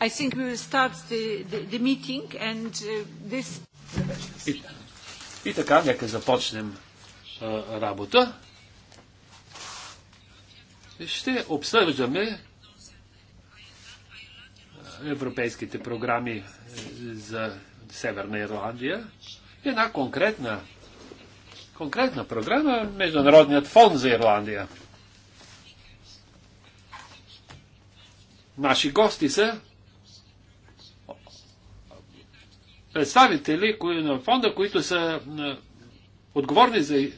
I think we will start the, the, the meeting and uh, this... И, и така, нека започнем а, работа. Ще обсъждаме европейските програми е, за Северна Ирландия. Една конкретна, конкретна програма е Международният фонд за Ирландия. Наши гости са представители на фонда, които са отговорни за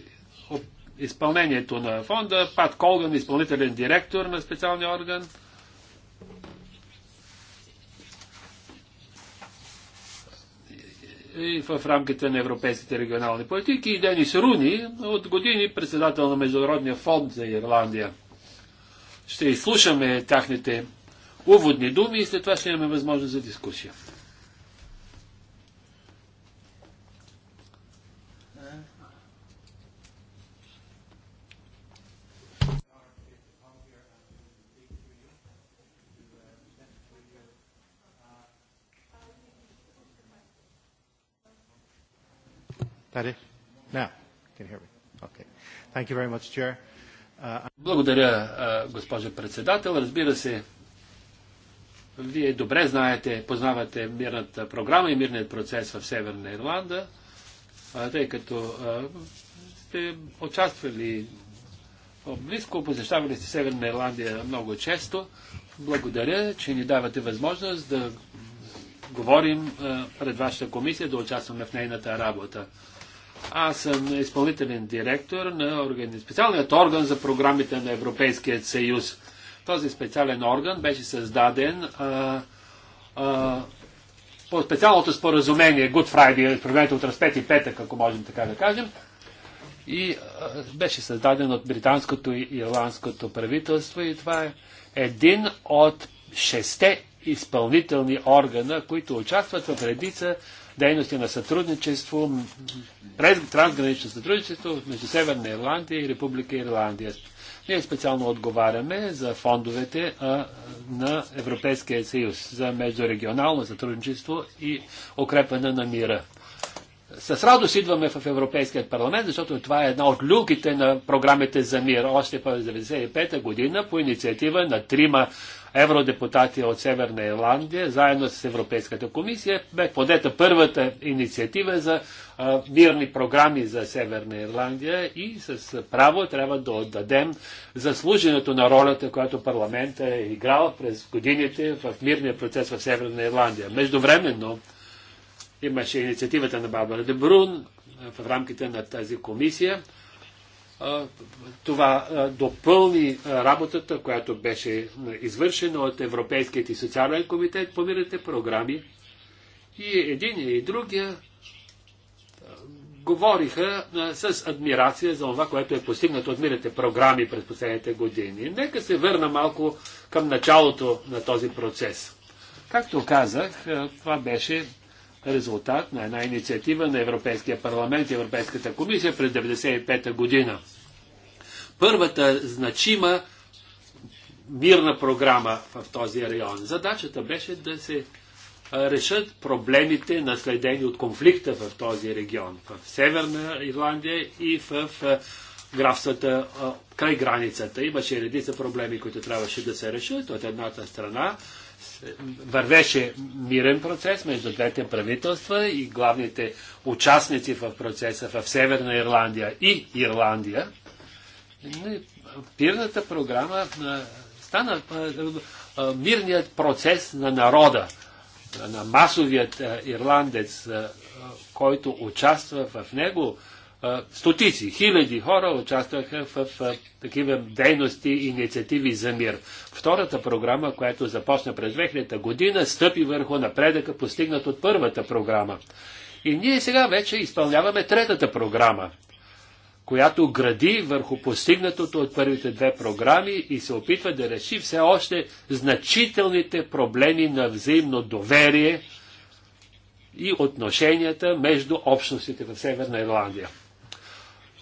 изпълнението на фонда. Пат Колган, изпълнителен директор на специалния орган. И в рамките на европейските регионални политики и Денис Руни, от години председател на Международния фонд за Ирландия. Ще изслушаме тяхните уводни думи и след това ще имаме възможност за дискусия. That it? Now, can you hear me? Okay. Thank you very much, Chair. Uh, Благодаря, uh, госпожо председател. Разбира се, вие добре знаете, познавате мирната програма и мирният процес в Северна Ирланда, тъй като сте участвали близко, посещавали сте Северна Ирландия много често. Благодаря, че ни давате възможност да говорим пред вашата комисия, да участваме в нейната работа. Аз съм изпълнителен директор на органи... специалният орган за програмите на Европейския съюз. Този специален орган беше създаден а, а, по специалното споразумение Good Friday, споразумението от разпет и петък, ако можем така да кажем, и а, беше създаден от британското и ирландското правителство и това е един от шесте изпълнителни органа, които участват в редица дейности на сътрудничество, трансгранично сътрудничество между Северна Ирландия и Република Ирландия. Ние специално отговаряме за фондовете а, на Европейския съюз, за междурегионално сътрудничество и укрепване на мира. С радост идваме в Европейският парламент, защото това е една от люките на програмите за мир. Още през 1995 година по инициатива на трима евродепутати от Северна Ирландия, заедно с Европейската комисия, бе подета първата инициатива за а, мирни програми за Северна Ирландия и с право трябва да отдадем заслуженото на ролята, която парламента е играл през годините в мирния процес в Северна Ирландия. Междувременно имаше инициативата на Барбара Дебрун в рамките на тази комисия това допълни работата, която беше извършена от Европейският и социален комитет по мирните програми. И един и другия говориха с адмирация за това, което е постигнато от мирните програми през последните години. Нека се върна малко към началото на този процес. Както казах, това беше резултат на една инициатива на Европейския парламент и Европейската комисия през 1995 година. Първата значима мирна програма в този район. Задачата беше да се решат проблемите, наследени от конфликта в този регион, в Северна Ирландия и в графствата край границата. Имаше редица проблеми, които трябваше да се решат от едната страна вървеше мирен процес между двете правителства и главните участници в процеса в Северна Ирландия и Ирландия. Мирната програма стана мирният процес на народа, на масовият ирландец, който участва в него, стотици, хиляди хора участваха в, в такива дейности и инициативи за мир. Втората програма, която започна през 2000 година, стъпи върху напредъка, постигнат от първата програма. И ние сега вече изпълняваме третата програма, която гради върху постигнатото от първите две програми и се опитва да реши все още значителните проблеми на взаимно доверие и отношенията между общностите в Северна Ирландия.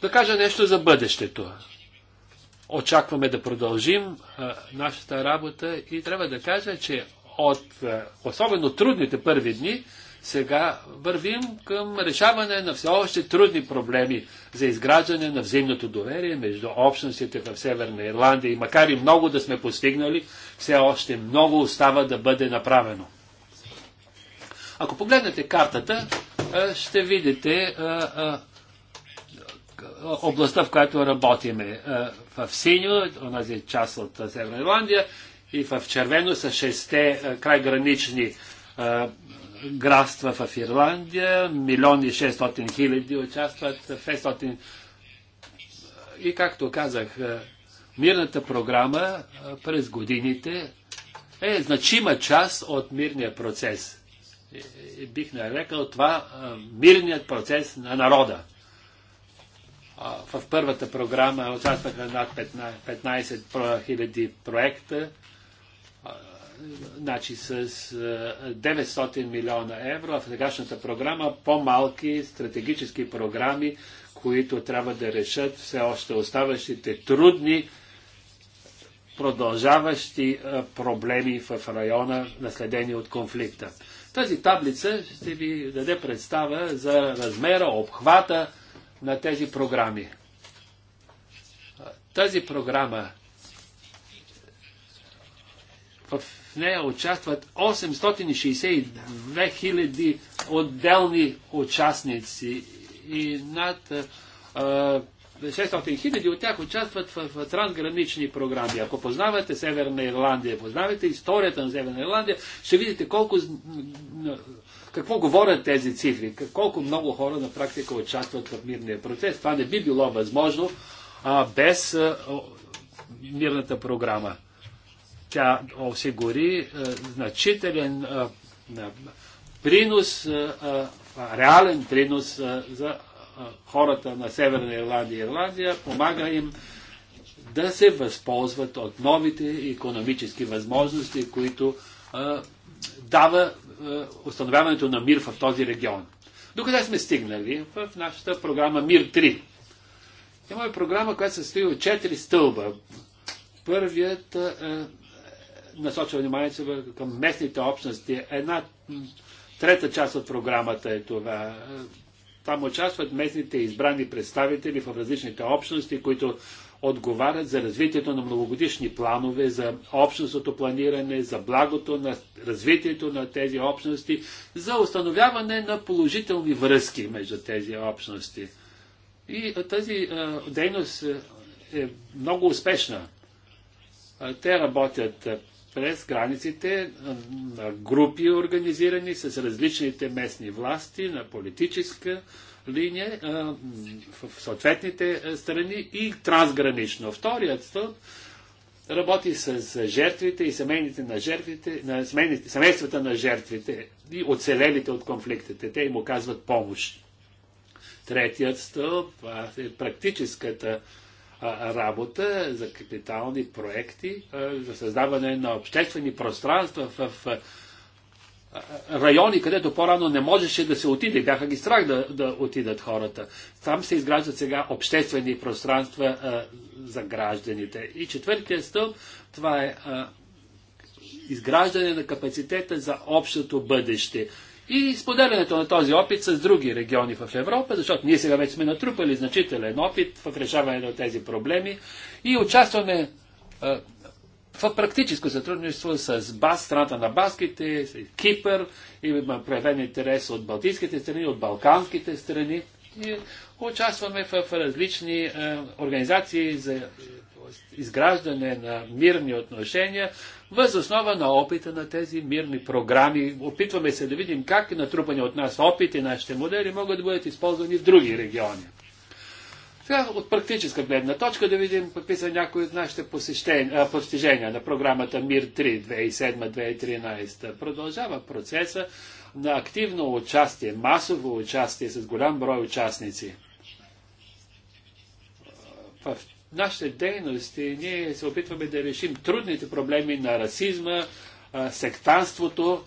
Да кажа нещо за бъдещето. Очакваме да продължим а, нашата работа и трябва да кажа, че от а, особено трудните първи дни, сега вървим към решаване на все още трудни проблеми за изграждане на взаимното доверие между общностите в Северна Ирландия. И макар и много да сме постигнали, все още много остава да бъде направено. Ако погледнете картата, ще видите е, областта, в която работиме. Е, в синьо, онази част от Северна Ирландия, и в червено са шесте е, крайгранични градства в Ирландия. Милиони 600 хиляди участват, 500 и както казах, мирната програма през годините е значима част от мирния процес. Бих нарекал това мирният процес на народа в първата програма участваха над 15 000 проекта, значи с 900 милиона евро, а в сегашната програма по-малки стратегически програми, които трябва да решат все още оставащите трудни, продължаващи проблеми в района, наследени от конфликта. Тази таблица ще ви даде представа за размера, обхвата, на тези програми. Тази програма в нея участват 862 хиляди отделни участници и над 600 хиляди от тях участват в трансгранични програми. Ако познавате Северна Ирландия, познавате историята на Северна Ирландия, ще видите колко какво говорят тези цифри? Колко много хора на практика участват в мирния процес? Това не би било възможно а, без а, мирната програма. Тя осигури а, значителен а, принос, а, реален принос а, за хората на Северна Ирландия и Ирландия, помага им да се възползват от новите економически възможности, които а, дава е, установяването на мир в този регион. До къде сме стигнали? В нашата програма Мир 3. Имаме програма, която се състои от четири стълба. Първият е, насочва вниманието към местните общности. Една трета част от програмата е това. Е, там участват местните избрани представители в различните общности, които отговарят за развитието на многогодишни планове, за общностното планиране, за благото на развитието на тези общности, за установяване на положителни връзки между тези общности. И тази дейност е много успешна. те работят през границите на групи, организирани с различните местни власти, на политическа, линия в съответните страни и трансгранично. Вторият стълб работи с жертвите и семейните на жертвите, на семейните, семействата на жертвите и оцелелите от конфликтите. Те им оказват помощ. Третият стълб е практическата работа за капитални проекти, за създаване на обществени пространства в, в райони, където по-рано не можеше да се отиде, бяха ги страх да, да отидат хората. Там се изграждат сега обществени пространства а, за гражданите. И четвъртия стълб, това е а, изграждане на капацитета за общото бъдеще. И споделянето на този опит с други региони в Европа, защото ние сега вече сме натрупали значителен опит в решаване на тези проблеми и участваме в практическо сътрудничество с БАС, страната на баските, с Кипър, има проявен интерес от балтийските страни, от балканските страни. И участваме в различни е, организации за изграждане на мирни отношения, въз основа на опита на тези мирни програми. Опитваме се да видим как натрупани от нас опити, нашите модели могат да бъдат използвани в други региони. Сега от практическа гледна точка да видим какви са някои от нашите постижения на програмата МИР 3 2007-2013. Продължава процеса на активно участие, масово участие с голям брой участници. В нашите дейности ние се опитваме да решим трудните проблеми на расизма, сектанството,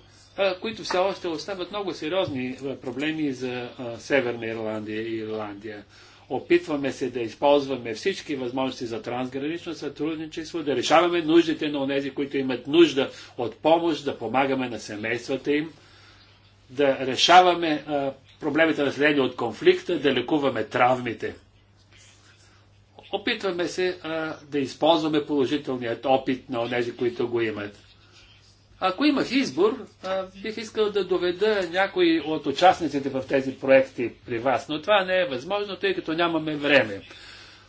които все още остават много сериозни проблеми за Северна Ирландия и Ирландия. Опитваме се да използваме всички възможности за трансгранично сътрудничество, да решаваме нуждите на онези, които имат нужда от помощ, да помагаме на семействата им, да решаваме а, проблемите на следи от конфликта, да лекуваме травмите. Опитваме се а, да използваме положителният опит на онези, които го имат. Ако имах избор, бих искал да доведа някои от участниците в тези проекти при вас, но това не е възможно, тъй като нямаме време.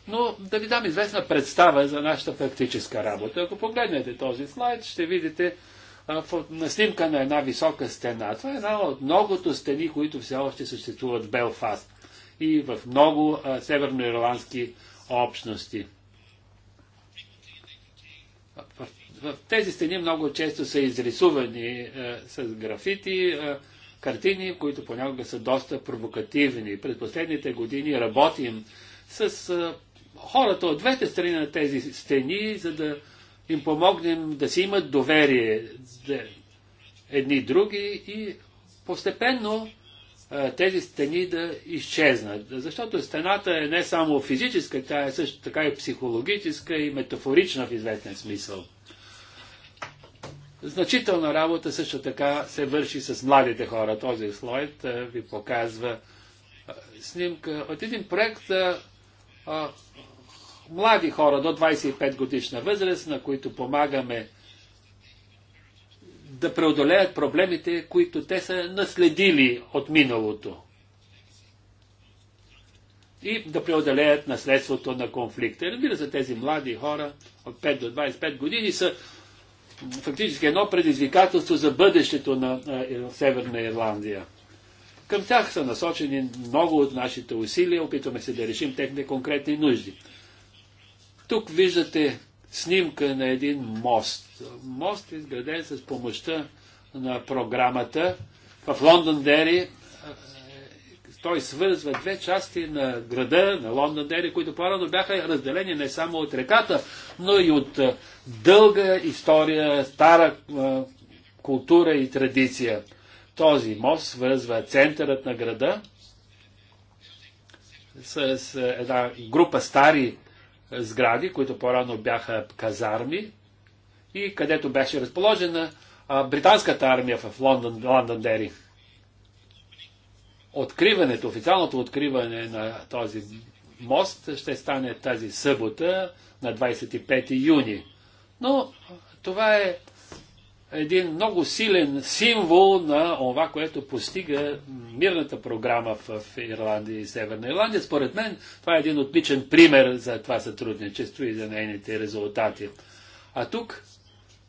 Но да ви дам известна представа за нашата практическа работа. Ако погледнете този слайд, ще видите на снимка на една висока стена. Това е една от многото стени, които все още съществуват в Белфаст и в много северноирландски общности. в тези стени много често са изрисувани е, с графити, е, картини, които понякога са доста провокативни. През последните години работим с е, хората от двете страни на тези стени, за да им помогнем да си имат доверие за едни други и постепенно е, тези стени да изчезнат. Защото стената е не само физическа, тя е също така и психологическа и метафорична в известен смисъл. Значителна работа също така се върши с младите хора. Този слойд ви показва снимка от един проект а, млади хора до 25 годишна възраст, на които помагаме да преодолеят проблемите, които те са наследили от миналото. И да преодолеят наследството на конфликта. Разбира се, тези млади хора от 5 до 25 години са фактически едно предизвикателство за бъдещето на Северна Ирландия. Към тях са насочени много от нашите усилия, опитваме се да решим техните конкретни нужди. Тук виждате снимка на един мост. Мост е изграден с помощта на програмата в Лондон Дери той свързва две части на града, на Лондон които по-рано бяха разделени не само от реката, но и от е, дълга история, стара е, култура и традиция. Този мост свързва центърът на града с една група стари сгради, които по-рано бяха казарми и където беше разположена британската армия в Лондон, Лондон Дери откриването, официалното откриване на този мост ще стане тази събота на 25 юни. Но това е един много силен символ на това, което постига мирната програма в Ирландия и Северна Ирландия. Според мен това е един отличен пример за това сътрудничество и за нейните резултати. А тук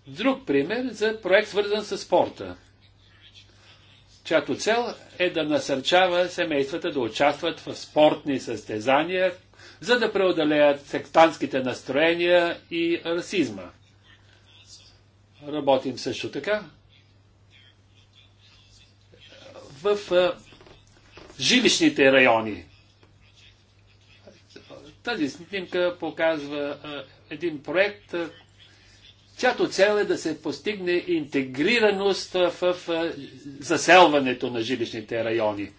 друг пример за проект, свързан с спорта чиято цел е да насърчава семействата да участват в спортни състезания, за да преодолеят сектантските настроения и расизма. Работим също така в жилищните райони. Тази снимка показва един проект, чиято цел е да се постигне интегрираност в, заселването на жилищните райони.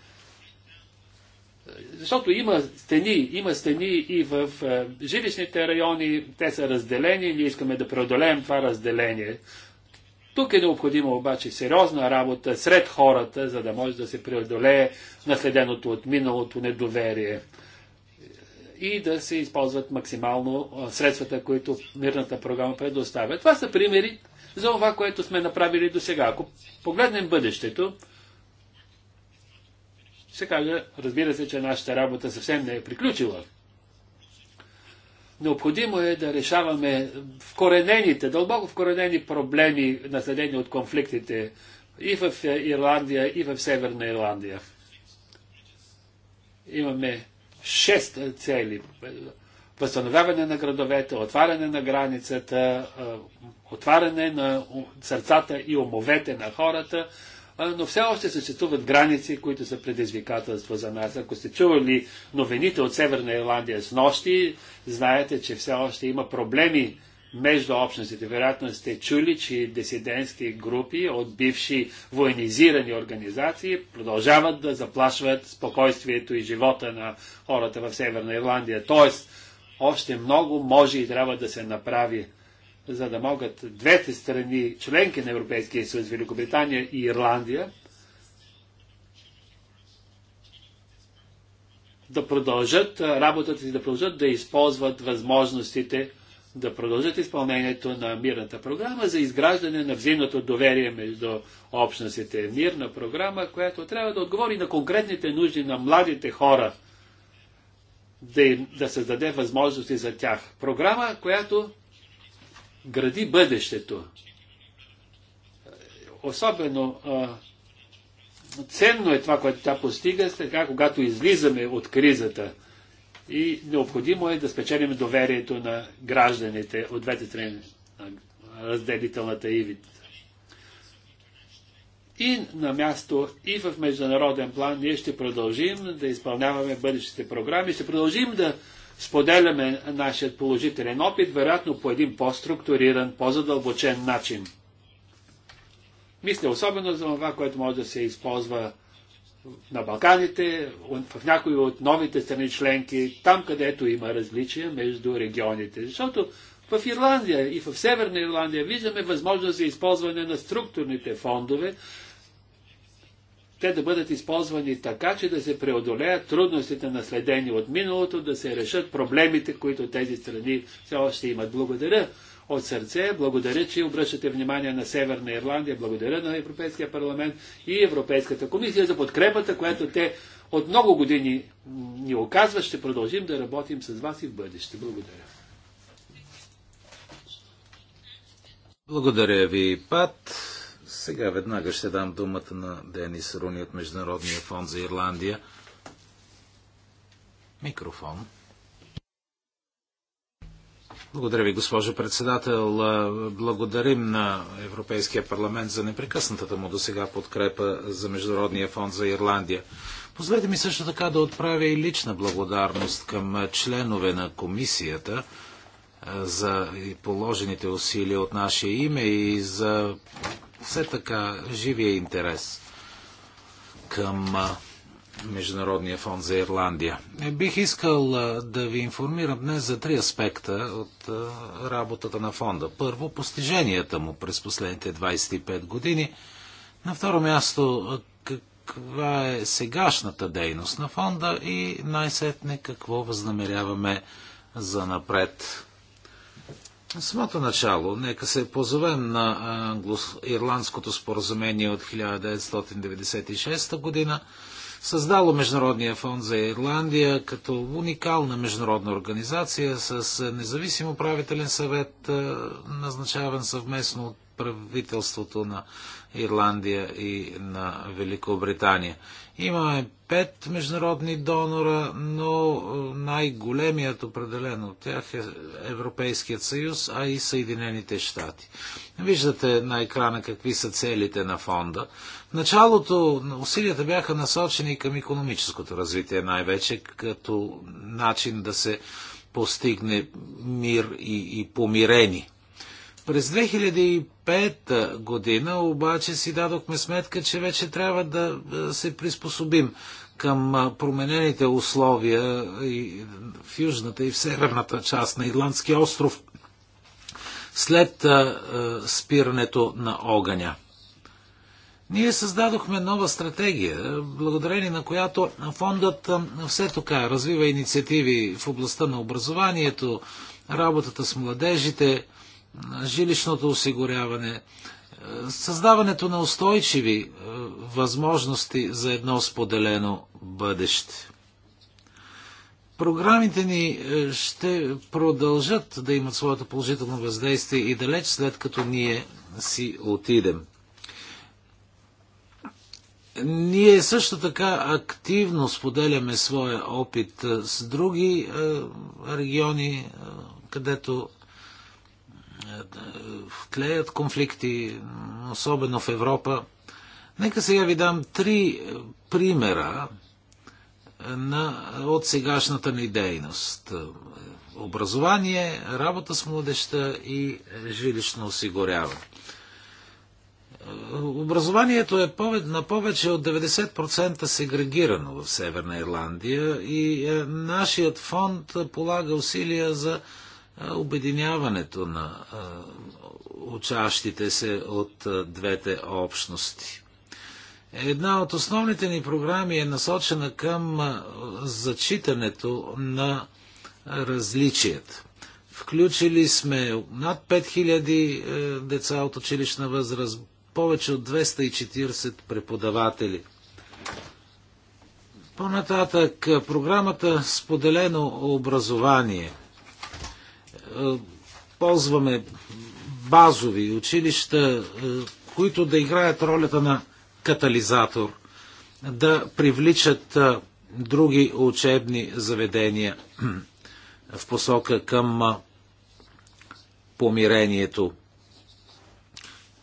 Защото има стени, има стени и в, в жилищните райони, те са разделени, ние искаме да преодолеем това разделение. Тук е необходима обаче сериозна работа сред хората, за да може да се преодолее наследеното от миналото недоверие и да се използват максимално средствата, които мирната програма предоставя. Това са примери за това, което сме направили до сега. Ако погледнем бъдещето, ще кажа, разбира се, че нашата работа съвсем не е приключила. Необходимо е да решаваме вкоренените, дълбоко вкоренени проблеми, наследени от конфликтите и в Ирландия, и в Северна Ирландия. Имаме шест цели. Възстановяване на градовете, отваряне на границата, отваряне на сърцата и умовете на хората, но все още съществуват граници, които са предизвикателство за нас. Ако сте чували новините от Северна Ирландия с нощи, знаете, че все още има проблеми между общностите. Вероятно сте чули, че десидентски групи от бивши военизирани организации продължават да заплашват спокойствието и живота на хората в Северна Ирландия. Тоест, още много може и трябва да се направи, за да могат двете страни, членки на Европейския съюз, Великобритания и Ирландия, да продължат работата си, да продължат да използват възможностите, да продължат изпълнението на мирната програма за изграждане на взаимното доверие между общностите. Мирна програма, която трябва да отговори на конкретните нужди на младите хора, да, им, да създаде възможности за тях. Програма, която гради бъдещето. Особено а, ценно е това, което тя постига, сега когато излизаме от кризата – и необходимо е да спечелим доверието на гражданите от двете страни на разделителната вид. И на място, и в международен план ние ще продължим да изпълняваме бъдещите програми, ще продължим да споделяме нашият положителен опит, вероятно по един по-структуриран, по-задълбочен начин. Мисля особено за това, което може да се използва на Балканите, в някои от новите страни членки, там където има различия между регионите. Защото в Ирландия и в Северна Ирландия виждаме възможност за използване на структурните фондове, те да бъдат използвани така, че да се преодолеят трудностите наследени от миналото, да се решат проблемите, които тези страни все още имат. Благодаря от сърце. Благодаря, че обръщате внимание на Северна Ирландия. Благодаря на Европейския парламент и Европейската комисия за подкрепата, която те от много години ни оказва. Ще продължим да работим с вас и в бъдеще. Благодаря. Благодаря ви, Пат. Сега веднага ще дам думата на Денис Руни от Международния фонд за Ирландия. Микрофон. Благодаря ви, госпожо председател. Благодарим на Европейския парламент за непрекъснатата му до сега подкрепа за Международния фонд за Ирландия. Позволете ми също така да отправя и лична благодарност към членове на комисията за положените усилия от наше име и за все така живия интерес към Международния фонд за Ирландия. Е, бих искал да ви информирам днес за три аспекта от работата на фонда. Първо, постиженията му през последните 25 години. На второ място, каква е сегашната дейност на фонда и най-сетне какво възнамеряваме за напред. самото начало, нека се позовем на англо-ирландското споразумение от 1996 година, създало Международния фонд за Ирландия като уникална международна организация с независим управителен съвет, назначаван съвместно от правителството на Ирландия и на Великобритания. Имаме пет международни донора, но най-големият определен от тях е Европейският съюз, а и Съединените щати. Виждате на екрана какви са целите на фонда. В началото усилията бяха насочени към економическото развитие най-вече, като начин да се постигне мир и, и помирени през 2005 година обаче си дадохме сметка, че вече трябва да се приспособим към променените условия и в южната и в северната част на Ирландския остров след спирането на огъня. Ние създадохме нова стратегия, благодарение на която фондът все така развива инициативи в областта на образованието, работата с младежите, жилищното осигуряване, е, създаването на устойчиви е, възможности за едно споделено бъдеще. Програмите ни е, ще продължат да имат своето положително въздействие и далеч след като ние си отидем. Ние също така активно споделяме своя опит с други региони, където вклеят конфликти, особено в Европа. Нека сега ви дам три примера на, от сегашната ни дейност. Образование, работа с младеща и жилищно осигуряване. Образованието е на повече от 90% сегрегирано в Северна Ирландия и е, нашият фонд полага усилия за обединяването на учащите се от двете общности. Една от основните ни програми е насочена към зачитането на различията. Включили сме над 5000 е, деца от училищна възраст, повече от 240 преподаватели. По-нататък програмата Споделено образование – е, ползваме базови училища, е, които да играят ролята на катализатор, да привличат е, други учебни заведения в посока към помирението.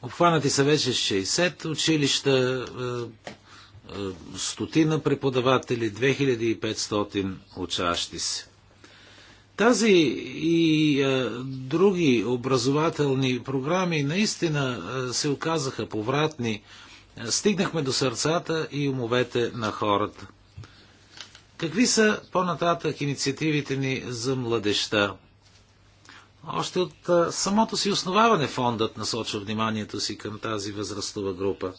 Обхванати са вече 60 училища, стотина преподаватели, 2500 учащи се. Тази и а, е, други образователни програми наистина а, е, се оказаха повратни. Е, стигнахме до сърцата и умовете на хората. Какви са по-нататък инициативите ни за младеща? Още от самото си основаване фондът насочва вниманието си към тази възрастова група.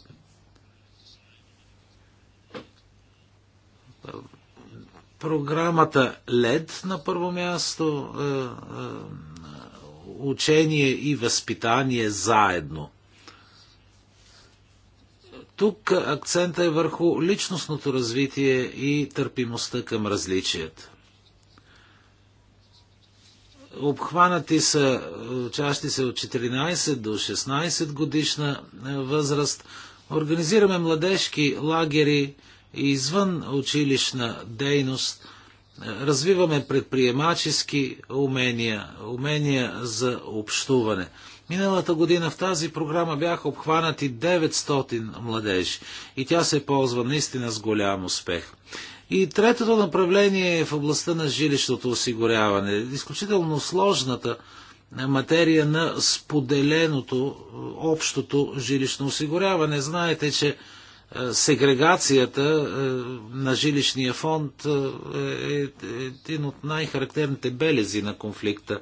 програмата ЛЕД на първо място, е, е, учение и възпитание заедно. Тук акцента е върху личностното развитие и търпимостта към различията. Обхванати са учащи се от 14 до 16 годишна е, възраст. Организираме младежки лагери, извън училищна дейност е, развиваме предприемачески умения, умения за общуване. Миналата година в тази програма бяха обхванати 900 младежи и тя се ползва наистина с голям успех. И третото направление е в областта на жилищното осигуряване. Изключително сложната е, материя на споделеното е, общото жилищно осигуряване. Знаете, че е, сегрегацията е, на жилищния фонд е, е един от най-характерните белези на конфликта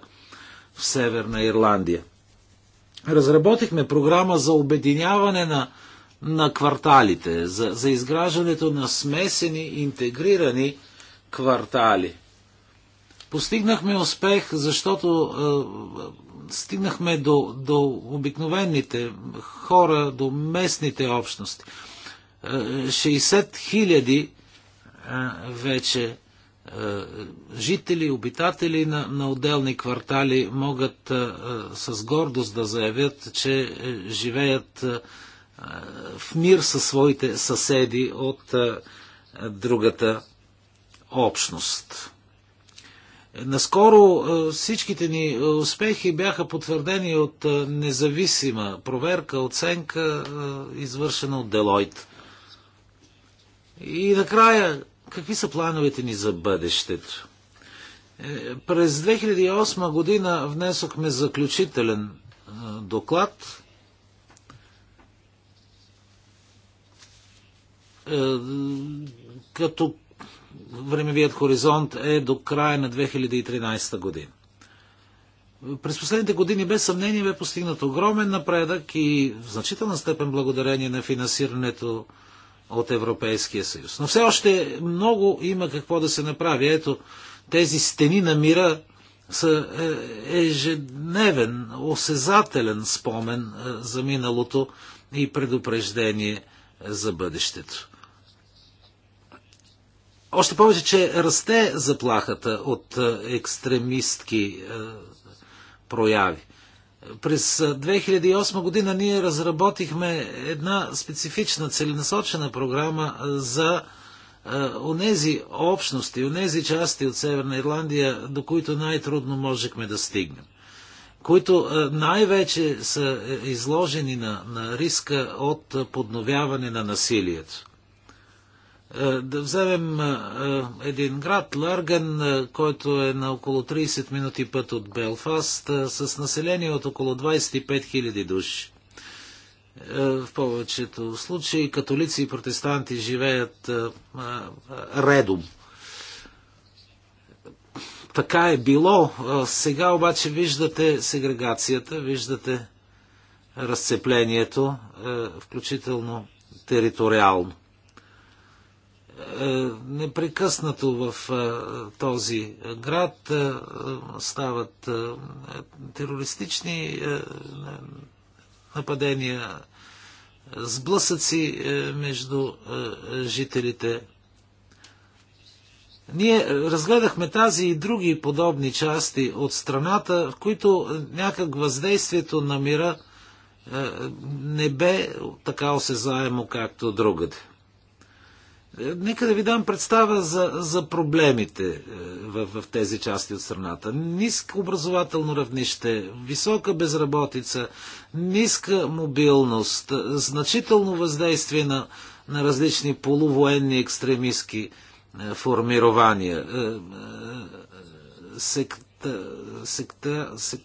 в Северна Ирландия. Разработихме програма за обединяване на, на кварталите, за, за изграждането на смесени, интегрирани квартали. Постигнахме успех, защото стигнахме до, до обикновените хора, до местните общности. 60 хиляди вече жители, обитатели на, на отделни квартали могат с гордост да заявят, че е, живеят в мир със своите съседи от другата общност. Наскоро всичките ни успехи бяха потвърдени от независима проверка, оценка, извършена от Делойт. И накрая, какви са плановете ни за бъдещето? Е, през 2008 година внесохме заключителен е, доклад. Е, като времевият хоризонт е до края на 2013 година. През последните години без съмнение бе постигнат огромен напредък и в значителна степен благодарение на финансирането от Европейския съюз. Но все още много има какво да се направи. Ето, тези стени на мира са е, ежедневен, осезателен спомен е, за миналото и предупреждение за бъдещето. Още повече, че расте заплахата от е, екстремистки прояви. През 2008 година ние разработихме една специфична целенасочена програма за онези общности, онези части от Северна Ирландия, до които най-трудно можехме да стигнем, които най-вече са е, изложени на, на риска от подновяване на насилието. Е, да вземем е, е, един град, Ларген, който е на около 30 минути път от Белфаст, с население от около 25 000 души. В повечето случаи католици и протестанти живеят редом. Така е било. Сега обаче виждате сегрегацията, виждате разцеплението, включително териториално. Е, непрекъснато в е, този град е, стават терористични нападения, сблъсъци между жителите. Ние разгледахме тази и други подобни части от страната, в които някак въздействието на мира не бе така осезаемо, както другаде. Е, нека да ви дам представа за, за проблемите е, в, в тези части от страната. Ниско образователно равнище, висока безработица, ниска мобилност, значително въздействие на, на различни полувоенни екстремистски е, формирования, секта, секта, сек,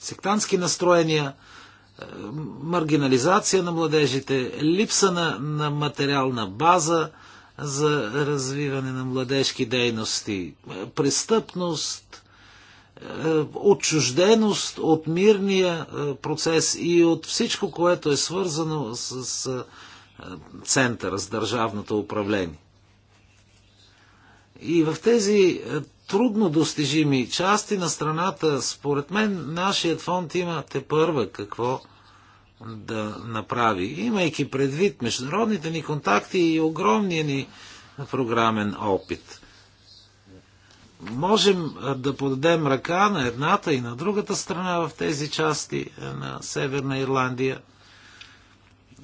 сектантски настроения – маргинализация на младежите, липса на, на материална база за развиване на младежки дейности, престъпност, е, отчужденост от мирния е, процес и от всичко, което е свързано с е, центъра, с държавното управление. И в тези е, трудно достижими части на страната, според мен, нашият фонд има те първа какво да направи, имайки предвид международните ни контакти и огромния ни програмен опит. Можем е, да подадем ръка на едната и на другата страна в тези части е, на Северна Ирландия –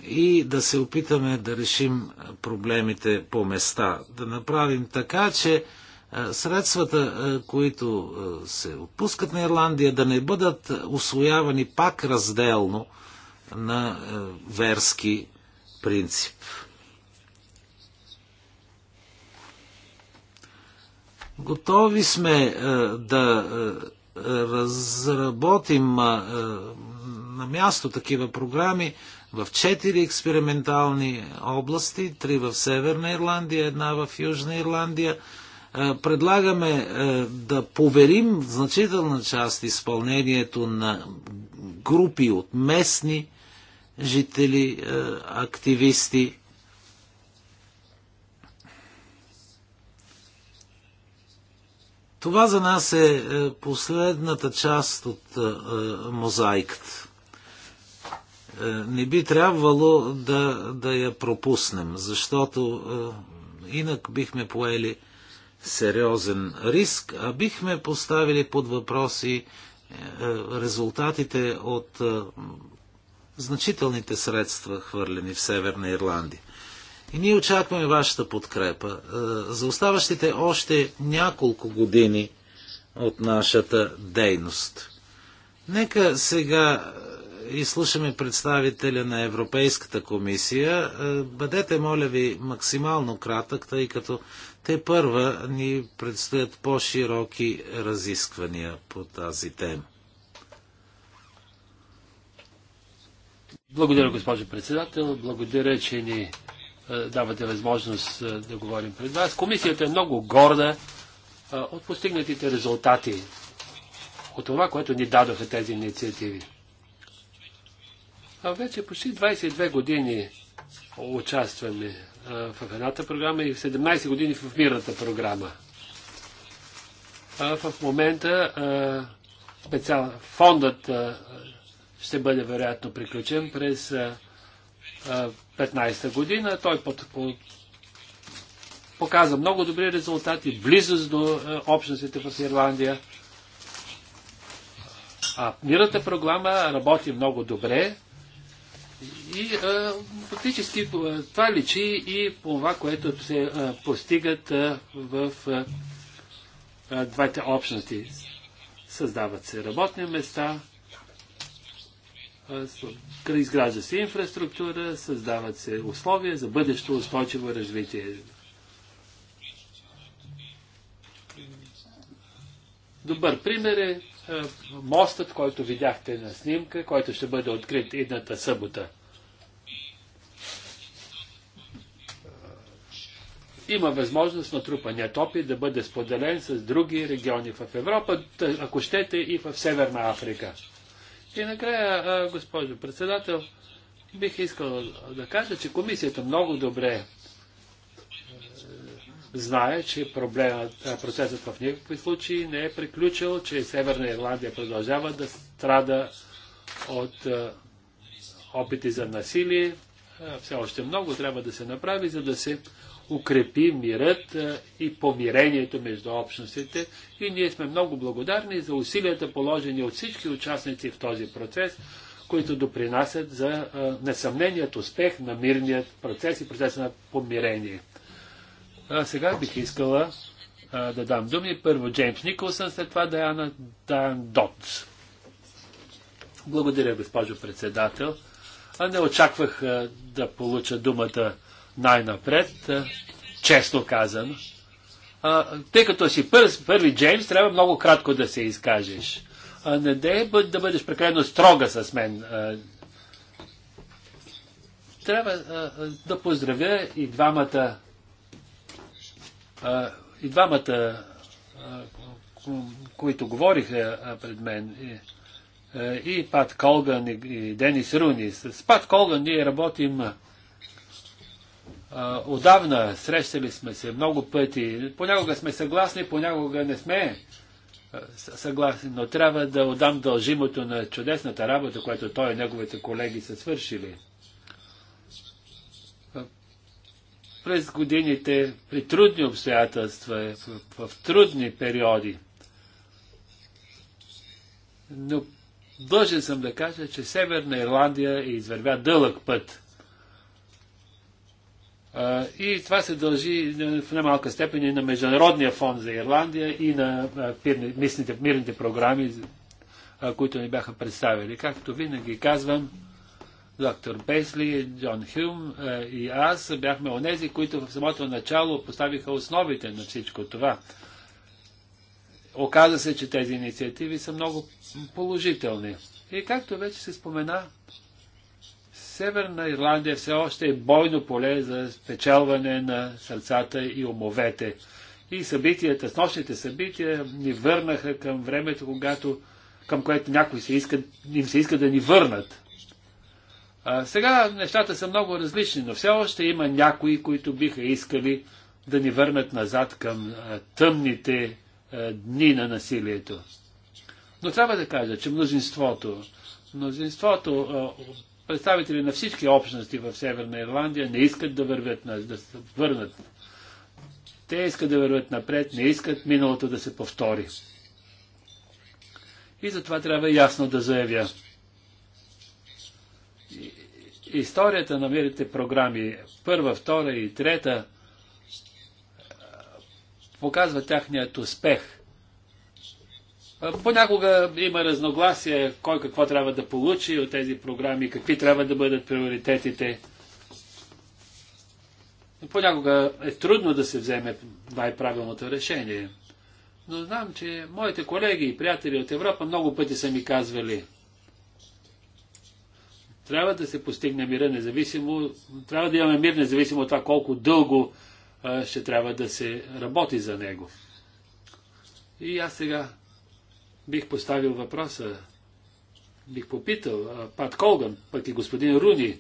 и да се опитаме да решим проблемите по места. Да направим така, че средствата, които се отпускат на Ирландия, да не бъдат освоявани пак разделно на верски принцип. Готови сме да разработим на място такива програми, в четири експериментални области, три в Северна Ирландия, една в Южна Ирландия. Е, предлагаме е, да поверим в значителна част изпълнението на групи от местни жители, е, активисти. Това за нас е последната част от мозайката. Е, не би трябвало да, да я пропуснем, защото е, инак бихме поели сериозен риск, а бихме поставили под въпроси е, резултатите от значителните средства, хвърлени в Северна Ирландия. И ние очакваме вашата подкрепа за оставащите още няколко години от нашата дейност. Нека сега изслушаме представителя на Европейската комисия. Е, бъдете, моля ви, максимално кратък, тъй като те първа ни предстоят по-широки разисквания по тази тема. Благодаря, госпожо председател. Благодаря, че ни е, давате възможност е, да говорим пред вас. Комисията е много горда от постигнатите резултати от това, което ни дадоха тези инициативи. Вече почти 22 години участваме в едната програма и 17 години в мирната програма. В момента специал, фондът ще бъде вероятно приключен през 15-та година. Той под, под, показа много добри резултати, близост до общностите в Ирландия. А мирната програма работи много добре. И а, фактически това личи и по това, което се а, постигат а, в а, двете общности. Създават се работни места, изгражда се инфраструктура, създават се условия за бъдещо устойчиво развитие. Добър пример е е, мостът, който видяхте на снимка, който ще бъде открит едната събота. Има възможност на трупаният опит да бъде споделен с други региони в Европа, ако щете и в Северна Африка. И накрая, госпожо председател, бих искал да кажа, че комисията много добре знае, че проблемът, процесът в никакви случаи не е приключил, че Северна Ирландия продължава да страда от опити за насилие. Все още много трябва да се направи, за да се укрепи мирът и помирението между общностите. И ние сме много благодарни за усилията, положени от всички участници в този процес, които допринасят за несъмненият успех на мирният процес и процеса на помирение. А сега бих искала а, да дам думи. Първо Джеймс Николсън, след това Даяна Дан Дотс. Благодаря, госпожо председател. А не очаквах а, да получа думата най-напред, честно казан. А, тъй като си пър, първи Джеймс, трябва много кратко да се изкажеш. А, не дей да бъдеш прекалено строга с мен. А, трябва а, да поздравя и двамата и двамата, които говориха пред мен, и Пат Колган и Денис Руни. С Пат Колган ние работим отдавна, срещали сме се много пъти. Понякога сме съгласни, понякога не сме съгласни, но трябва да отдам дължимото на чудесната работа, която той и неговите колеги са свършили. през годините при трудни обстоятелства, е в, в трудни периоди. Но дължен съм да кажа, че Северна Ирландия извървя дълъг път. и това се дължи в немалка степен и на Международния фонд за Ирландия и на мирните програми, които ни бяха представили. Както винаги казвам, доктор Бесли, Джон Хюм е, и аз бяхме онези, които в самото начало поставиха основите на всичко това. Оказа се, че тези инициативи са много положителни. И както вече се спомена, Северна Ирландия все още е бойно поле за спечелване на сърцата и умовете. И събитията, с нощните събития ни върнаха към времето, когато, към което някой се иска, им се иска да ни върнат. А, сега нещата са много различни, но все още има някои, които биха искали да ни върнат назад към а, тъмните а, дни на насилието. Но трябва да кажа, че мнозинството, мнозинството а, представители на всички общности в Северна Ирландия не искат да вървят, на, да се върнат. Те искат да вървят напред, не искат миналото да се повтори. И затова трябва ясно да заявя – историята намерите програми първа, втора и трета е, показва тяхният успех. Е, понякога има разногласие кой какво трябва да получи от тези програми, какви трябва да бъдат приоритетите. Понякога е трудно да се вземе най-правилното решение. Но знам, че моите колеги и приятели от Европа много пъти са ми казвали, трябва да се постигне мира независимо, трябва да имаме мир независимо от това колко дълго а, ще трябва да се работи за него. И аз сега бих поставил въпроса, бих попитал а, Пат Колган, пък и господин Руни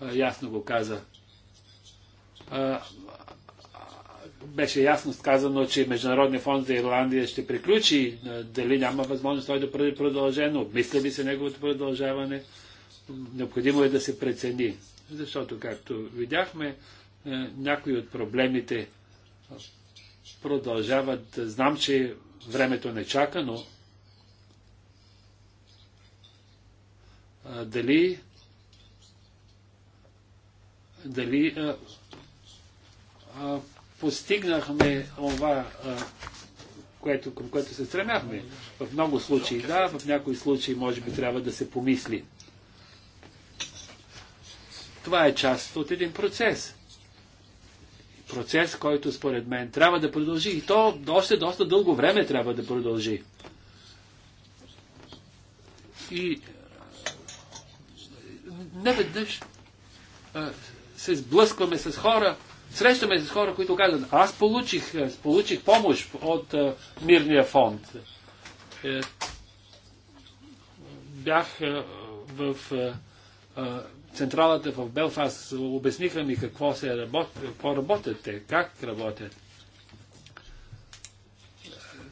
а, ясно го каза. Беше ясно сказано, че Международния фонд за Ирландия ще приключи. Дали няма възможност той да бъде продължен? Обмисля ли се неговото продължаване? необходимо е да се прецени. Защото, както видяхме, е, някои от проблемите продължават. Знам, че времето не чака, но дали дали а, а, постигнахме това, което, към което се стремяхме. В много случаи да, в някои случаи може би трябва да се помисли. Това е част от един процес. Процес, който според мен трябва да продължи и то още доста дълго време трябва да продължи. И не веднъж се сблъскваме с хора, срещаме с хора, които казват, аз получих, получих помощ от Мирния фонд. Е, бях в централата в Белфаст обясниха ми какво, се работ, какво работят те, как работят.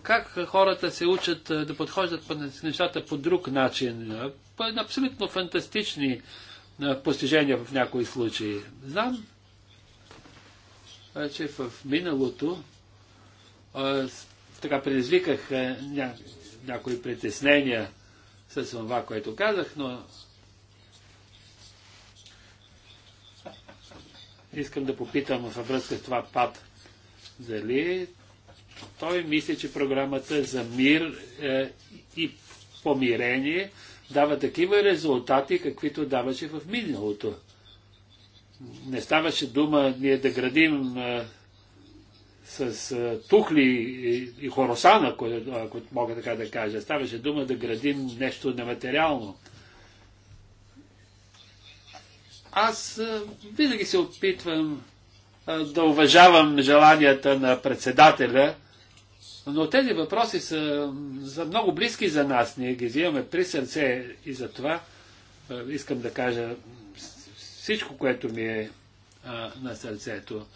Как хората се учат да подхождат по нещата по друг начин. Абсолютно фантастични постижения в някои случаи. Знам, че в миналото така предизвиках ня, някои притеснения с това, което казах, но Искам да попитам във връзка с това пат. дали той мисли, че програмата за мир е, и помирение дава такива резултати, каквито даваше в миналото. Не ставаше дума ние да градим е, с е, тухли и, и хоросана, ако, ако мога така да кажа. Ставаше дума да градим нещо нематериално. Аз винаги се опитвам да уважавам желанията на председателя, но тези въпроси са, са много близки за нас. Ние ги взимаме при сърце и за това искам да кажа всичко, което ми е на сърцето.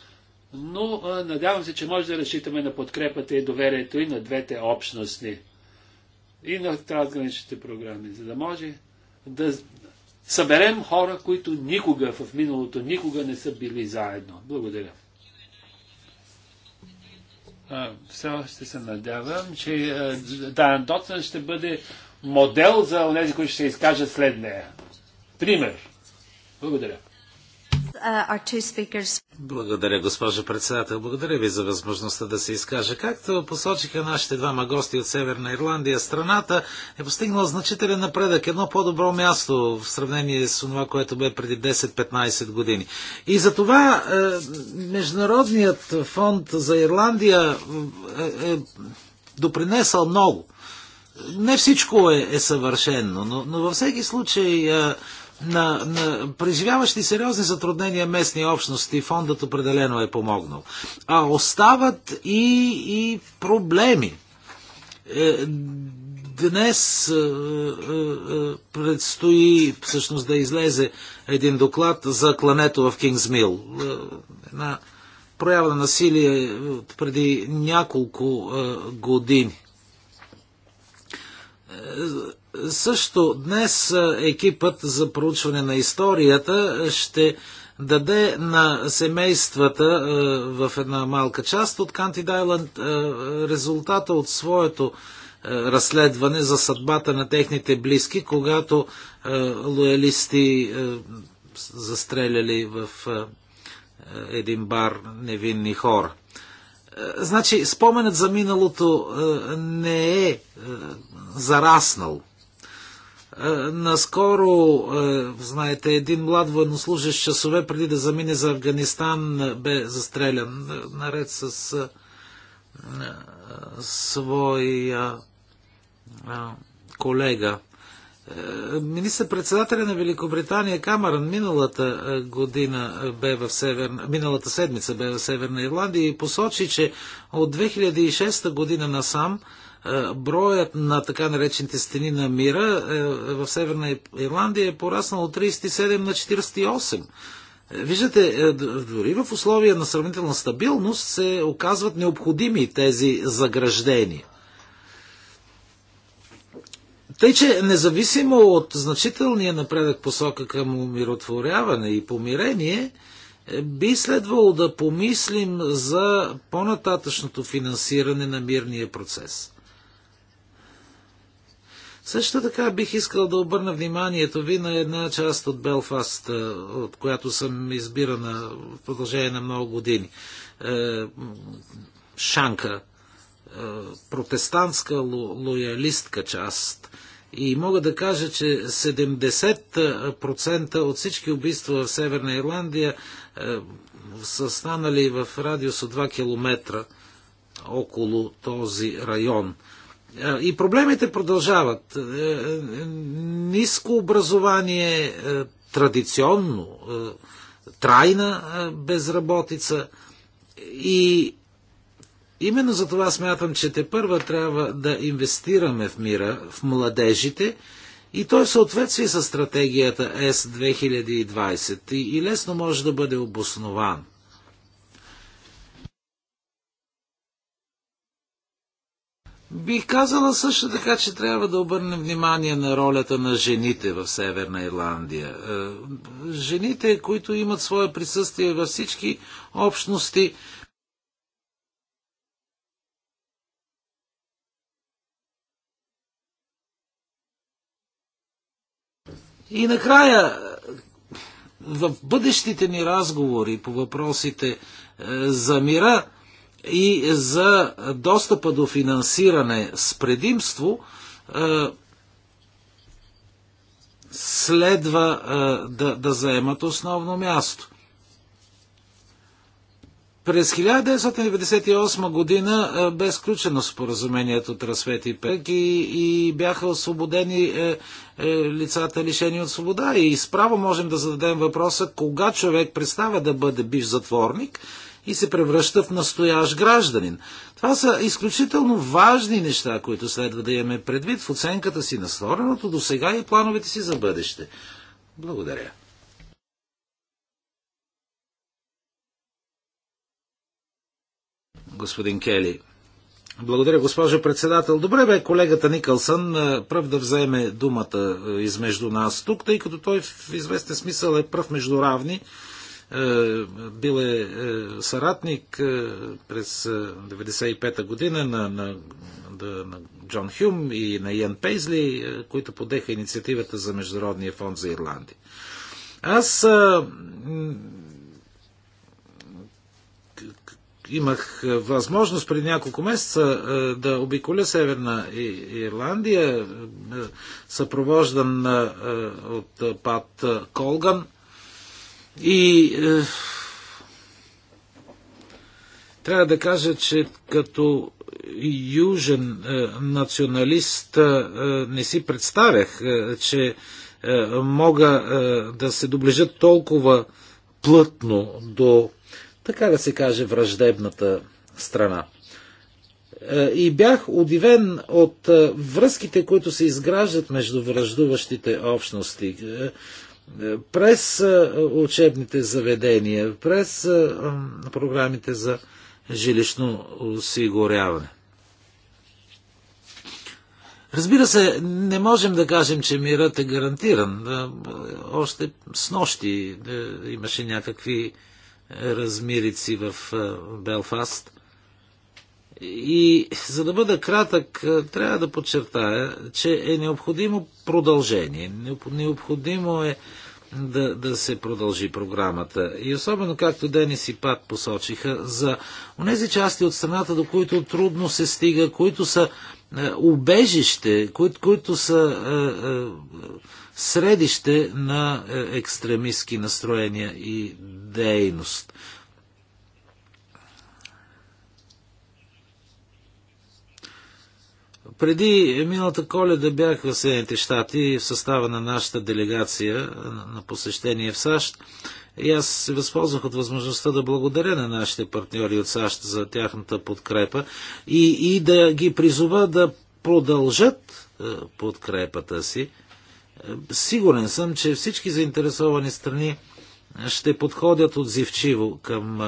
Но надявам се, че може да разчитаме на подкрепата и доверието и на двете общности. И на трансграничните програми, за да може да съберем хора, които никога в миналото, никога не са били заедно. Благодаря. все още се надявам, че Дайан Дотсън ще бъде модел за тези, които ще се изкажат след нея. Пример. Благодаря. Uh, Благодаря, госпожо председател. Благодаря ви за възможността да се изкаже. Както посочиха нашите двама гости от Северна Ирландия, страната е постигнала значителен напредък, едно по-добро място в сравнение с това, което бе преди 10-15 години. И за това е, Международният фонд за Ирландия е, е, е допринесъл много. Не всичко е, е съвършено, но, но във всеки случай. Е, на, на преживяващи сериозни затруднения местни общности фондът определено е помогнал. А остават и, и проблеми. Е, днес е, е, е предстои всъщност да излезе един доклад за клането в Кингсмил. Е, една проява на насилие преди няколко е, години е, също днес екипът за проучване на историята ще даде на семействата в една малка част от Канти Дайланд резултата от своето разследване за съдбата на техните близки, когато лоялисти застреляли в един бар невинни хора. Значи, споменът за миналото не е зараснал е, наскоро, е, знаете, един млад военнослужащ часове преди да замине за Афганистан е, бе застрелян наред с своя колега. Министър-председателя на Великобритания Камерън миналата година бе в Северна, миналата седмица бе в Северна Ирландия и посочи, че от 2006 година насам е, броят на така наречените стени на мира е, е, в Северна Ирландия е пораснал от 37 на 48. Виждате, дори в условия на сравнителна стабилност се оказват необходими тези заграждения. Тъй, че независимо от значителния напредък посока към умиротворяване и помирение, би следвало да помислим за по-нататъчното финансиране на мирния процес. Също така бих искал да обърна вниманието ви на една част от Белфаст, е, от която съм избирана в продължение на много години. Е, шанка, е, протестантска лоялистка част. И мога да кажа, че 70% от всички убийства в Северна Ирландия са станали в радиус от 2 км около този район. Е, и проблемите продължават. Е, е, ниско образование, традиционно, трайна безработица и именно за това смятам, че те първа трябва да инвестираме в мира, в младежите и той в съответствие с стратегията С 2020 и лесно може да бъде обоснован. Бих казала също така, че трябва да обърнем внимание на ролята на жените в Северна Ирландия. Е, жените, които имат свое присъствие във всички общности, И накрая, в бъдещите ни разговори по въпросите е, за мира, и за достъпа до финансиране с предимство е, следва е, да, да заемат основно място. През 1998 година е, бе сключено споразумението от и Пек и, и бяха освободени е, е, лицата лишени от свобода. И справо можем да зададем въпроса, кога човек представа да бъде биш затворник и се превръща в настоящ гражданин. Това са изключително важни неща, които следва да имаме предвид в оценката си на стореното до сега и плановете си за бъдеще. Благодаря. Господин Кели. Благодаря, госпожо председател. Добре бе колегата Никълсън пръв да вземе думата измежду нас тук, тъй като той в известен смисъл е пръв между равни е, бил е, е съратник е, през 1995 година на, на, на Джон Хюм и на Иан Пейзли, които подеха инициативата за Международния фонд за Ирландия. Аз имах възможност преди няколко месеца да обиколя Северна Ирландия, съпровождан от Пат Колган – и е, трябва да кажа, че като южен е, националист е, е, не си представях, е, че е, мога е, да се доближа толкова плътно до, така да се каже, враждебната страна. Е, и бях удивен от е, връзките, които се изграждат между връждуващите общности през учебните заведения, през програмите за жилищно осигуряване. Разбира се, не можем да кажем, че мирът е гарантиран. Още с нощи е, имаше някакви е, размирици в е, Белфаст. И за да бъда кратък, е, трябва да подчертая, че е необходимо продължение. Необходимо е да, да се продължи програмата. И особено, както Денис и Пат посочиха, за тези части от страната, до които трудно се стига, които са е, убежище, кои, които са е, е, средище на е, екстремистски настроения и дейност. Преди миналата коледа бях в Съединените щати в състава на нашата делегация на посещение в САЩ и аз се възползвах от възможността да благодаря на нашите партньори от САЩ за тяхната подкрепа и, и да ги призова да продължат е, подкрепата си. Сигурен съм, че всички заинтересовани страни ще подходят отзивчиво към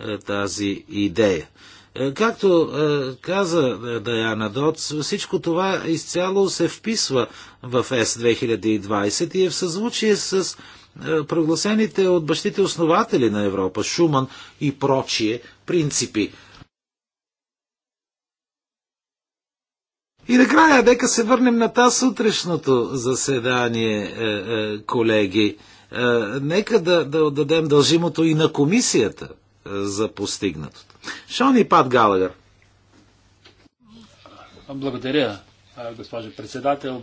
е, тази идея. Е, както е, каза е, Даяна Доц, всичко това изцяло се вписва в С-2020 и е в съзвучие с прогласените от бащите основатели на Европа, Шуман и прочие принципи. И накрая, дека се върнем на тази сутрешното заседание, колеги. Нека да, да отдадем дължимото и на комисията за постигнатото. Шони Пат Галагър. Благодаря, госпожо председател.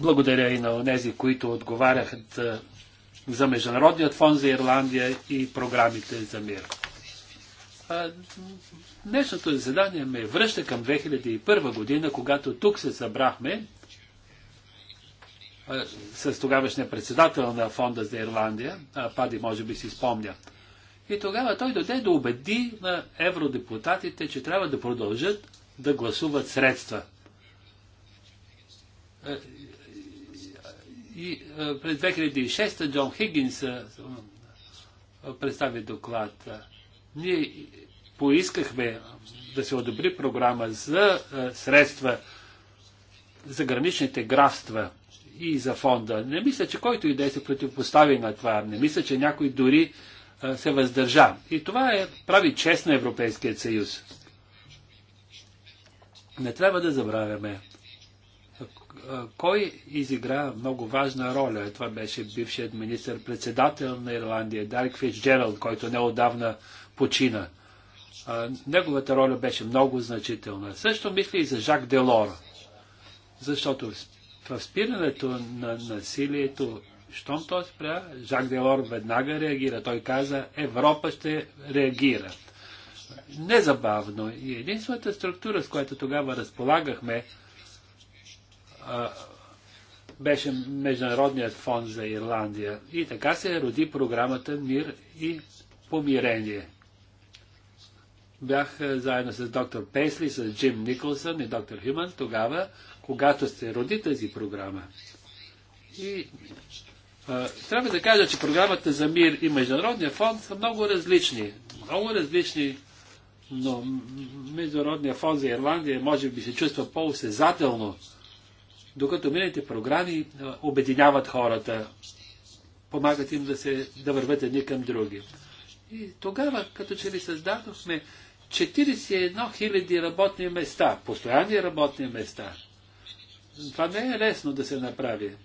Благодаря и на онези, които отговаряха за Международният фонд за Ирландия и програмите за мир. Днешното заседание ме връща към 2001 година, когато тук се събрахме с тогавашния председател на фонда за Ирландия, Пади може би си спомня. И тогава той дойде да убеди на евродепутатите, че трябва да продължат да гласуват средства. И през 2006 Джон Хигинс представи доклад. Ние поискахме да се одобри програма за средства за граничните графства и за фонда. Не мисля, че който и да е се противопостави на това. Не мисля, че някой дори се въздържа. И това е, прави чест на Европейския съюз. Не трябва да забравяме кой изигра много важна роля. Това беше бившият министър-председател на Ирландия, Дарик Джералд, който неодавна почина. Неговата роля беше много значителна. Също мисля и за Жак Делор, защото в спирането на насилието, щом то спря, Жак Делор веднага реагира. Той каза, Европа ще реагира. Незабавно. И единствената структура, с която тогава разполагахме, беше Международният фонд за Ирландия. И така се роди програмата Мир и помирение. Бях заедно с доктор Пейсли, с Джим Николсън и доктор Хюман тогава когато се роди тази програма. И а, трябва да кажа, че програмата за мир и Международния фонд са много различни. Много различни, но Международния фонд за Ирландия може би се чувства по-осезателно, докато миналите програми а, обединяват хората, помагат им да, се, да върват едни към други. И тогава, като че ли създадохме 41 000 работни места, постоянни работни места – това не е лесно да се направи.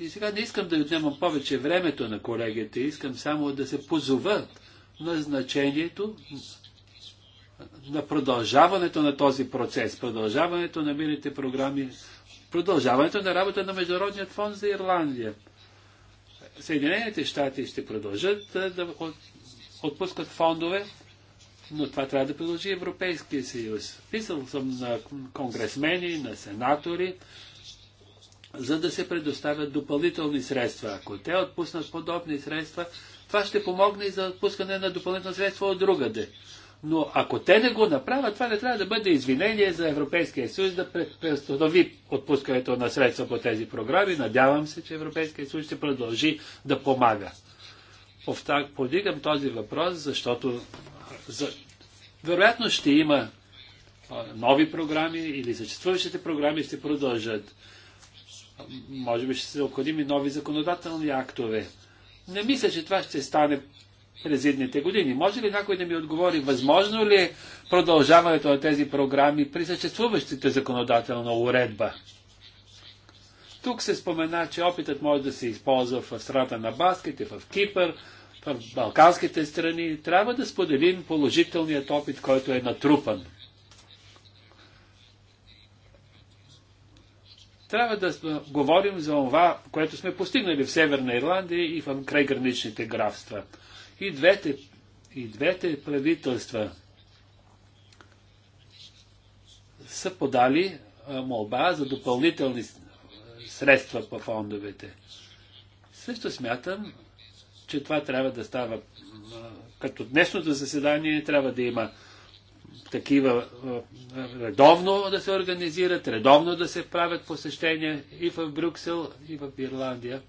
И сега не искам да отнемам повече времето на колегите, искам само да се позоват на значението на продължаването на този процес, продължаването на мирните програми, продължаването на работа на Международният фонд за Ирландия. Съединените щати ще продължат да отпускат фондове но това трябва да продължи Европейския съюз. Писал съм на конгресмени, на сенатори, за да се предоставят допълнителни средства. Ако те отпуснат подобни средства, това ще помогне и за отпускане на допълнителни средства от другаде. Но ако те не го направят, това не трябва да бъде извинение за Европейския съюз да преустанови отпускането на средства по тези програми. Надявам се, че Европейския съюз ще продължи да помага. Повдигам този въпрос, защото за... Вероятно ще има нови програми или съществуващите програми ще продължат. Може би ще се необходими нови законодателни актове. Не мисля, че това ще стане през едните години. Може ли някой да ми отговори, възможно ли е продължаването на тези програми при съществуващите законодателна уредба? Тук се спомена, че опитът може да се използва в страната на Баскет и в Кипър, в балканските страни, трябва да споделим положителният опит, който е натрупан. Трябва да говорим за това, което сме постигнали в Северна Ирландия и в край граничните графства. И двете, и двете правителства са подали молба за допълнителни средства по фондовете. Също смятам, че това трябва да става като днешното заседание трябва да има такива редовно да се организират, редовно да се правят посещения и в Брюксел, и в Ирландия.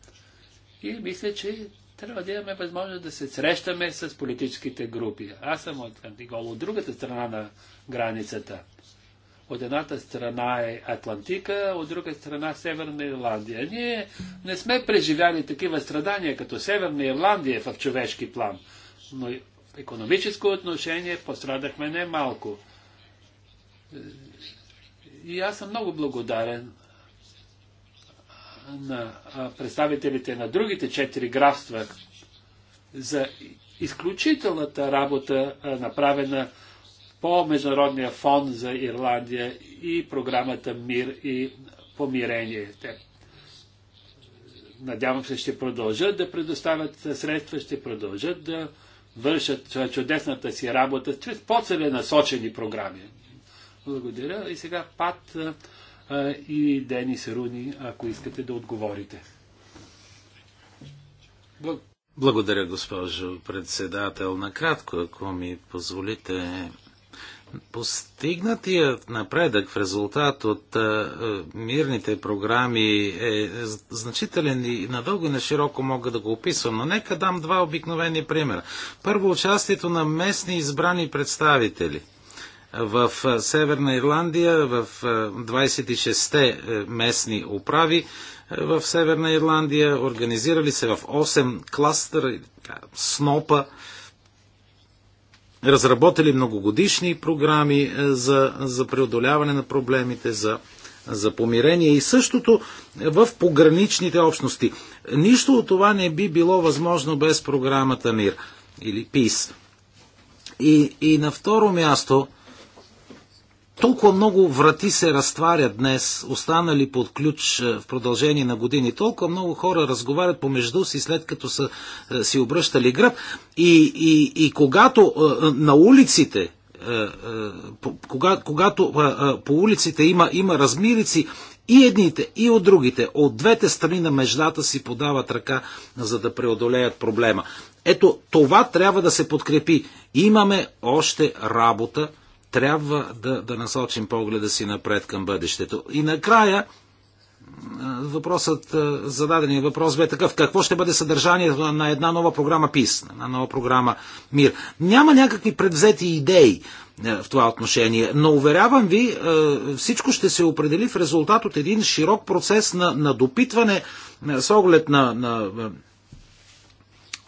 И мисля, че трябва да имаме възможност да се срещаме с политическите групи. Аз съм от Антигол, от другата страна на границата. От едната страна е Атлантика, от друга страна Северна Ирландия. Ние не сме преживяли такива страдания като Северна Ирландия е в човешки план, но економическо отношение пострадахме не малко. И аз съм много благодарен на представителите на другите четири графства за изключителната работа, направена по Международния фонд за Ирландия и програмата Мир и помирение. Те, надявам се, ще продължат да предоставят средства, ще продължат да вършат чудесната си работа чрез по-целенасочени програми. Благодаря. И сега Пат и Денис Руни, ако искате да отговорите. Благодаря, госпожо председател. Накратко, ако ми позволите, Постигнатият напредък в резултат от мирните програми е значителен и надълго и на широко мога да го описвам, но нека дам два обикновени примера. Първо, участието на местни избрани представители в Северна Ирландия, в 26-те е, местни управи е, в Северна Ирландия, организирали се в 8 кластера, снопа, разработили многогодишни програми е, за, за преодоляване на проблемите, за, за помирение и същото в пограничните общности. Нищо от това не би било възможно без програмата МИР или ПИС. И, и на второ място, толкова много врати се разтварят днес, останали под ключ е, в продължение на години. Толкова много хора разговарят помежду си, след като са е, си обръщали гръб. И, и, и когато е, на улиците когато, когато по улиците има, има размирици, и едните, и от другите, от двете страни на междата си подават ръка, за да преодолеят проблема. Ето това трябва да се подкрепи. Имаме още работа трябва да, да насочим погледа си напред към бъдещето. И накрая, въпросът, зададения въпрос бе такъв. Какво ще бъде съдържанието на една нова програма ПИС, на една нова програма МИР? Няма някакви предвзети идеи в това отношение, но уверявам ви, всичко ще се определи в резултат от един широк процес на, на допитване с оглед на, на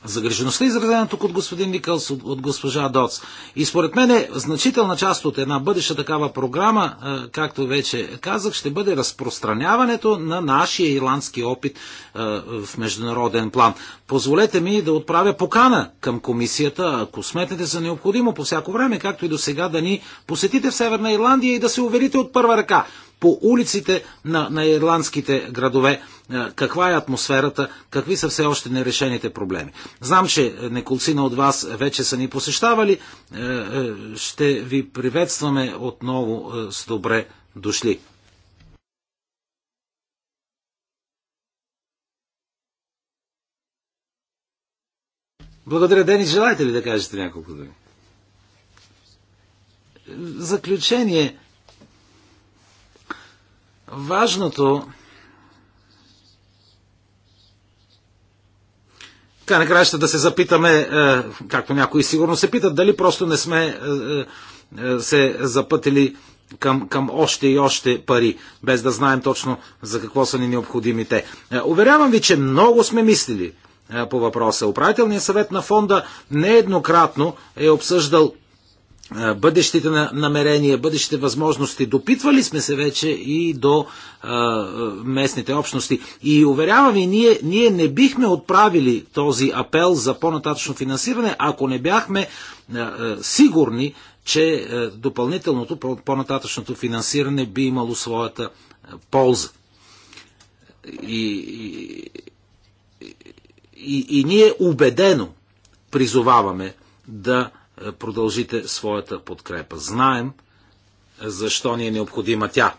загрежеността, изразена тук от господин Никълс, от, от госпожа Доц. И според мен е значителна част от една бъдеща такава програма, както вече казах, ще бъде разпространяването на нашия ирландски опит в международен план. Позволете ми да отправя покана към комисията, ако сметнете за необходимо по всяко време, както и до сега, да ни посетите в Северна Ирландия и да се уверите от първа ръка по улиците на, на ирландските градове, е, каква е атмосферата, какви са все още нерешените проблеми. Знам, че неколцина от вас вече са ни посещавали. Е, е, ще ви приветстваме отново с добре дошли. Благодаря, Денис. Желаете ли да кажете няколко думи? В заключение, Важното Така накрая ще да се запитаме, е, както някои сигурно се питат, дали просто не сме е, е, се запътили към, към още и още пари, без да знаем точно за какво са ни необходими те. Уверявам ви, че много сме мислили по въпроса. Управителният съвет на фонда нееднократно е обсъждал бъдещите намерения, бъдещите възможности. Допитвали сме се вече и до а, местните общности. И уверявам ви, ние, ние не бихме отправили този апел за по-нататъчно финансиране, ако не бяхме а, а, сигурни, че а, допълнителното, по-нататъчното финансиране би имало своята а, полза. И, и, и, и ние убедено призоваваме да продължите своята подкрепа. Знаем защо ни е необходима тя.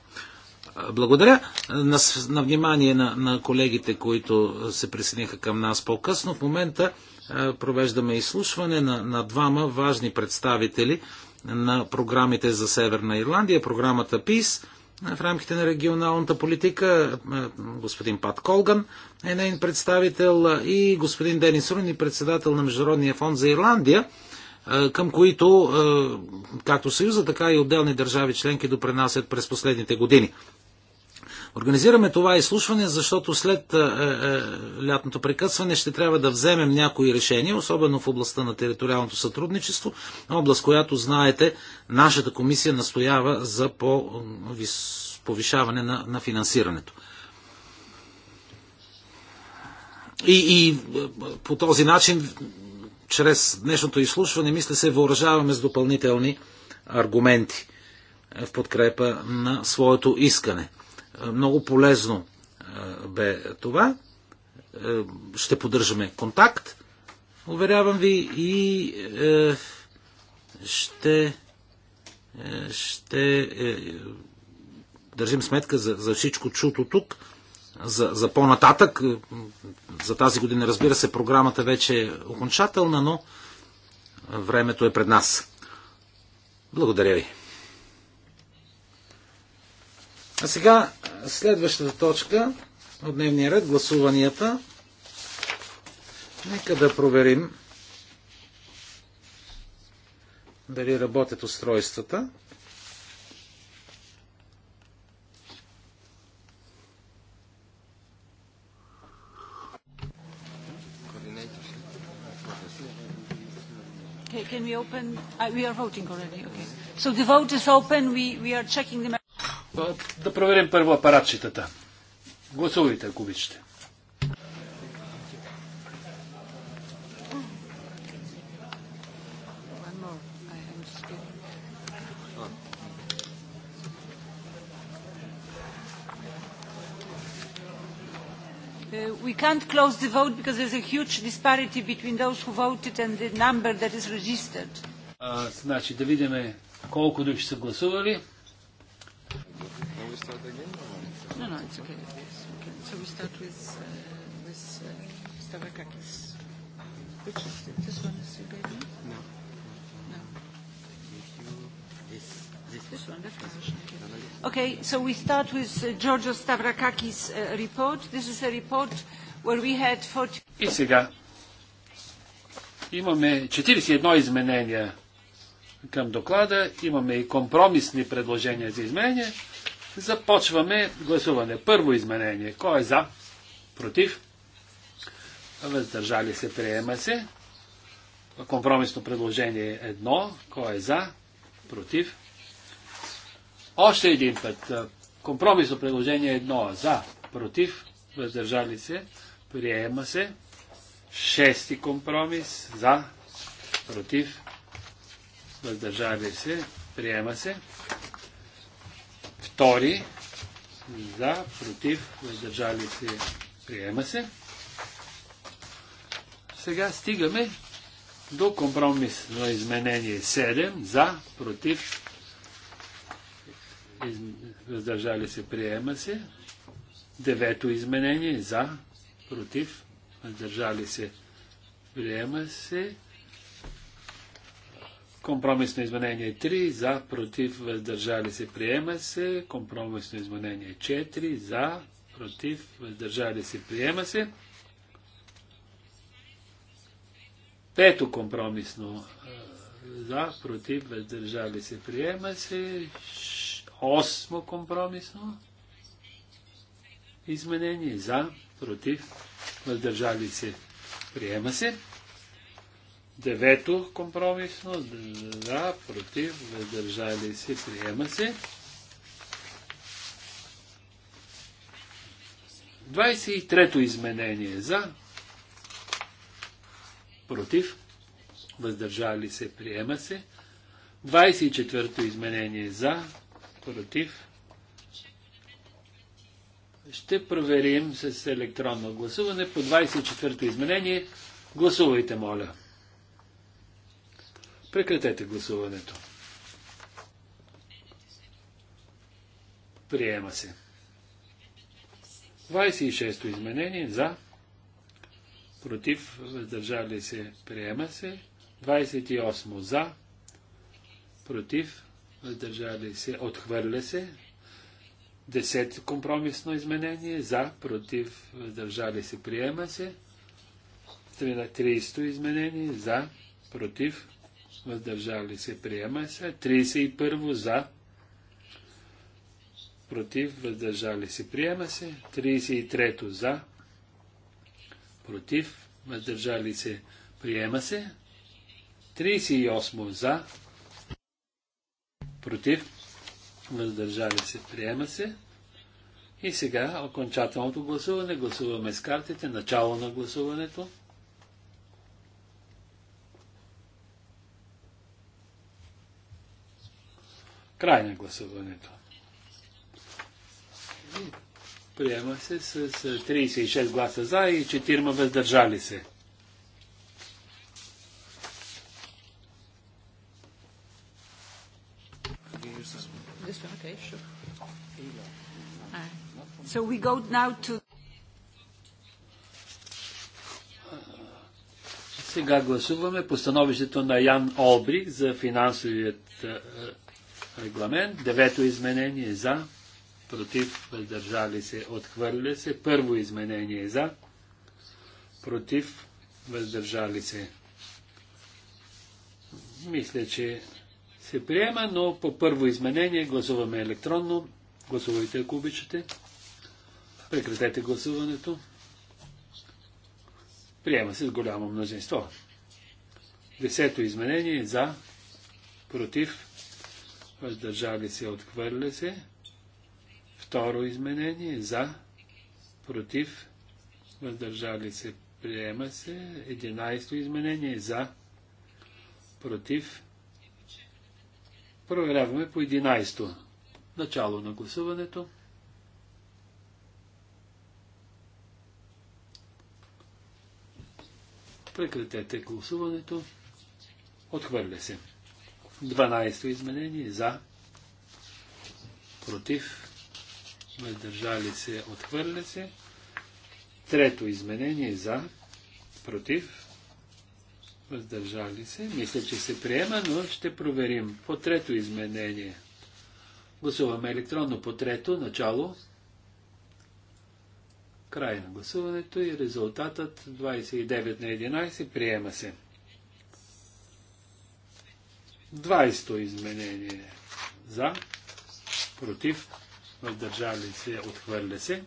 Благодаря на, на внимание на, на колегите, които се присъединиха към нас по-късно. В момента е, провеждаме изслушване на, на двама важни представители на програмите за Северна Ирландия, програмата ПИС е, в рамките на регионалната политика. Е, господин Пат Колган е нейн представител и господин Денис Руни, председател на Международния фонд за Ирландия към които както Съюза, така и отделни държави членки допренасят през последните години. Организираме това изслушване, защото след лятното прекъсване ще трябва да вземем някои решения, особено в областта на териториалното сътрудничество, област, която, знаете, нашата комисия настоява за повишаване на, на финансирането. И, и по този начин чрез днешното изслушване, мисля се, въоръжаваме с допълнителни аргументи в подкрепа на своето искане. Е, много полезно е, бе това. Е, ще поддържаме контакт, уверявам ви, и ще, ще държим сметка за, за всичко чуто тук за, за по-нататък. За тази година, разбира се, програмата вече е окончателна, но времето е пред нас. Благодаря ви. А сега следващата точка от дневния ред, гласуванията. Нека да проверим дали работят устройствата. can we open? Uh, we are voting already. Okay. So the vote is open. We, we are checking the... Да проверим първо апаратчетата. Гласувайте, ако обичате. we can't close the vote because there's a huge disparity between those who voted and the number that is registered. А, значи да видим колко души са гласували. No, no, it's okay. So we start with, uh, with uh, Stavrakakis. Which is this one? Is Okay, so we start with uh, Georgios Stavrakakis' uh, report. This is a report where we had 40... И сега имаме 41 изменения към доклада, имаме и компромисни предложения за изменение. Започваме гласуване. Първо изменение. Кой е за? Против? Въздържали се, приема се. Компромисно предложение едно. Кой е за? Против? Още един път. Компромисно предложение едно. За, против, въздържали се, приема се. Шести компромис. За, против, въздържали се, приема се. Втори. За, против, въздържали се, приема се. Сега стигаме до компромисно изменение 7. За, против, въздържали се, приема се. Девето изменение за, против, въздържали се, приема се. Компромисно изменение 3 за, против, въздържали се, приема се. Компромисно изменение 4 за, против, въздържали се, приема се. Пето компромисно за, против, въздържали се, приема се. Осмо компромисно изменение за, против, въздържали се. Приема се. Девето компромисно за, против, въздържали се. Приема се. 23-то изменение за, против, въздържали се, приема се. 24-то изменение за, против. Ще проверим с електронно гласуване по 24-то изменение. Гласувайте, моля. Прекратете гласуването. Приема се. 26-то изменение за, против, въздържали се, приема се. 28 за, против, въздържали се, отхвърля се. Десет компромисно изменение, за, против, въздържали се, приема се. 30 изменение, за, против, въздържали се, приема се. 31 за, против, въздържали се, приема се. 33 за, против, въздържали се, приема се. 38 за, против, въздържали се, приема се. И сега окончателното гласуване. Гласуваме с картите. Начало на гласуването. Край на гласуването. Приема се с 36 гласа за и 4 въздържали се. To... Сега гласуваме постановището на Ян Олбри за финансовият е, регламент. Девето изменение е за, против, въздържали се, отхвърля се. Първо изменение е за, против, въздържали се. Мисля, че се приема, но по първо изменение гласуваме електронно. Гласувайте, ако обичате. Прекратете гласуването. Приема се с голямо мнозинство. Десето изменение е за, против, въздържали се, отхвърля се. Второ изменение е за, против, въздържали се, приема се. Единайсто изменение е за, против. Проверяваме по единайсто. Начало на гласуването. Прекратете гласуването. Отхвърля се. 12-то изменение за, против, въздържали се, отхвърля се. Трето изменение за, против, въздържали се. Мисля, че се приема, но ще проверим. По трето изменение. Гласуваме електронно по трето, начало. Край на гласуването и резултатът 29 на 11 приема се. 20-то изменение за, против, въздържали се, отхвърля се.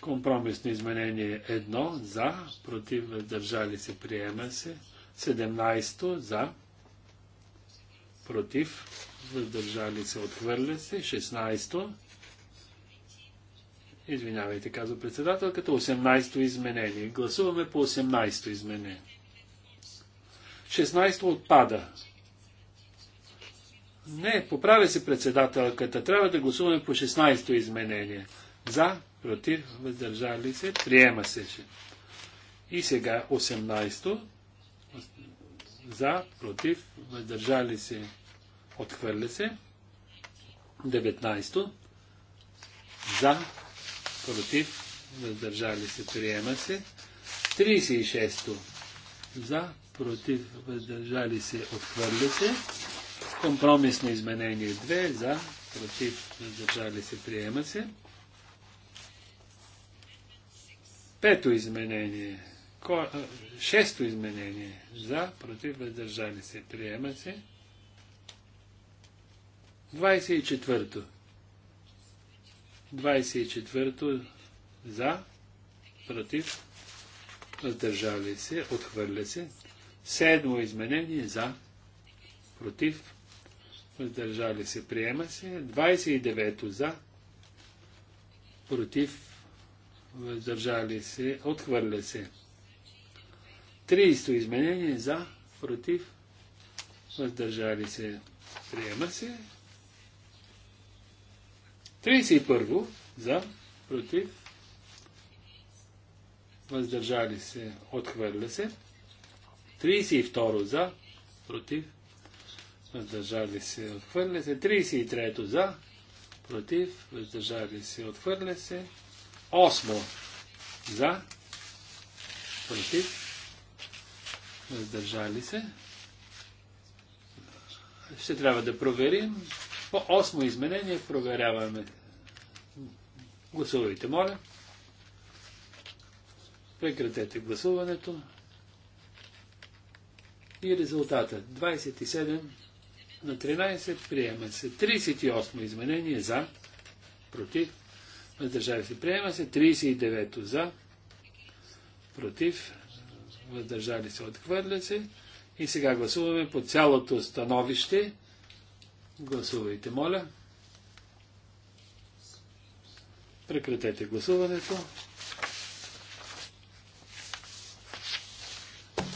Компромисно изменение 1 за, против, въздържали се, приема се. 17 за, против, въздържали се, отхвърля се. 16 Извинявайте, казва председателката. 18-то изменение. Гласуваме по 18-то изменение. 16-то отпада. Не, поправя се председателката. Трябва да гласуваме по 16-то изменение. За, против, въздържали се, приема се. И сега 18-то. За, против, въздържали се, отхвърля се. 19-то. За, против, въздържали се, приема се. 36-то за, против, въздържали се, отхвърля се. Компромисно изменение 2 за, против, въздържали се, приема се. Пето изменение, шесто изменение за, против, въздържали се, приема се. 24-то 24-то за, против, въздържали се, отхвърля се. Седмо изменение за, против, въздържали се, приема се. 29-то за, против, въздържали се, отхвърля се. 30-то изменение за, против, въздържали се, приема се. 31 за, против, въздържали се, отхвърля се. 32 за, против, въздържали се, отхвърля се. 33 за, против, въздържали се, отхвърля се. 8 за, против, въздържали се. Ще трябва да проверим. По осмо изменение проверяваме. Гласувайте, моля. Прекратете гласуването. И резултата 27 на 13 приема се. 38 изменение за, против, въздържали се. Приема се 39 за, против, въздържали се, отхвърля се. И сега гласуваме по цялото становище Гласувайте, моля. Прекратете гласуването.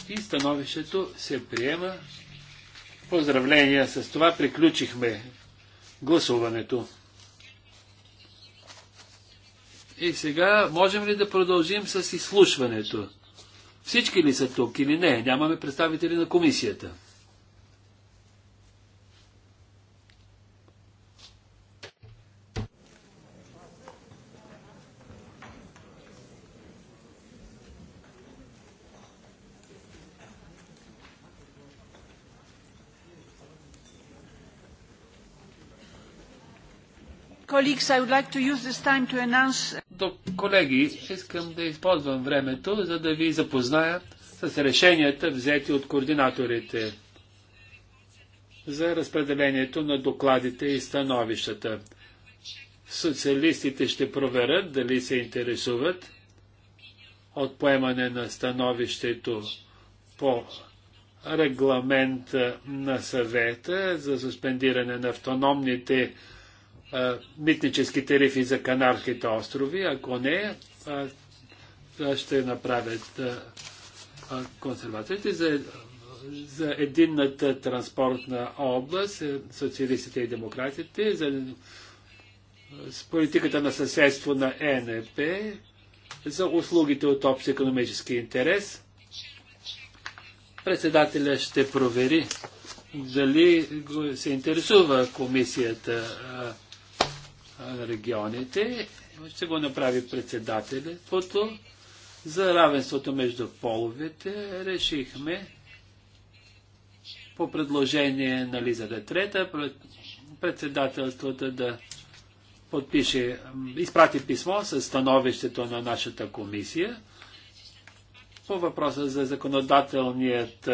И становището се приема. Поздравления! С това приключихме гласуването. И сега можем ли да продължим с изслушването? Всички ли са тук или не? Нямаме представители на комисията. Колеги, искам да използвам времето, за да ви запозная с решенията, взети от координаторите за разпределението на докладите и становищата. Социалистите ще проверят дали се интересуват от поемане на становището по регламент на съвета за суспендиране на автономните митнически тарифи за Канарските острови. Ако не, ще направят консерваторите за, за единната транспортна област, е, социалистите и демократите, за с политиката на съседство на ЕНП, за услугите от общ економически интерес. Председателя ще провери дали се интересува комисията регионите, ще го направи председателството за равенството между половете. Решихме по предложение на Лиза Детрета председателството да подпише, изпрати писмо с становището на нашата комисия по въпроса за законодателният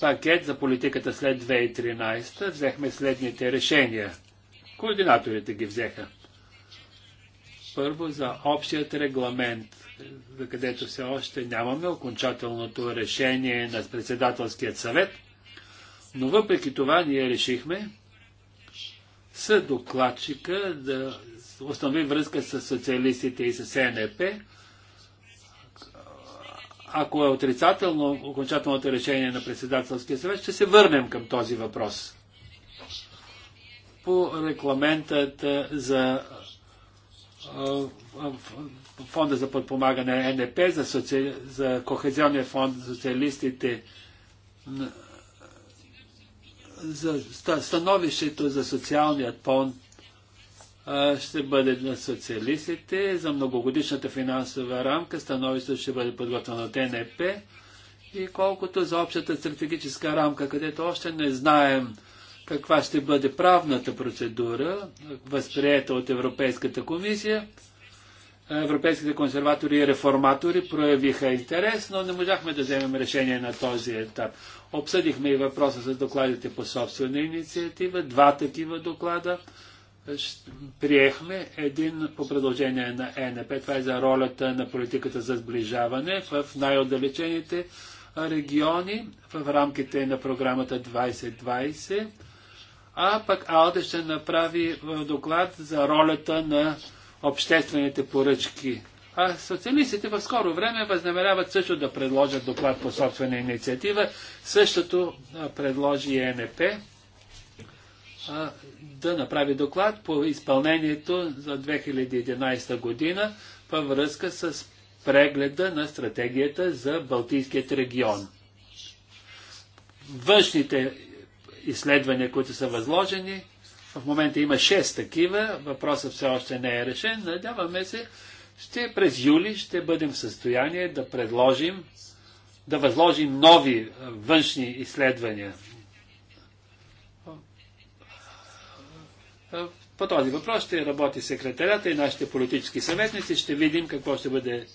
пакет за политиката след 2013. Взехме следните решения – Координаторите ги взеха. Първо за общият регламент, за където все още нямаме окончателното решение на председателският съвет, но въпреки това ние решихме с докладчика да установи връзка с социалистите и с СНП. Ако е отрицателно окончателното решение на председателския съвет, ще се върнем към този въпрос по регламентът за фонда за подпомагане НДП, за, соци... за Кохезионния фонд за социалистите, за становището за социалният фонд ще бъде на социалистите, за многогодишната финансова рамка становището ще бъде подготвено от НДП и колкото за общата стратегическа рамка, където още не знаем каква ще бъде правната процедура, възприета от Европейската комисия. Европейските консерватори и реформатори проявиха интерес, но не можахме да вземем решение на този етап. Обсъдихме и въпроса за докладите по собствена инициатива. Два такива доклада приехме. Един по предложение на ЕНП. Това е за ролята на политиката за сближаване в най-отдалечените региони в рамките на програмата 2020 а пък Алде ще направи е, доклад за ролята на обществените поръчки. А социалистите в скоро време възнамеряват също да предложат доклад по собствена инициатива. Същото предложи ЕНП а, да направи доклад по изпълнението за 2011 година във връзка с прегледа на стратегията за Балтийският регион. Външните изследвания, които са възложени. В момента има 6 такива. Въпросът все още не е решен. Надяваме се, ще през юли ще бъдем в състояние да предложим, да възложим нови е, външни изследвания. Е, е, по този въпрос ще работи секретарята и нашите политически съветници. Ще видим какво ще бъде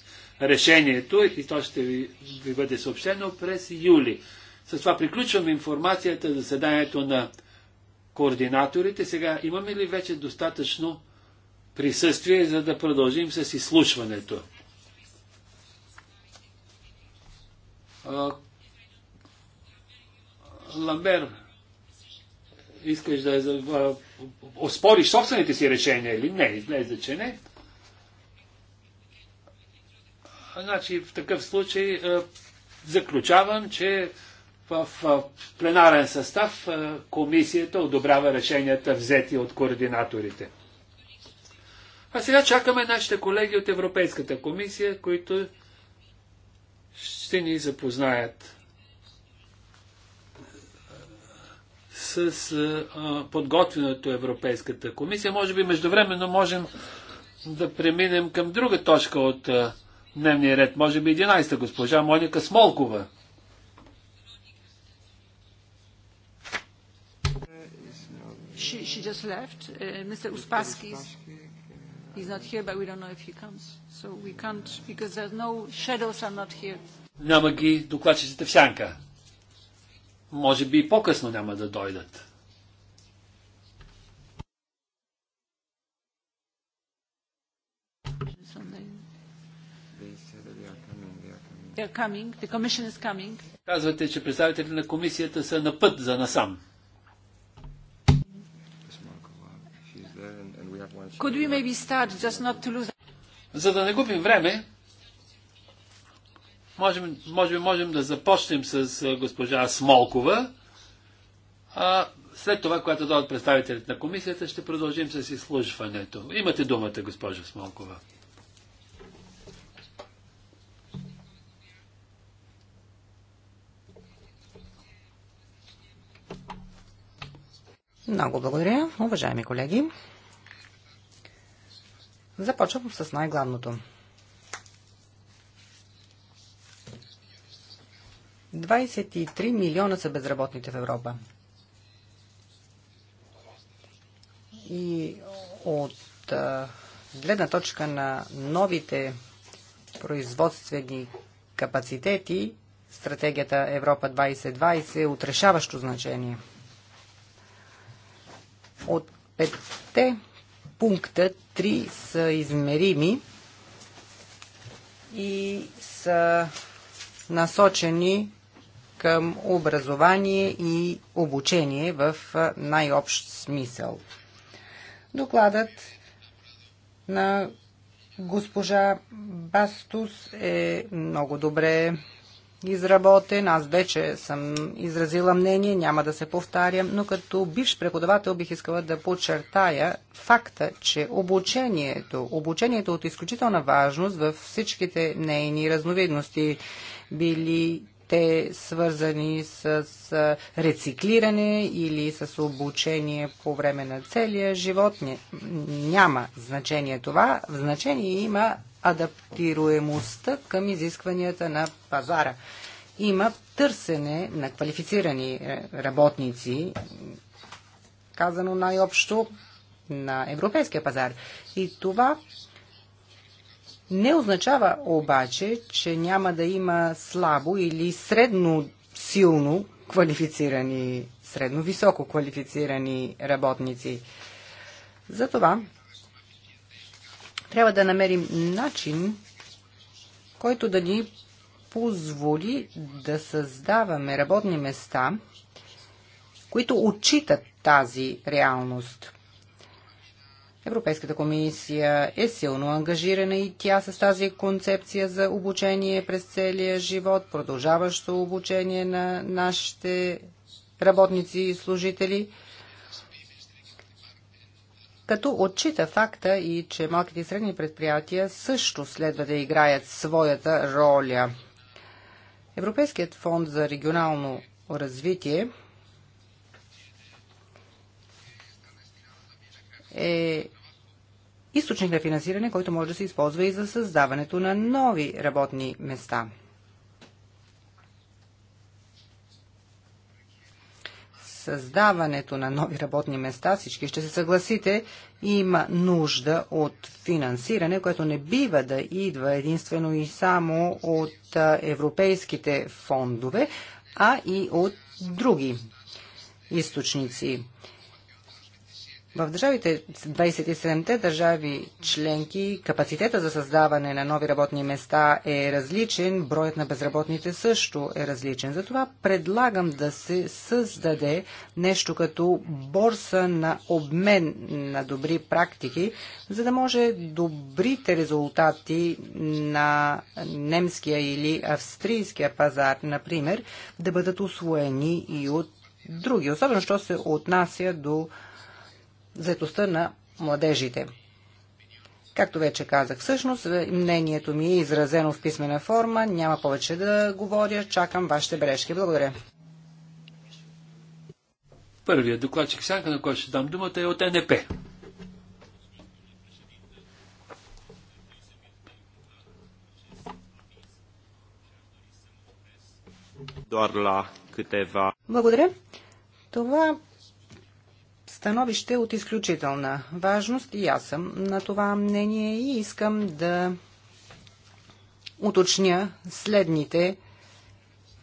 решението и то ще ви, ви бъде съобщено през юли. С това приключвам информацията за заседанието на координаторите. Сега имаме ли вече достатъчно присъствие, за да продължим с изслушването? Ламбер, искаш да оспориш собствените си решения или не? излезе, че не. Значи, в такъв случай заключавам, че в, пленарен състав комисията одобрява решенията взети от координаторите. А сега чакаме нашите колеги от Европейската комисия, които ще ни запознаят с а, подготвеното Европейската комисия. Може би междувременно можем да преминем към друга точка от а, дневния ред. Може би 11-та госпожа Моника Смолкова. just left. Uh, Mr. Uspaski is uh, not here, but we don't know if he comes. So we can't, because there's no shadows are not here. Няма ги докладчиците в сянка. Може би и по-късно няма да дойдат. Казвате, че представители на комисията са на път за насам. Значи, lose... За да не губим време, можем, може би можем да започнем с госпожа Смолкова. А след това, когато дойдат представителите на комисията, ще продължим с изслужването. Имате думата, госпожа Смолкова. Много благодаря, уважаеми колеги. Започвам с най-главното. 23 милиона са безработните в Европа. И от гледна точка на новите производствени капацитети, стратегията Европа 2020 е отрешаващо значение. От петте пункта 3 са измерими и са насочени към образование и обучение в най-общ смисъл. Докладът на госпожа Бастус е много добре изработен. Аз вече съм изразила мнение, няма да се повтарям, но като бивш преподавател бих искала да подчертая факта, че обучението, обучението е от изключителна важност във всичките нейни разновидности били те свързани с рециклиране или с обучение по време на целия живот. Няма значение това. Значение има адаптируемостта към изискванията на пазара. Има търсене на квалифицирани е, работници, казано най-общо, на европейския пазар. И това не означава обаче, че няма да има слабо или средно силно квалифицирани, средно високо квалифицирани работници. Затова трябва да намерим начин, който да ни позволи да създаваме работни места, които отчитат тази реалност. Европейската комисия е силно ангажирана и тя с тази концепция за обучение през целия живот, продължаващо обучение на нашите работници и служители, като отчита факта и че малките и средни предприятия също следва да играят своята роля. Европейският фонд за регионално развитие – е източник на финансиране, който може да се използва и за създаването на нови работни места. Създаването на нови работни места, всички ще се съгласите, има нужда от финансиране, което не бива да идва единствено и само от европейските фондове, а и от други източници. В държавите 27-те държави членки капацитета за създаване на нови работни места е различен, броят на безработните също е различен. Затова предлагам да се създаде нещо като борса на обмен на добри практики, за да може добрите резултати на немския или австрийския пазар, например, да бъдат освоени и от други, особено що се отнася до заетостта на младежите. Както вече казах, всъщност е, мнението ми е изразено в писмена форма. Няма повече да говоря. Чакам вашите бележки. Благодаря. Първият докладчик сянка, на който ще дам думата, е от НП. Благодаря. Това становище от изключителна важност и аз съм на това мнение и искам да уточня следните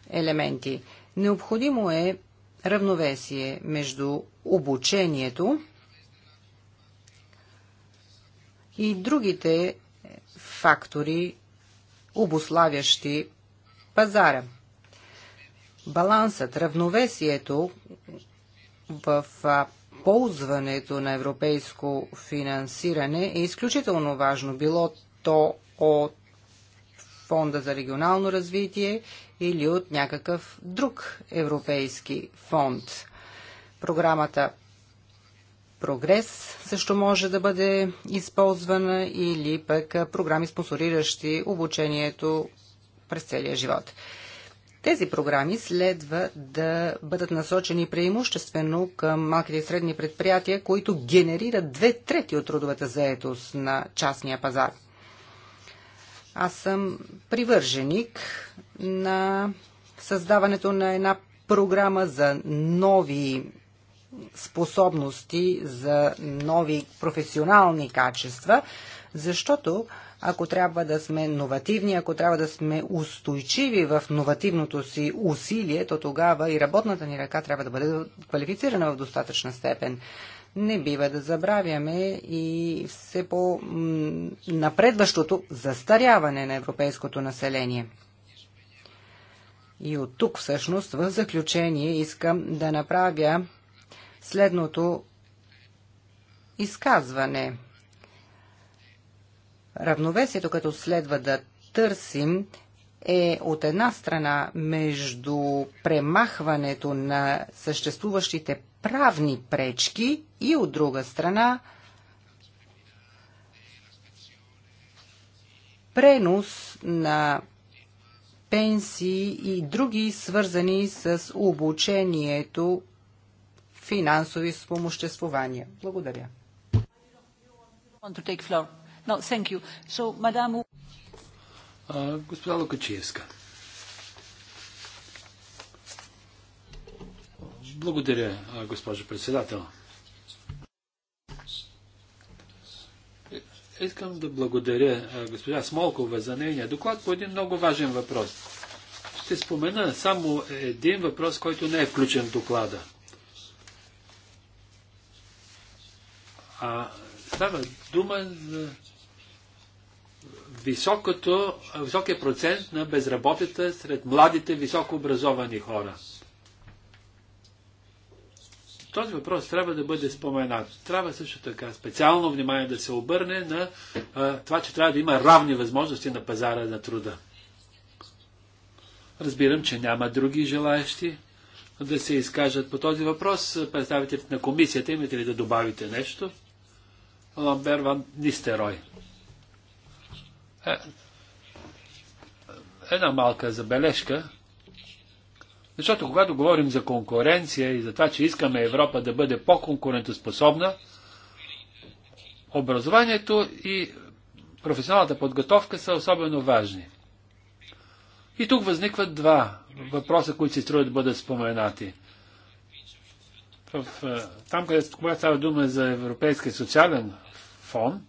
елементи. Необходимо е равновесие между обучението и другите фактори, обославящи пазара. Балансът, равновесието в ползването на европейско финансиране е изключително важно, било то от Фонда за регионално развитие или от някакъв друг европейски фонд. Програмата Прогрес също може да бъде използвана или пък програми спонсориращи обучението през целия живот. Тези програми следва да бъдат насочени преимуществено към малките и средни предприятия, които генерират две трети от трудовата заетост на частния пазар. Аз съм привърженик на създаването на една програма за нови способности, за нови професионални качества, защото ако трябва да сме новативни, ако трябва да сме устойчиви в новативното си усилие, то тогава и работната ни ръка трябва да бъде квалифицирана в достатъчна степен. Не бива да забравяме и все по напредващото застаряване на европейското население. И от тук всъщност в заключение искам да направя следното изказване – Равновесието, като следва да търсим, е от една страна между премахването на съществуващите правни пречки и от друга страна пренос на пенсии и други свързани с обучението финансови спомоществования. Благодаря. No, thank you. So, Madame. госпожа Лукачиевска. Благодаря, госпожо председател. Е, искам да благодаря госпожа Смолкова за нейния доклад по един много важен въпрос. Ще спомена само един въпрос, който не е включен в доклада. А става дума за високото, високия процент на безработица сред младите високообразовани хора. Този въпрос трябва да бъде споменат. Трябва също така специално внимание да се обърне на а, това, че трябва да има равни възможности на пазара на труда. Разбирам, че няма други желаящи да се изкажат по този въпрос. Представителите на комисията, имате ли да добавите нещо? Ламбер Ван Нистерой. Е, една малка забележка. Защото когато говорим за конкуренция и за това, че искаме Европа да бъде по-конкурентоспособна, образованието и професионалната подготовка са особено важни. И тук възникват два въпроса, които се струват да бъдат споменати. Е, там, където става дума за Европейския социален фонд,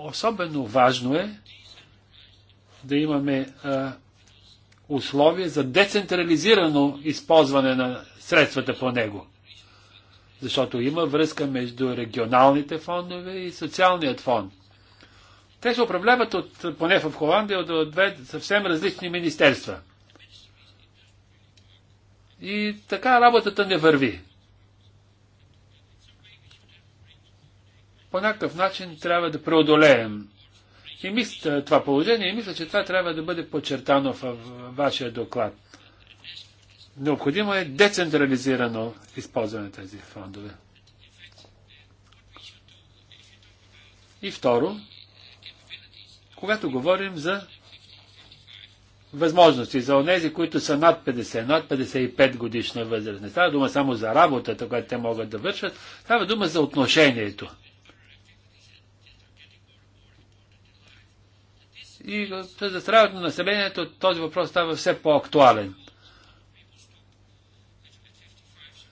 Особено важно е да имаме а, условия за децентрализирано използване на средствата по него. Защото има връзка между регионалните фондове и социалният фонд. Те се управляват от, поне в Холандия, от, от две съвсем различни министерства. И така работата не върви. по някакъв начин трябва да преодолеем. И мисля, това положение и мисля, че това трябва да бъде подчертано в вашия доклад. Необходимо е децентрализирано използване на тези фондове. И второ, когато говорим за възможности за онези, които са над 50, над 55 годишна възраст. Не става дума само за работата, която те могат да вършат, става дума за отношението. и за здравето на населението този въпрос става все по-актуален.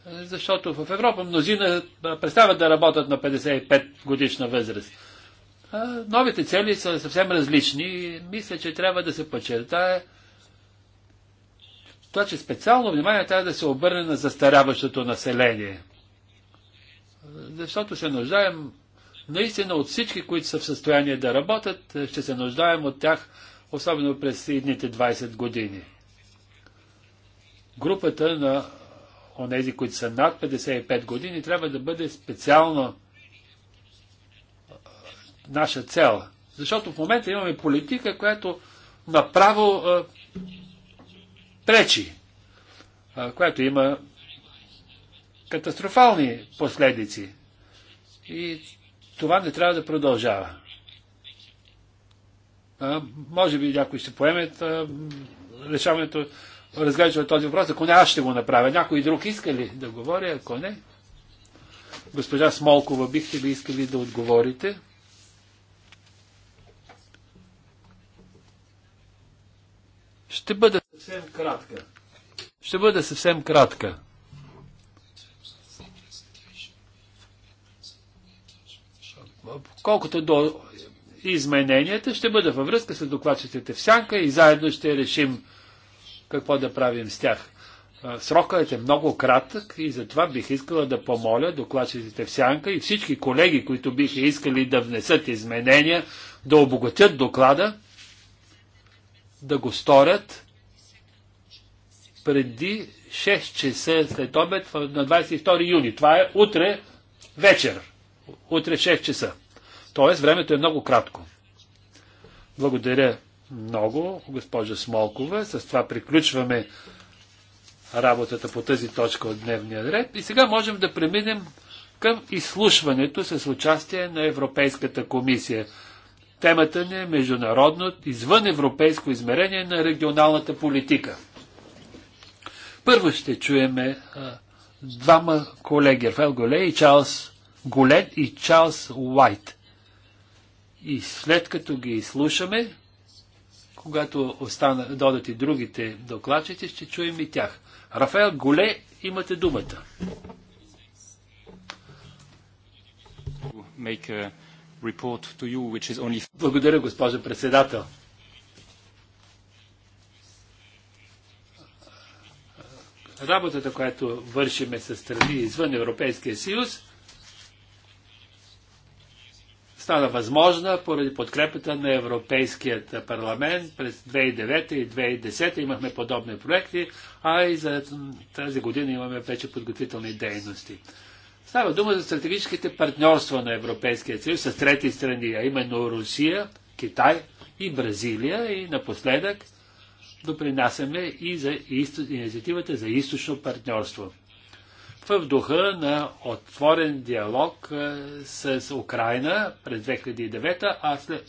Защото в Европа мнозина представят да работят на 55 годишна възраст. новите цели са съвсем различни и мисля, че трябва да се подчертае това, че специално внимание трябва да се обърне на застаряващото население. Защото се нуждаем Наистина от всички, които са в състояние да работят, е, ще се нуждаем от тях, особено през едните 20 години. Групата на онези, които са над 55 години, трябва да бъде специално е, наша цел. Защото в момента имаме политика, която направо а, е, пречи, а, която има катастрофални последици. И това не трябва да продължава. А, може би някой ще поеме решаването, разглежда този въпрос. Ако не, аз ще го направя. Някой друг иска ли да говори? Ако не, госпожа Смолкова, бихте ли искали да отговорите? Ще бъда съвсем кратка. Ще бъда съвсем кратка. Колкото до измененията, ще бъда във връзка с докладчиците в сянка и заедно ще решим какво да правим с тях. Срокът е много кратък и затова бих искала да помоля докладчиците в сянка и всички колеги, които биха искали да внесат изменения, да обогатят доклада, да го сторят преди 6 часа след обед на 22 юни. Това е утре вечер утре в 6 часа. Тоест, времето е много кратко. Благодаря много, госпожа Смолкова. С това приключваме работата по тази точка от дневния ред. И сега можем да преминем към изслушването с участие на Европейската комисия. Темата ни е международно, извън европейско измерение на регионалната политика. Първо ще чуеме а, двама колеги, Рафаел Голе и Чарлз Голет и Чарлз Уайт. И след като ги изслушаме, когато остана, додат и другите докладчици, ще чуем и тях. Рафаел Голе, имате думата. You, only... Благодаря, госпожа председател. Работата, която вършиме с страни извън Европейския съюз, стана възможна поради подкрепата на Европейският парламент. През 2009 и 2010 имахме подобни проекти, а и за тази година имаме вече подготвителни дейности. Става дума за стратегическите партньорства на Европейския съюз с трети страни, а именно Русия, Китай и Бразилия и напоследък допринасяме и за инициативата за източно партньорство в духа на отворен диалог е, с Украина през 2009, а след,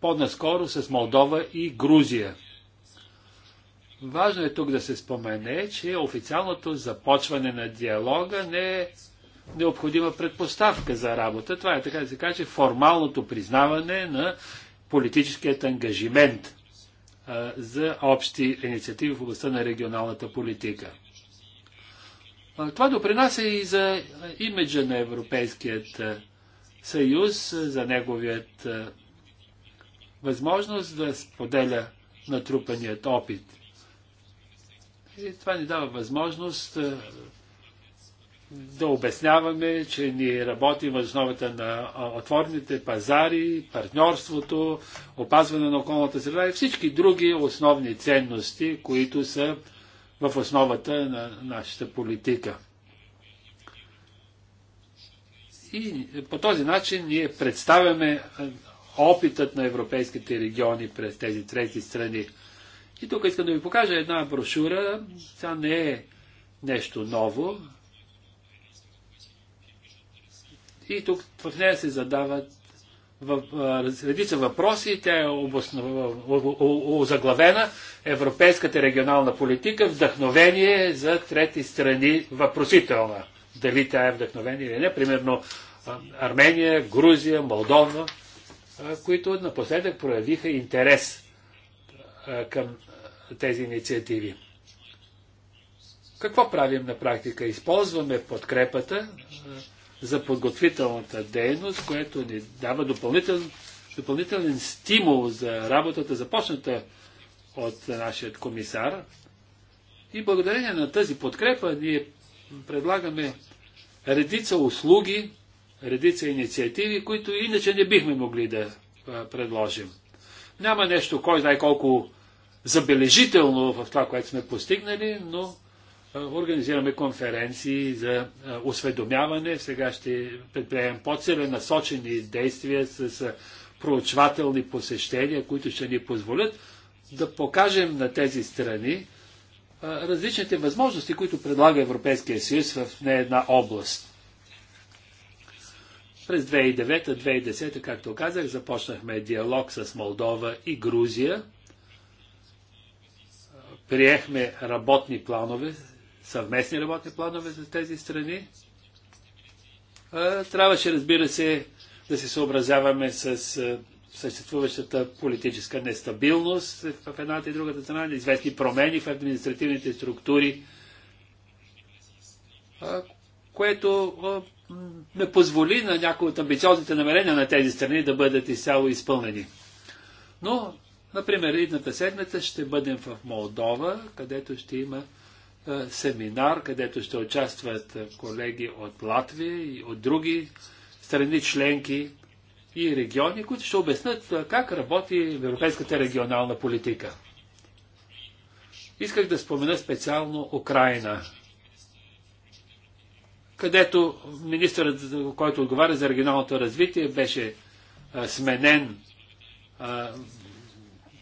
по-наскоро с Молдова и Грузия. Важно е тук да се спомене, че официалното започване на диалога не е необходима предпоставка за работа. Това е така да се каже формалното признаване на политическият ангажимент а, е, за общи инициативи в областта на регионалната политика. Това допринася и за имиджа на Европейският съюз, за неговият възможност да споделя натрупаният опит. И това ни дава възможност да обясняваме, че ние работим въз основата на отворните пазари, партньорството, опазване на околната среда и всички други основни ценности, които са в основата на нашата политика. И по този начин ние представяме е, опитът на европейските региони през тези трети страни. И тук искам да ви покажа една брошура. Тя не е нещо ново. И тук в нея се задават в, редица въпроси. Тя е озаглавена Европейската регионална политика вдъхновение за трети страни въпросителна. Дали тя е вдъхновение или не. Примерно Армения, Грузия, Молдова, които напоследък проявиха интерес към тези инициативи. Какво правим на практика? Използваме подкрепата за подготвителната дейност, което ни дава допълнителен, допълнителен стимул за работата, започната от нашия комисар. И благодарение на тази подкрепа ние предлагаме редица услуги, редица инициативи, които иначе не бихме могли да предложим. Няма нещо, кой знае колко забележително в това, което сме постигнали, но Организираме конференции за осведомяване. Сега ще предприемем по-целенасочени действия с проучвателни посещения, които ще ни позволят да покажем на тези страни различните възможности, които предлага Европейския съюз в не една област. През 2009-2010, както казах, започнахме диалог с Молдова и Грузия. Приехме работни планове съвместни работни планове за тези страни. Трябваше, разбира се, да се съобразяваме с съществуващата политическа нестабилност в едната и другата страна, известни промени в административните структури, което не позволи на някои от амбициозните намерения на тези страни да бъдат изцяло изпълнени. Но, например, едната седмица ще бъдем в Молдова, където ще има е, семинар, където ще участват е, колеги от Латвия и от други страни членки и региони, които ще обяснат е, как работи европейската регионална политика. Исках да спомена специално Украина, където министърът, който отговаря за регионалното развитие, беше сменен.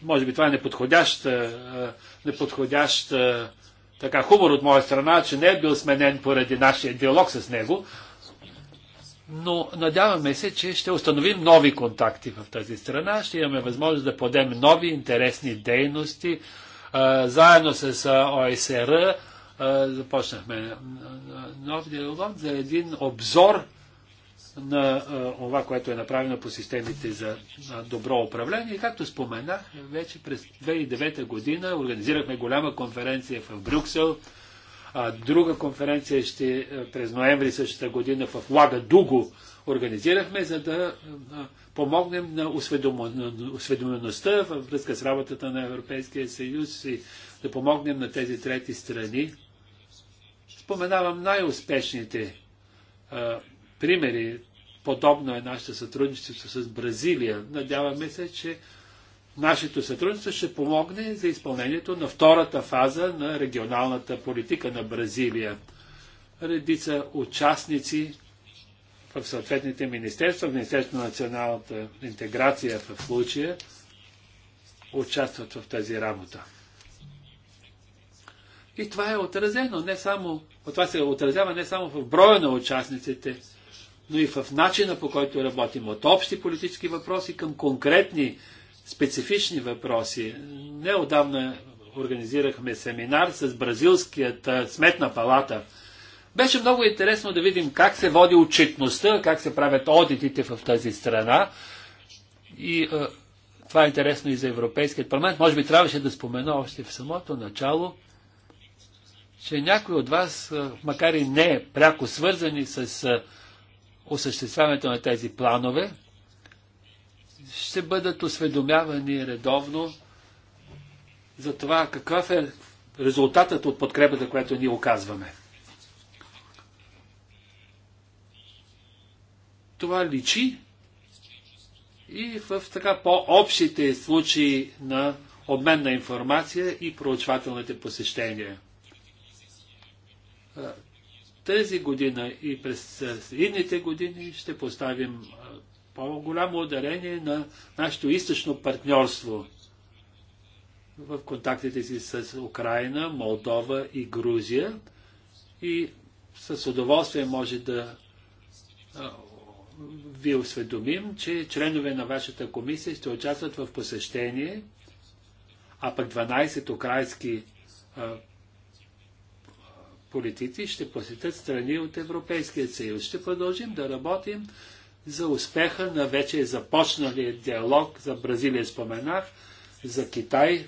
може би това е неподходящ, неподходящ така хубаво от моя страна, че не е бил сменен поради нашия диалог с него, но надяваме се, че ще установим нови контакти в тази страна, ще имаме възможност да подем нови интересни дейности. Заедно с ОСР започнахме нов диалог за един обзор на това, което е направено по системите за добро управление. Както споменах, вече през 2009 година организирахме голяма конференция в Брюксел. Друга конференция ще през ноември същата година в Лага Дуго организирахме, за да помогнем на осведомеността във връзка с работата на Европейския съюз и да помогнем на тези трети страни. Споменавам най-успешните примери. Подобно е нашето сътрудничество с Бразилия. Надяваме се, че нашето сътрудничество ще помогне за изпълнението на втората фаза на регионалната политика на Бразилия. Редица участници в съответните министерства, в Министерството на националната интеграция в случая, участват в тази работа. И това е отразено не само, това се отразява не само в броя на участниците, но и в начина по който работим от общи политически въпроси към конкретни специфични въпроси. Неодавна организирахме семинар с бразилският сметна палата. Беше много интересно да видим как се води отчетността, как се правят одитите в тази страна. И а, това е интересно и за Европейският парламент. Може би трябваше да спомена още в самото начало, че някои от вас, макар и не пряко свързани с а, осъществяването на тези планове, ще бъдат осведомявани редовно за това какъв е резултатът от подкрепата, която ние оказваме. Това личи и в така по-общите случаи на обмен на информация и проучвателните посещения тази година и през идните години ще поставим по-голямо ударение на нашето източно партньорство в контактите си с Украина, Молдова и Грузия. И с удоволствие може да ви осведомим, че членове на вашата комисия ще участват в посещение, а пък 12 украински политици ще посетят страни от Европейския съюз. Ще продължим да работим за успеха на вече започналия диалог за Бразилия споменах, за Китай.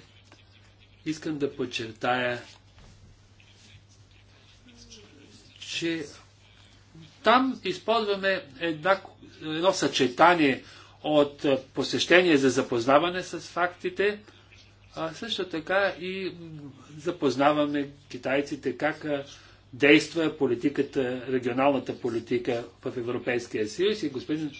Искам да подчертая, че там използваме една, едно съчетание от посещение за запознаване с фактите, а също така и запознаваме китайците как действа политиката, регионалната политика в Европейския съюз и господин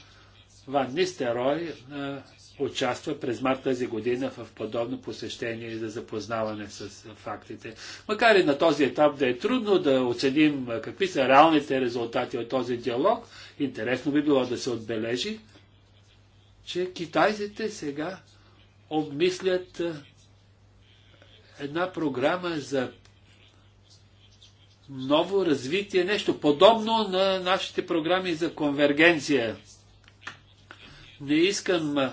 Ван Нистерой а, участва през март тази година в подобно посещение за запознаване с фактите. Макар и на този етап да е трудно да оценим какви са реалните резултати от този диалог, интересно би било да се отбележи, че китайците сега обмислят една програма за ново развитие, нещо подобно на нашите програми за конвергенция. Не искам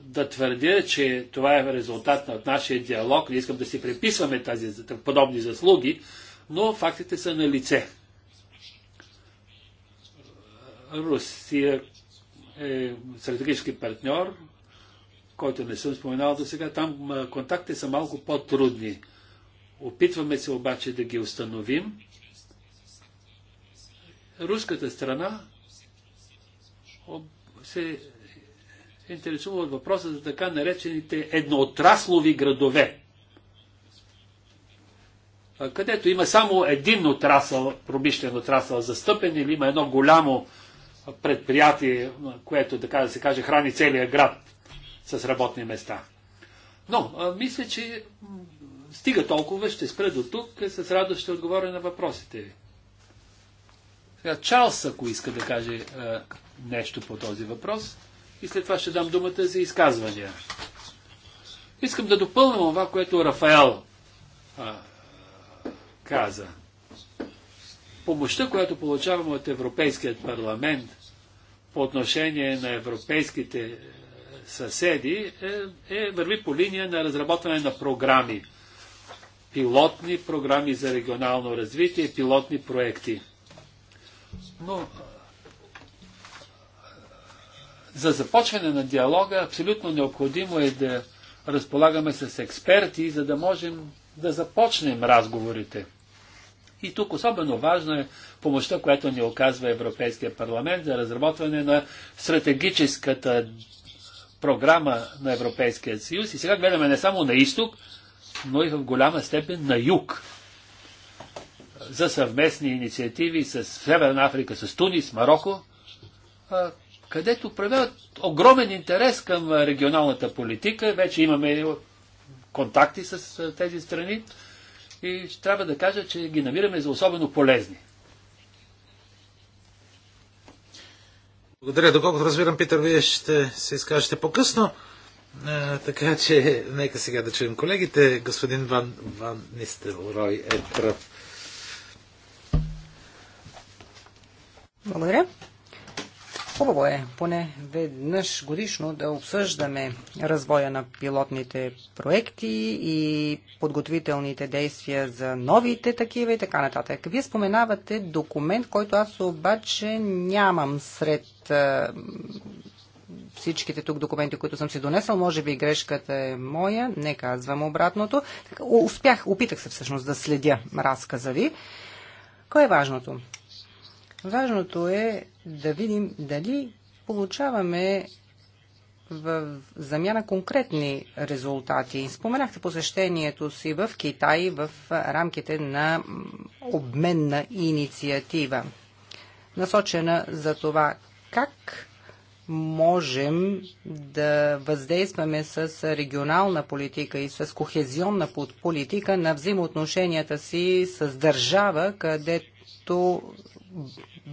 да твърдя, че това е резултат от нашия диалог, не искам да си преписваме тази, подобни заслуги, но фактите са на лице. Русия е стратегически партньор, който не съм споменал до сега, там контакти са малко по-трудни. Опитваме се обаче да ги установим. Руската страна се интересува от въпроса за така наречените едноотраслови градове, където има само един отрасъл, промишлен отрасъл застъпен или има едно голямо предприятие, което, така да се каже, храни целия град с работни места. Но, а, мисля, че стига толкова, ще спра до тук, е, с радост ще отговоря на въпросите ви. Сега Чарлз, ако иска да каже а, нещо по този въпрос, и след това ще дам думата за изказвания. Искам да допълня това, което Рафаел а, каза. Помощта, която получаваме от Европейският парламент по отношение на европейските съседи е, е, върви по линия на разработване на програми. Пилотни програми за регионално развитие, пилотни проекти. Но за започване на диалога абсолютно необходимо е да разполагаме с експерти, за да можем да започнем разговорите. И тук особено важно е помощта, която ни оказва Европейския парламент за разработване на стратегическата програма на Европейския съюз и сега гледаме не само на изток, но и в голяма степен на юг за съвместни инициативи с Северна Африка, с Тунис, Марокко, където проявяват огромен интерес към регионалната политика. Вече имаме контакти с тези страни и трябва да кажа, че ги намираме за особено полезни. Благодаря. Доколкото разбирам, Питър, вие ще се изкажете по-късно. така че, нека сега да чуем колегите. Господин Ван, Ван Нистелрой е прав. Благодаря. Хубаво е поне веднъж годишно да обсъждаме развоя на пилотните проекти и подготовителните действия за новите такива и така нататък. Вие споменавате документ, който аз обаче нямам сред всичките тук документи, които съм си донесъл. Може би грешката е моя, не казвам обратното. Така, успях, опитах се всъщност да следя разказа ви. Кое е важното? Важното е да видим дали получаваме в замяна конкретни резултати. Споменахте посещението си в Китай в рамките на обменна инициатива, насочена за това как можем да въздействаме с регионална политика и с кохезионна политика на взаимоотношенията си с държава, където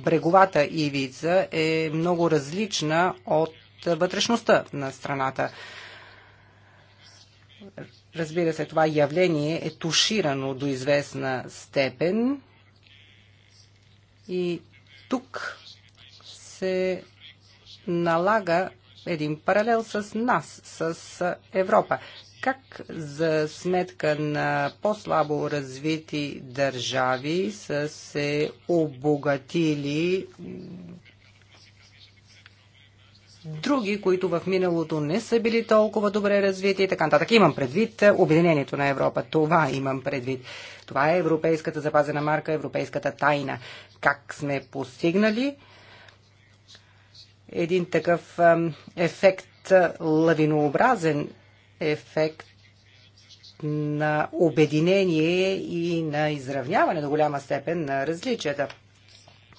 бреговата ивица е много различна от вътрешността на страната. Разбира се, това явление е туширано до известна степен и тук се налага един паралел с нас, с Европа как за сметка на по-слабо развити държави са се обогатили други, които в миналото не са били толкова добре развити и така нататък. Имам предвид е, Обединението на Европа. Това имам предвид. Това е европейската запазена марка, европейската тайна. Как сме постигнали един такъв ефект е, лавинообразен ефект на обединение и на изравняване до голяма степен на различията.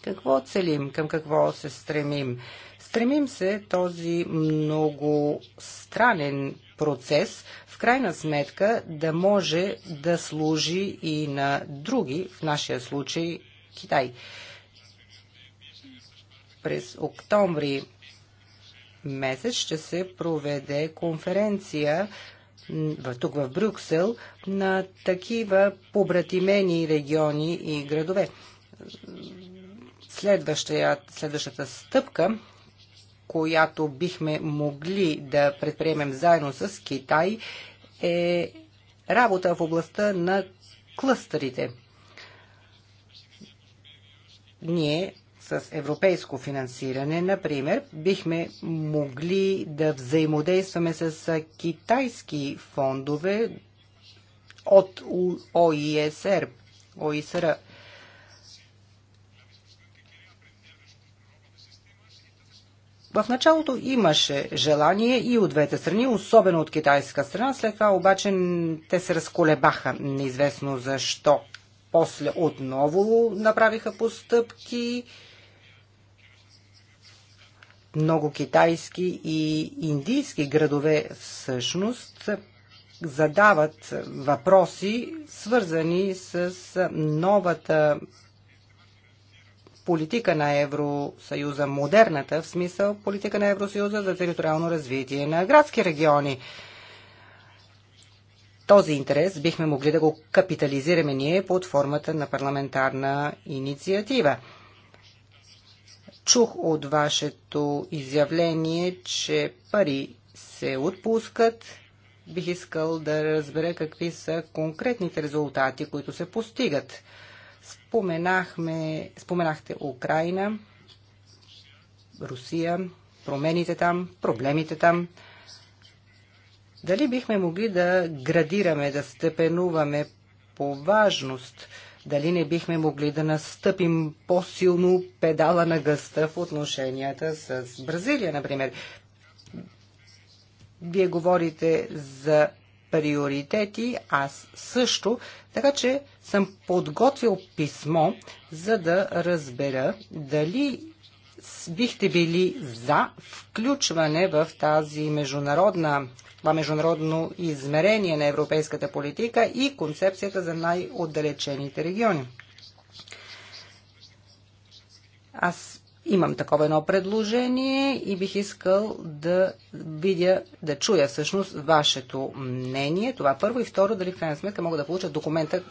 Какво целим? Към какво се стремим? Стремим се този много странен процес в крайна сметка да може да служи и на други, в нашия случай Китай. През октомври месец ще се проведе конференция тук в Брюксел на такива побратимени региони и градове. следващата стъпка която бихме могли да предприемем заедно с Китай, е работа в областта на клъстерите. Ние с европейско финансиране, например, бихме могли да взаимодействаме с китайски фондове от ОИСР, ОИСР. В началото имаше желание и от двете страни, особено от китайска страна, след това обаче те се разколебаха, неизвестно защо. После отново направиха постъпки много китайски и индийски градове всъщност задават въпроси, свързани с новата политика на Евросъюза, модерната в смисъл политика на Евросъюза за териториално развитие на градски региони. Този интерес бихме могли да го капитализираме ние под формата на парламентарна инициатива чух от вашето изявление, че пари се отпускат. Бих искал да разбера какви са конкретните резултати, които се постигат. Споменахме, споменахте Украина, Русия, промените там, проблемите там. Дали бихме могли да градираме, да степенуваме по важност – дали не бихме могли да настъпим по-силно педала на гъста в отношенията с Бразилия, например. Вие говорите за приоритети, аз също, така че съм подготвил писмо, за да разбера дали бихте били за включване в тази международна това международно измерение на европейската политика и концепцията за най-отдалечените региони. Аз имам такова едно предложение и бих искал да видя, да чуя всъщност вашето мнение. Това първо и второ, дали в крайна сметка мога да получа документа,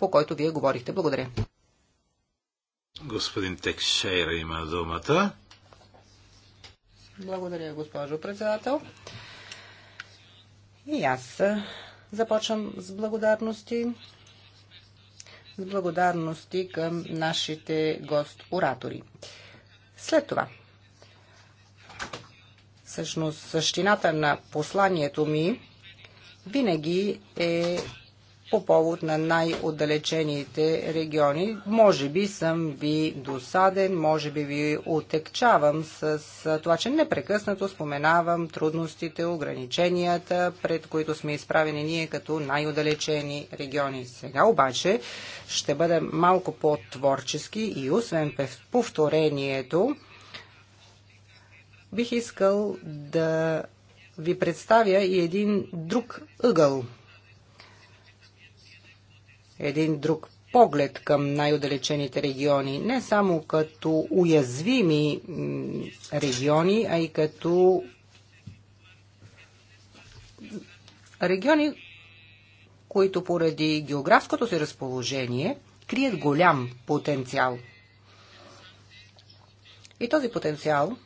по който вие говорихте. Благодаря. Господин Текшейра има думата. Благодаря, госпожо председател. И аз започвам с благодарности. С благодарности към нашите гост-оратори. След това, всъщност същината на посланието ми винаги е по повод на най-отдалечените региони. Може би съм ви досаден, може би ви отекчавам с това, че непрекъснато споменавам трудностите, ограниченията, пред които сме изправени ние като най-отдалечени региони. Сега обаче ще бъдем малко по-творчески и освен повторението, бих искал да ви представя и един друг ъгъл – един друг поглед към най удалечените региони, не само като уязвими региони, а и като региони, които поради географското си разположение крият голям потенциал. И този потенциал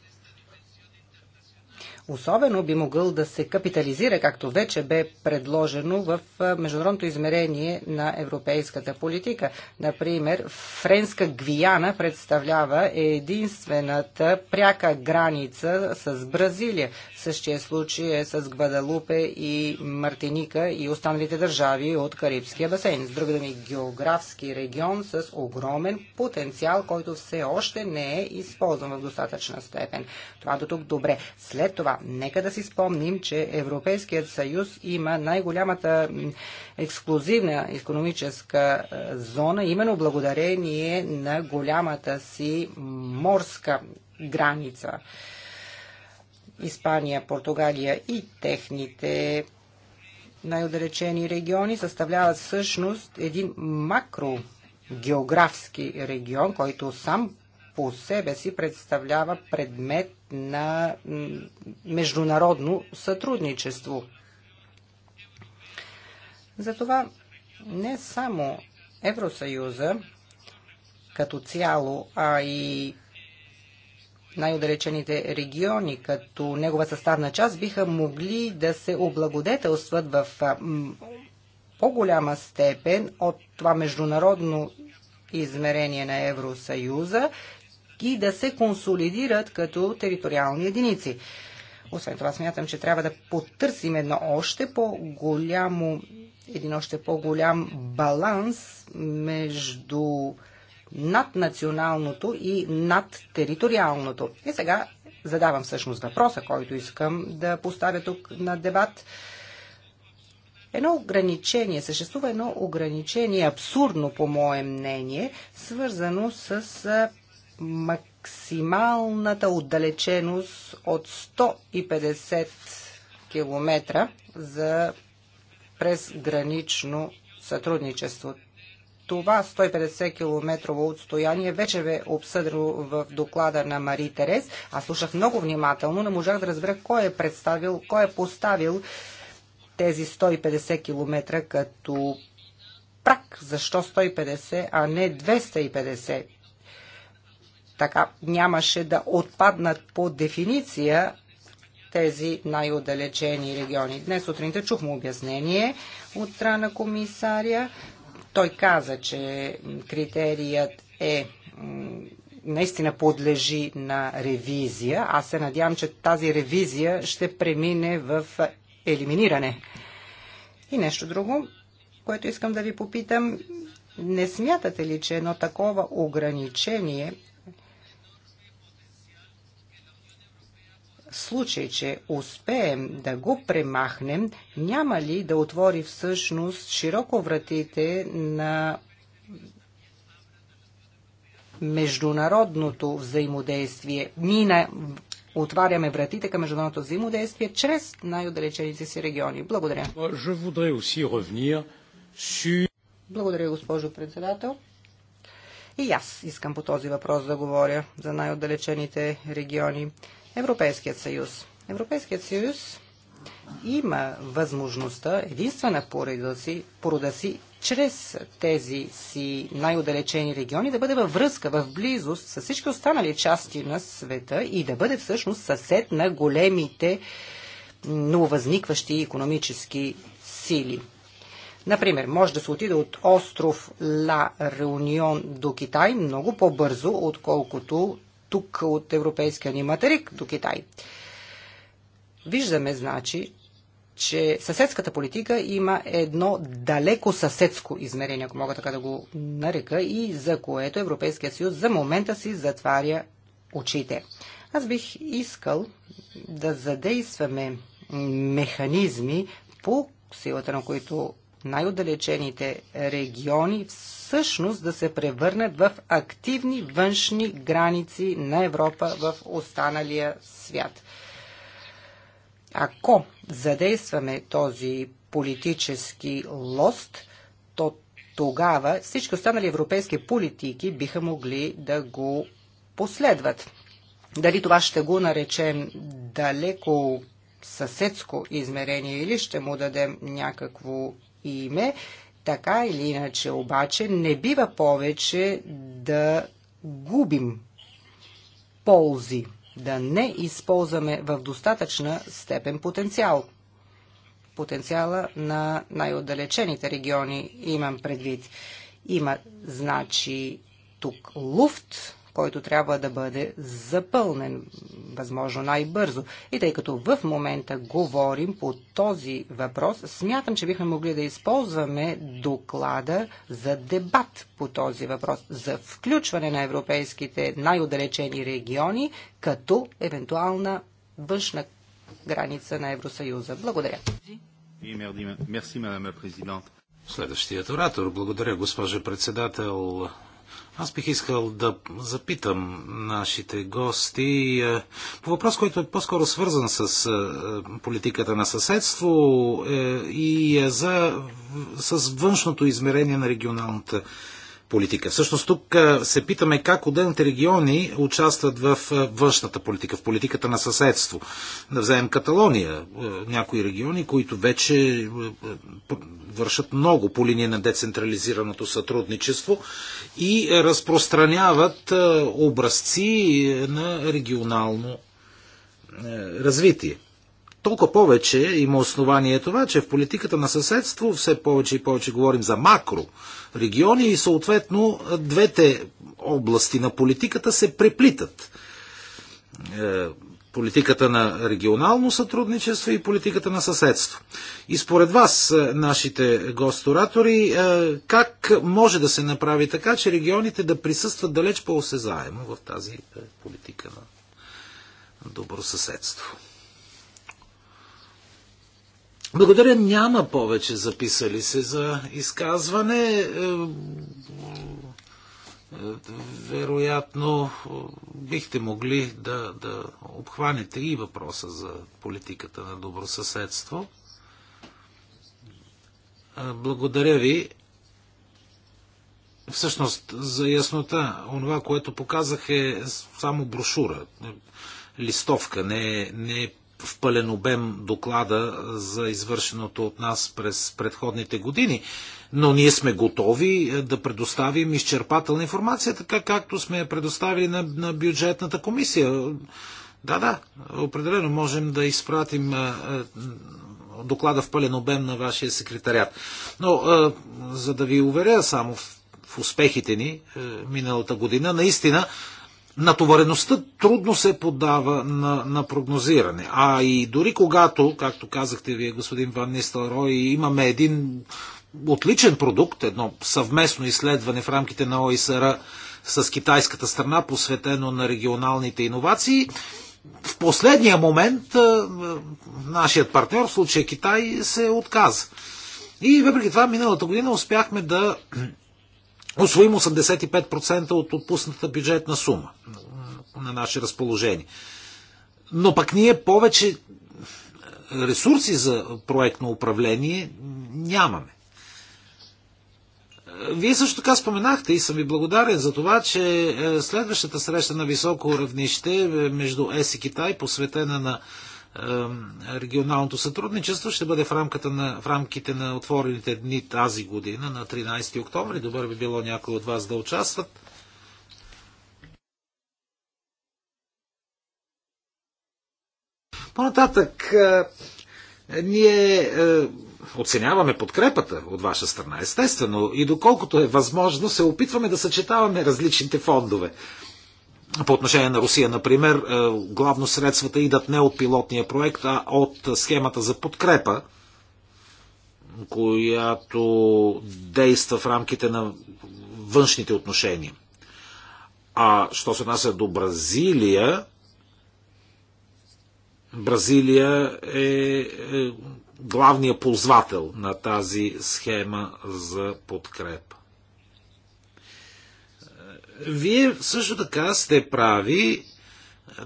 особено би могъл да се капитализира, както вече бе предложено в международното измерение на европейската политика. Например, Френска Гвиана представлява единствената пряка граница с Бразилия. Същия случай е с Гвадалупе и Мартиника и останалите държави от Карибския басейн. С други думи, географски регион с огромен потенциал, който все още не е използван в достатъчна степен. Това до тук добре. След това, нека да си спомним, че Европейският съюз има най-голямата ексклюзивна економическа е, зона, именно благодарение на голямата си морска граница. Испания, Португалия и техните най-отдалечени региони съставляват всъщност един макрогеографски регион, който сам по себе си представлява предмет на международно сътрудничество. Затова не само Евросъюза като цяло, а и най-удалечените региони, като негова съставна част, биха могли да се облагодетелстват в по-голяма степен от това международно измерение на Евросъюза и да се консолидират като териториални единици. Освен това смятам, че трябва да потърсим едно още по-голямо, един още по-голям баланс между Наднационалното и надтериториалното. И сега задавам всъщност въпроса, който искам да поставя тук на дебат. Едно ограничение, съществува едно ограничение, абсурдно по мое мнение, свързано с максималната отдалеченост от 150 км за презгранично сътрудничество това 150 км отстояние вече бе обсъдено в доклада на Мари Терес. Аз слушах много внимателно, не можах да разбера кой е представил, кой е поставил тези 150 км като прак. Защо 150, а не 250? Така нямаше да отпаднат по дефиниция тези най-отдалечени региони. Днес сутринта чухме обяснение от страна комисаря, той каза, че критерият е наистина подлежи на ревизия. Аз се надявам, че тази ревизия ще премине в елиминиране. И нещо друго, което искам да ви попитам. Не смятате ли, че едно такова ограничение случай, че успеем да го премахнем, няма ли да отвори всъщност широко вратите на международното взаимодействие. на... отваряме вратите към международното взаимодействие чрез най-отдалечените си региони. Благодаря. Благодаря, госпожо председател. И аз искам по този въпрос да говоря за най-отдалечените региони. Европейският съюз. Европейският съюз има възможността, единствена порода си, порода си чрез тези си най-отдалечени региони, да бъде във връзка, в близост с всички останали части на света и да бъде всъщност съсед на големите нововъзникващи економически сили. Например, може да се отиде от остров Ла Реунион до Китай много по-бързо, отколкото тук от европейския ни материк до Китай. Виждаме, значи, че съседската политика има едно далеко съседско измерение, ако мога така да го нарека, и за което Европейския съюз за момента си затваря очите. Аз бих искал да задействаме механизми, по силата на които най-отдалечените региони всъщност да се превърнат в активни външни граници на Европа в останалия свят. Ако задействаме този политически лост, то тогава всички останали европейски политики биха могли да го последват. Дали това ще го наречем далеко съседско измерение или ще му дадем някакво име, така или иначе обаче не бива повече да губим ползи, да не използваме в достатъчна степен потенциал. Потенциала на най-отдалечените региони имам предвид. Има, значи, тук луфт, който трябва да бъде запълнен възможно най-бързо. И тъй като в момента говорим по този въпрос, смятам, че бихме могли да използваме доклада за дебат по този въпрос, за включване на европейските най удалечени региони като евентуална външна граница на Евросъюза. Благодаря. Следващият оратор. Благодаря, госпожа председател. Аз бих искал да запитам нашите гости е, по въпрос, който е по-скоро свързан с е, политиката на съседство е, и за, с външното измерение на регионалната политика. Всъщност тук се питаме как отделните региони участват в външната политика, в политиката на съседство. Да вземем Каталония, някои региони, които вече вършат много по линия на децентрализираното сътрудничество и разпространяват образци на регионално развитие. Толкова повече има основание това, че в политиката на съседство все повече и повече говорим за макро региони и съответно двете области на политиката се преплитат. Е, политиката на регионално сътрудничество и политиката на съседство. И според вас, е, нашите госторатори, е, как може да се направи така, че регионите да присъстват далеч по-осезаемо в тази политика на добро съседство? Благодаря. Няма повече записали се за изказване. Е, е, вероятно е, бихте могли да, да обхванете и въпроса за политиката на добросъседство. Благодаря ви. Всъщност, за яснота, онова, което показах е само брошура, листовка, не е, не е в пълен обем доклада за извършеното от нас през предходните години, но ние сме готови е, да предоставим изчерпателна информация, така както сме я предоставили на, на бюджетната комисия. Да, да, определено можем да изпратим е, е, доклада в пълен обем на вашия секретарят. Но, за да ви уверя само в успехите ни миналата година, наистина натовареността трудно се подава на, на прогнозиране. А и дори когато, както казахте вие, господин Ван Нистелрой, имаме един отличен продукт, едно съвместно изследване в рамките на ОИСР с китайската страна, посветено на регионалните иновации, в последния момент нашият партньор, в случая Китай, се отказа. И въпреки това, миналата година успяхме да освоим 85% от отпусната бюджетна сума на наше разположение. Но пък ние повече ресурси за проектно управление нямаме. Вие също така споменахте и съм ви благодарен за това, че е, следващата среща на високо равнище е, между ЕС и Китай, посветена на регионалното сътрудничество ще бъде в, рамката на, в рамките на отворените дни тази година, на 13 октомври. Добър би било някой от вас да участват. По-нататък, ние оценяваме подкрепата от ваша страна, естествено, и доколкото е възможно, се опитваме да съчетаваме различните фондове по отношение на Русия, например, е, главно средствата идат не от пилотния проект, а от схемата за подкрепа, която действа в рамките на външните отношения. А що се отнася до Бразилия, Бразилия е, е главният ползвател на тази схема за подкрепа. Вие също така сте прави е,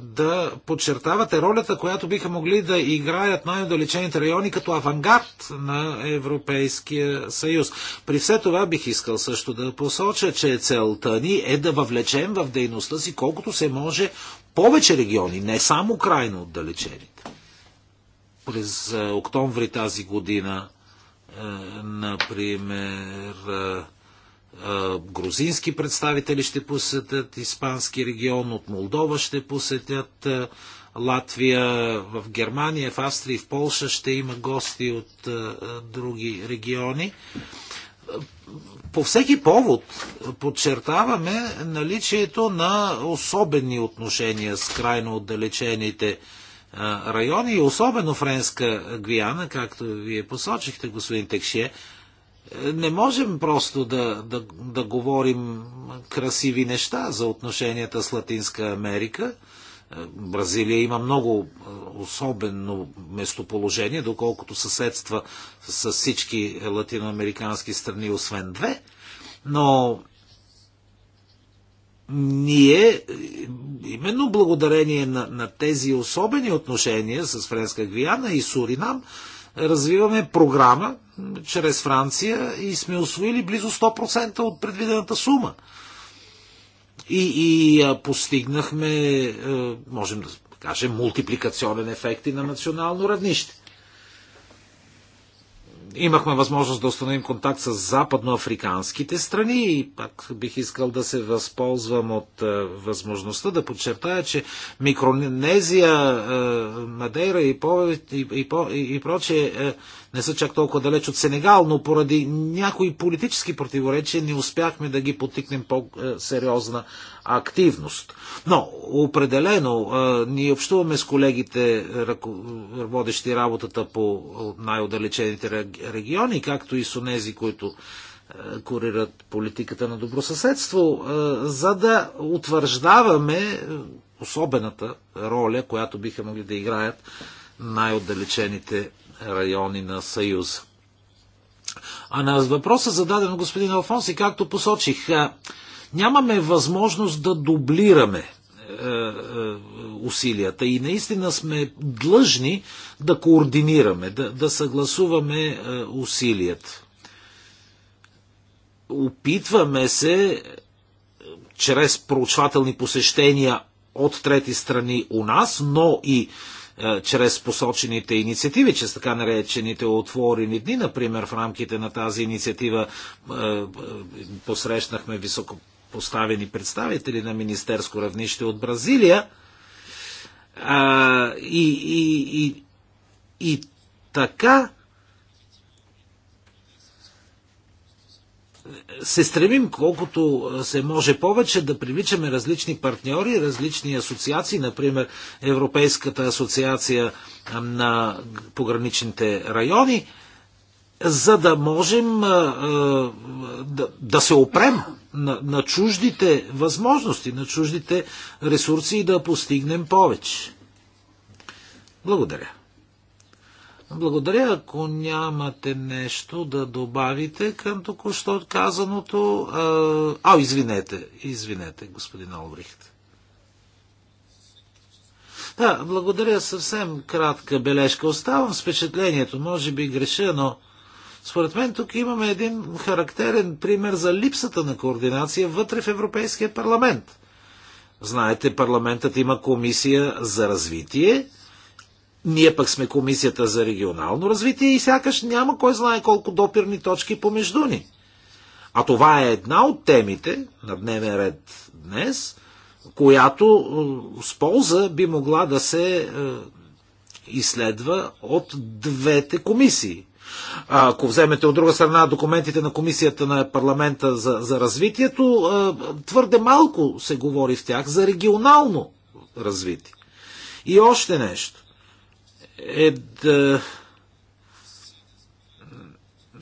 да подчертавате ролята, която биха могли да играят най-отдалечените райони като авангард на Европейския съюз. При все това бих искал също да посоча, че целта ни е да въвлечем в дейността си колкото се може повече региони, не само крайно отдалечените. През е, октомври тази година, е, например, грузински представители ще посетят испански регион, от Молдова ще посетят Латвия, в Германия, в Австрия и в Полша ще има гости от други региони. По всеки повод подчертаваме наличието на особени отношения с крайно отдалечените райони и особено Френска Гвиана, както вие посочихте, господин Текшие, не можем просто да, да, да говорим красиви неща за отношенията с Латинска Америка. Е, Бразилия има много е, особено местоположение, доколкото съседства с всички латиноамерикански страни, освен две. Но ние, именно благодарение на, на тези особени отношения с Френска Гвиана и Суринам, развиваме програма чрез Франция и сме освоили близо 100% от предвидената сума. И, и постигнахме, можем да кажем, мултипликационен ефект и на национално равнище. Имахме възможност да установим контакт с западноафриканските страни и пак бих искал да се възползвам от е, възможността да подчертая, че Микронезия, е, Мадейра и, по, и, и, и е не са чак толкова далеч от Сенегал, но поради някои политически противоречия не успяхме да ги потикнем по-сериозна активност. Но определено ние общуваме с колегите, водещи работата по най-отдалечените региони, както и с онези, които корират политиката на добросъседство, за да утвърждаваме особената роля, която биха могли да играят най-отдалечените райони на Съюз. А на въпроса зададен от господин Алфонси, както посочих, нямаме възможност да дублираме е, е, усилията и наистина сме длъжни да координираме, да, да съгласуваме е, усилията. Опитваме се чрез проучвателни посещения от трети страни у нас, но и е, чрез посочените инициативи, чрез така наречените отворени дни. Например, в рамките на тази инициатива е, е, посрещнахме високопоставени представители на Министерско равнище от Бразилия. и, и, и, и така се стремим колкото се може повече да привличаме различни партньори, различни асоциации, например Европейската асоциация на пограничните райони, за да можем да, да се опрем на, на чуждите възможности, на чуждите ресурси и да постигнем повече. Благодаря. Благодаря, ако нямате нещо да добавите към току-що отказаното. А, а, извинете, извинете, господин Олбрихт. Да, благодаря. Съвсем кратка бележка. Оставам с впечатлението, може би греша, но според мен тук имаме един характерен пример за липсата на координация вътре в Европейския парламент. Знаете, парламентът има комисия за развитие, ние пък сме комисията за регионално развитие и сякаш няма кой знае колко допирни точки помежду ни. А това е една от темите на дневен ред днес, която е, с полза би могла да се е, изследва от двете комисии. Ако вземете от друга страна документите на Комисията на парламента за, за развитието, е, твърде малко се говори в тях за регионално развитие. И още нещо е да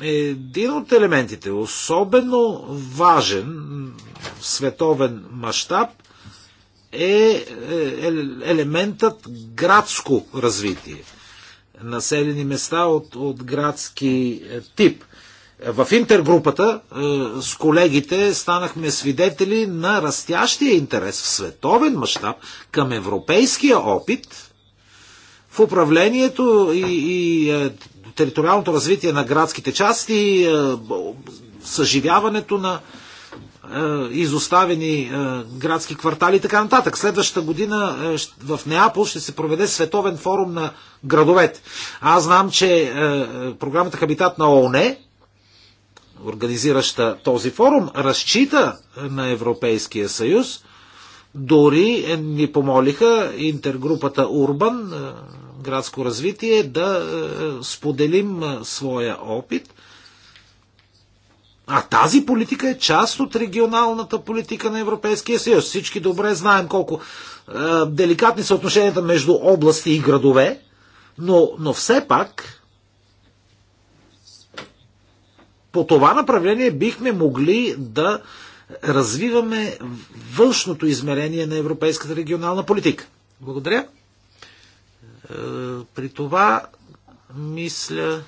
един от елементите, особено важен в световен мащаб, е, е, е елементът градско развитие. Населени места от, от градски е, тип. В интергрупата с колегите станахме свидетели на растящия интерес в световен мащаб към европейския опит в управлението и, и е, териториалното развитие на градските части, е, съживяването на е, изоставени градски квартали и така нататък. Следващата година в Неапол ще се проведе световен форум на градовете. Аз знам, че програмата Хабитат на ООН, организираща този форум, разчита на Европейския съюз. Дори ни помолиха интергрупата Урбан, градско развитие, да е, споделим е, своя опит. А тази политика е част от регионалната политика на Европейския съюз. Всички добре знаем колко е, деликатни са отношенията между области и градове, но, но все пак по това направление бихме могли да развиваме външното измерение на европейската регионална политика. Благодаря. При това, мисля,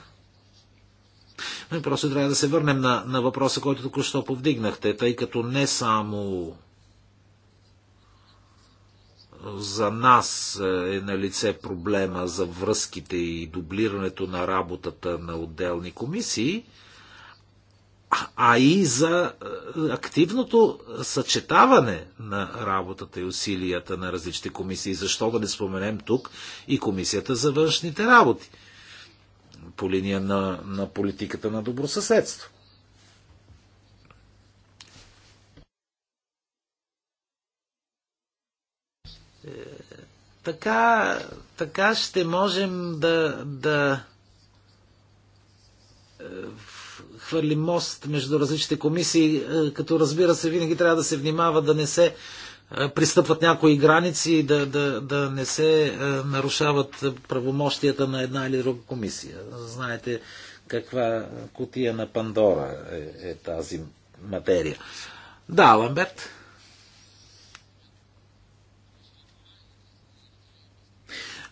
просто трябва да се върнем на, на въпроса, който току-що повдигнахте, тъй като не само за нас е на лице проблема за връзките и дублирането на работата на отделни комисии, а и за е, активното съчетаване на работата и усилията на различните комисии. Защо да не споменем тук и комисията за външните работи по линия на, на политиката на добросъседство. Е, така, така ще можем да, да е, хвърли мост между различните комисии, е, като разбира се, винаги трябва да се внимава да не се е, пристъпват някои граници, да, да, да не се е, нарушават правомощията на една или друга комисия. Знаете каква котия на Пандора е, е тази материя. Да, Ламберт.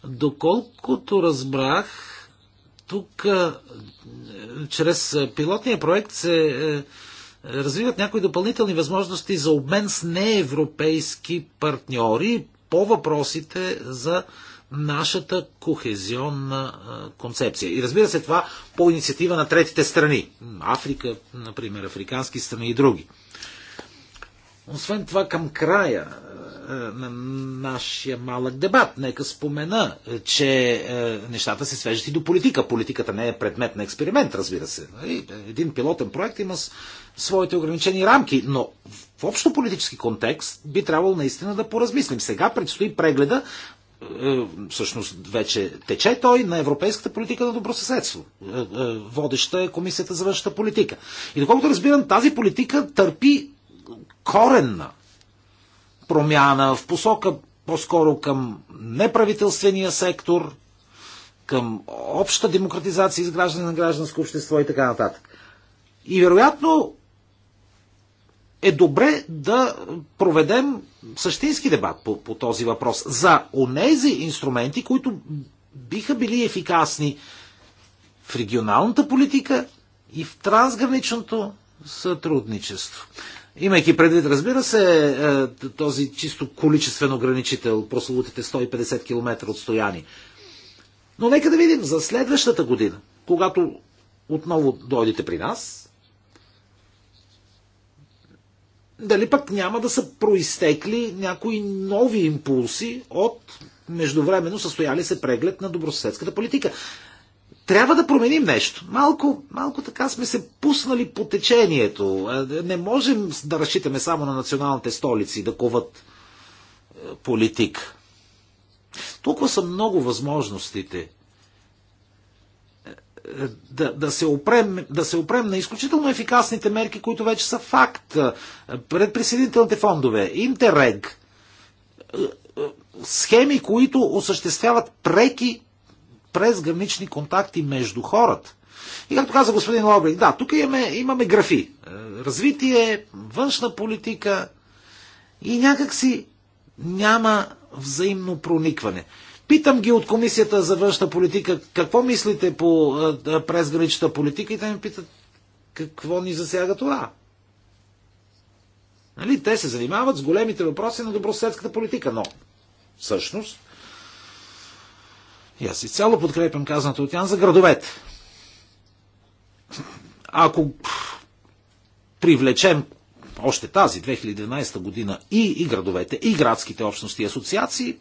Доколкото разбрах, тук е, чрез е, пилотния проект се е, развиват някои допълнителни възможности за обмен с неевропейски партньори по въпросите за нашата кохезионна концепция. И разбира се това по инициатива на третите страни. Африка, например, африкански страни и други. Освен това, към края е, на нашия малък дебат. Нека спомена, е, че е, нещата се свеждат и до политика. Политиката не е предмет на експеримент, разбира се. Нали? Един пилотен проект има своите ограничени рамки, но в общо политически контекст би трябвало наистина да поразмислим. Сега предстои прегледа, всъщност вече тече той на европейската политика на добросъседство. Водеща е Комисията за външната политика. И доколкото разбирам, тази политика търпи коренна промяна в посока по-скоро към неправителствения сектор, към обща демократизация, изграждане на гражданско общество и така нататък. И вероятно е добре да проведем същински дебат по, по този въпрос за онези инструменти, които биха били ефикасни в регионалната политика и в трансграничното сътрудничество. Имайки предвид, разбира се, е, този чисто количествен ограничител, прословутите 150 км отстояние. Но нека да видим за следващата година, когато отново дойдете при нас, дали пък няма да са проистекли някои нови импулси от междувременно състояли се преглед на добросъседската политика трябва да променим нещо. Малко, малко така сме се пуснали по течението. Е, не можем да разчитаме само на националните столици да коват е, политик. Толкова са много възможностите е, да, да, се опрем, да се опрем на изключително ефикасните мерки, които вече са факт. Предприсъединителните фондове, Интерег, схеми, които осъществяват преки през гранични контакти между хората. И както каза господин Лобрик, да, тук имаме, имаме графи. Е, развитие, външна политика и някакси няма взаимно проникване. Питам ги от Комисията за външна политика, какво мислите по е, е, презграничната политика и те ми питат, какво ни засяга това? Нали, те се занимават с големите въпроси на добросъседската политика, но всъщност и аз изцяло подкрепям казаното от Ян за градовете. Ако привлечем още тази 2011 година и, и градовете, и градските общности и асоциации,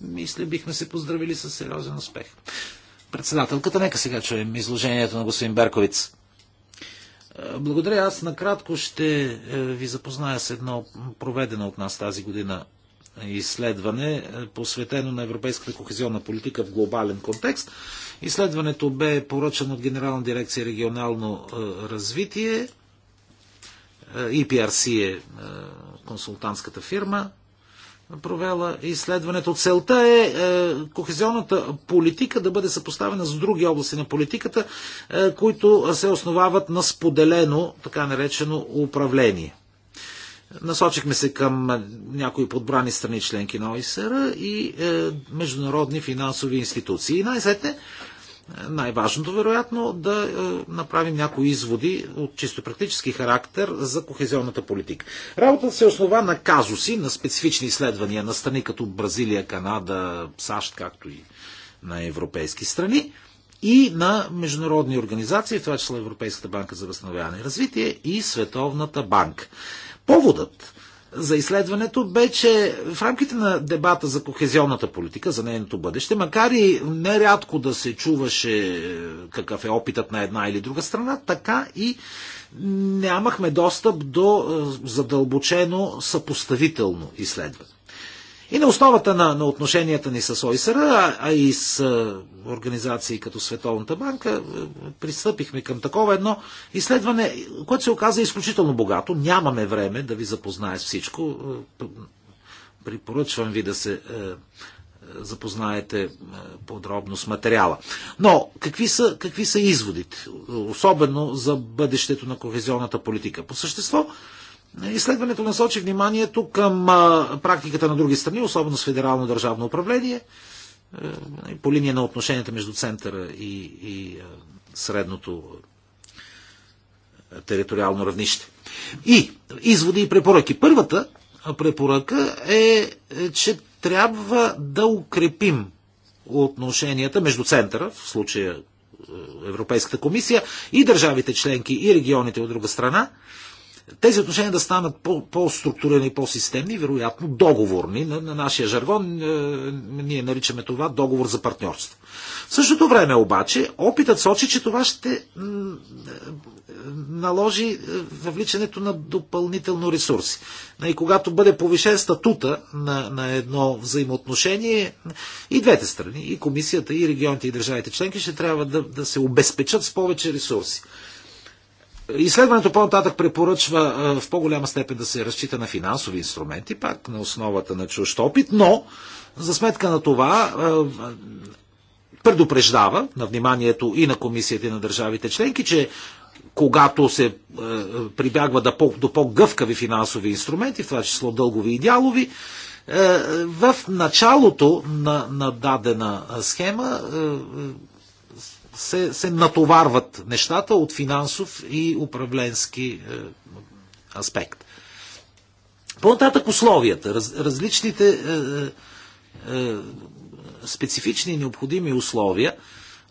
мисля, бихме се поздравили с сериозен успех. Председателката, нека сега чуем изложението на господин Берковиц. Е, благодаря. Аз накратко ще е, ви запозная с едно проведено от нас тази година изследване, е, посветено на европейската кохезионна политика в глобален контекст. Изследването бе поръчано от Генерална дирекция регионално е, развитие. Е, EPRC е консултантската фирма, провела изследването. Целта е, е кохезионната политика да бъде съпоставена с други области на политиката, е, които се основават на споделено, така наречено, управление. Насочихме се към някои подбрани страни членки на ОИСР и е, международни финансови институции. И най-сетне, е, най-важното вероятно, да е, направим някои изводи от чисто практически характер за кохезионната политика. Работата се основа на казуси, на специфични изследвания на страни като Бразилия, Канада, САЩ, както и на европейски страни и на международни организации, в това число Европейската банка за възстановяване и развитие и Световната банка. Поводът за изследването бе, че в рамките на дебата за кохезионната политика, за нейното бъдеще, макар и нерядко да се чуваше е, какъв е опитът на една или друга страна, така и нямахме достъп до е, задълбочено съпоставително изследване. И на основата на, на отношенията ни с ОИСР, а, а и с а, организации като Световната банка, пристъпихме към такова едно изследване, което се оказа изключително богато. Нямаме време да ви запознае с всичко. Припоръчвам ви да се запознаете подробно с материала. Но какви са, какви са изводите, особено за бъдещето на кохезионната политика? По същество, Изследването насочи вниманието към практиката на други страни, особено с федерално държавно управление, е, по линия на отношенията между центъра и, и средното териториално равнище. И изводи и препоръки. Първата препоръка е, е, че трябва да укрепим отношенията между центъра, в случая е, Европейската комисия, и държавите членки и регионите от друга страна, тези отношения да станат по-структурирани, -по по-системни, вероятно договорни. На, на нашия жаргон е, ние наричаме това договор за партньорство. В същото време обаче опитът сочи, че това ще е, наложи е, въвличането на допълнително ресурси. И нали, когато бъде повишен статута на, на едно взаимоотношение, и двете страни, и комисията, и регионите, и държавите членки ще трябва да, да се обезпечат с повече ресурси. Изследването по-нататък препоръчва в по-голяма степен да се разчита на финансови инструменти, пак на основата на чущ опит, но за сметка на това предупреждава на вниманието и на комисията и на държавите членки, че когато се прибягва до по-гъвкави финансови инструменти, в това число дългови и дялови, в началото на, на дадена схема се, се натоварват нещата от финансов и управленски е, аспект. По-нататък условията, раз, различните е, е, е, специфични и необходими условия,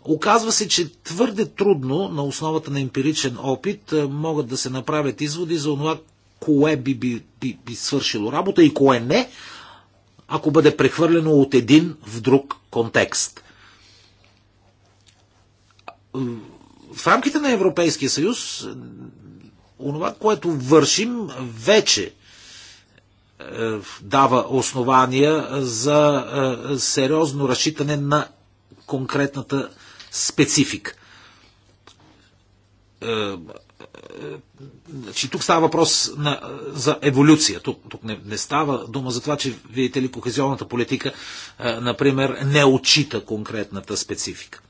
оказва се, че твърде трудно на основата на емпиричен опит е, могат да се направят изводи за това, кое би, би, би, би свършило работа и кое не, ако бъде прехвърлено от един в друг контекст в рамките на Европейския съюз, онова, което вършим, вече е, дава основания за е, сериозно разчитане на конкретната специфика. Е, значи, тук става въпрос на, за еволюция. Тук, тук не, не става дума за това, че, видите ли, кохезионната политика, например, не отчита конкретната специфика.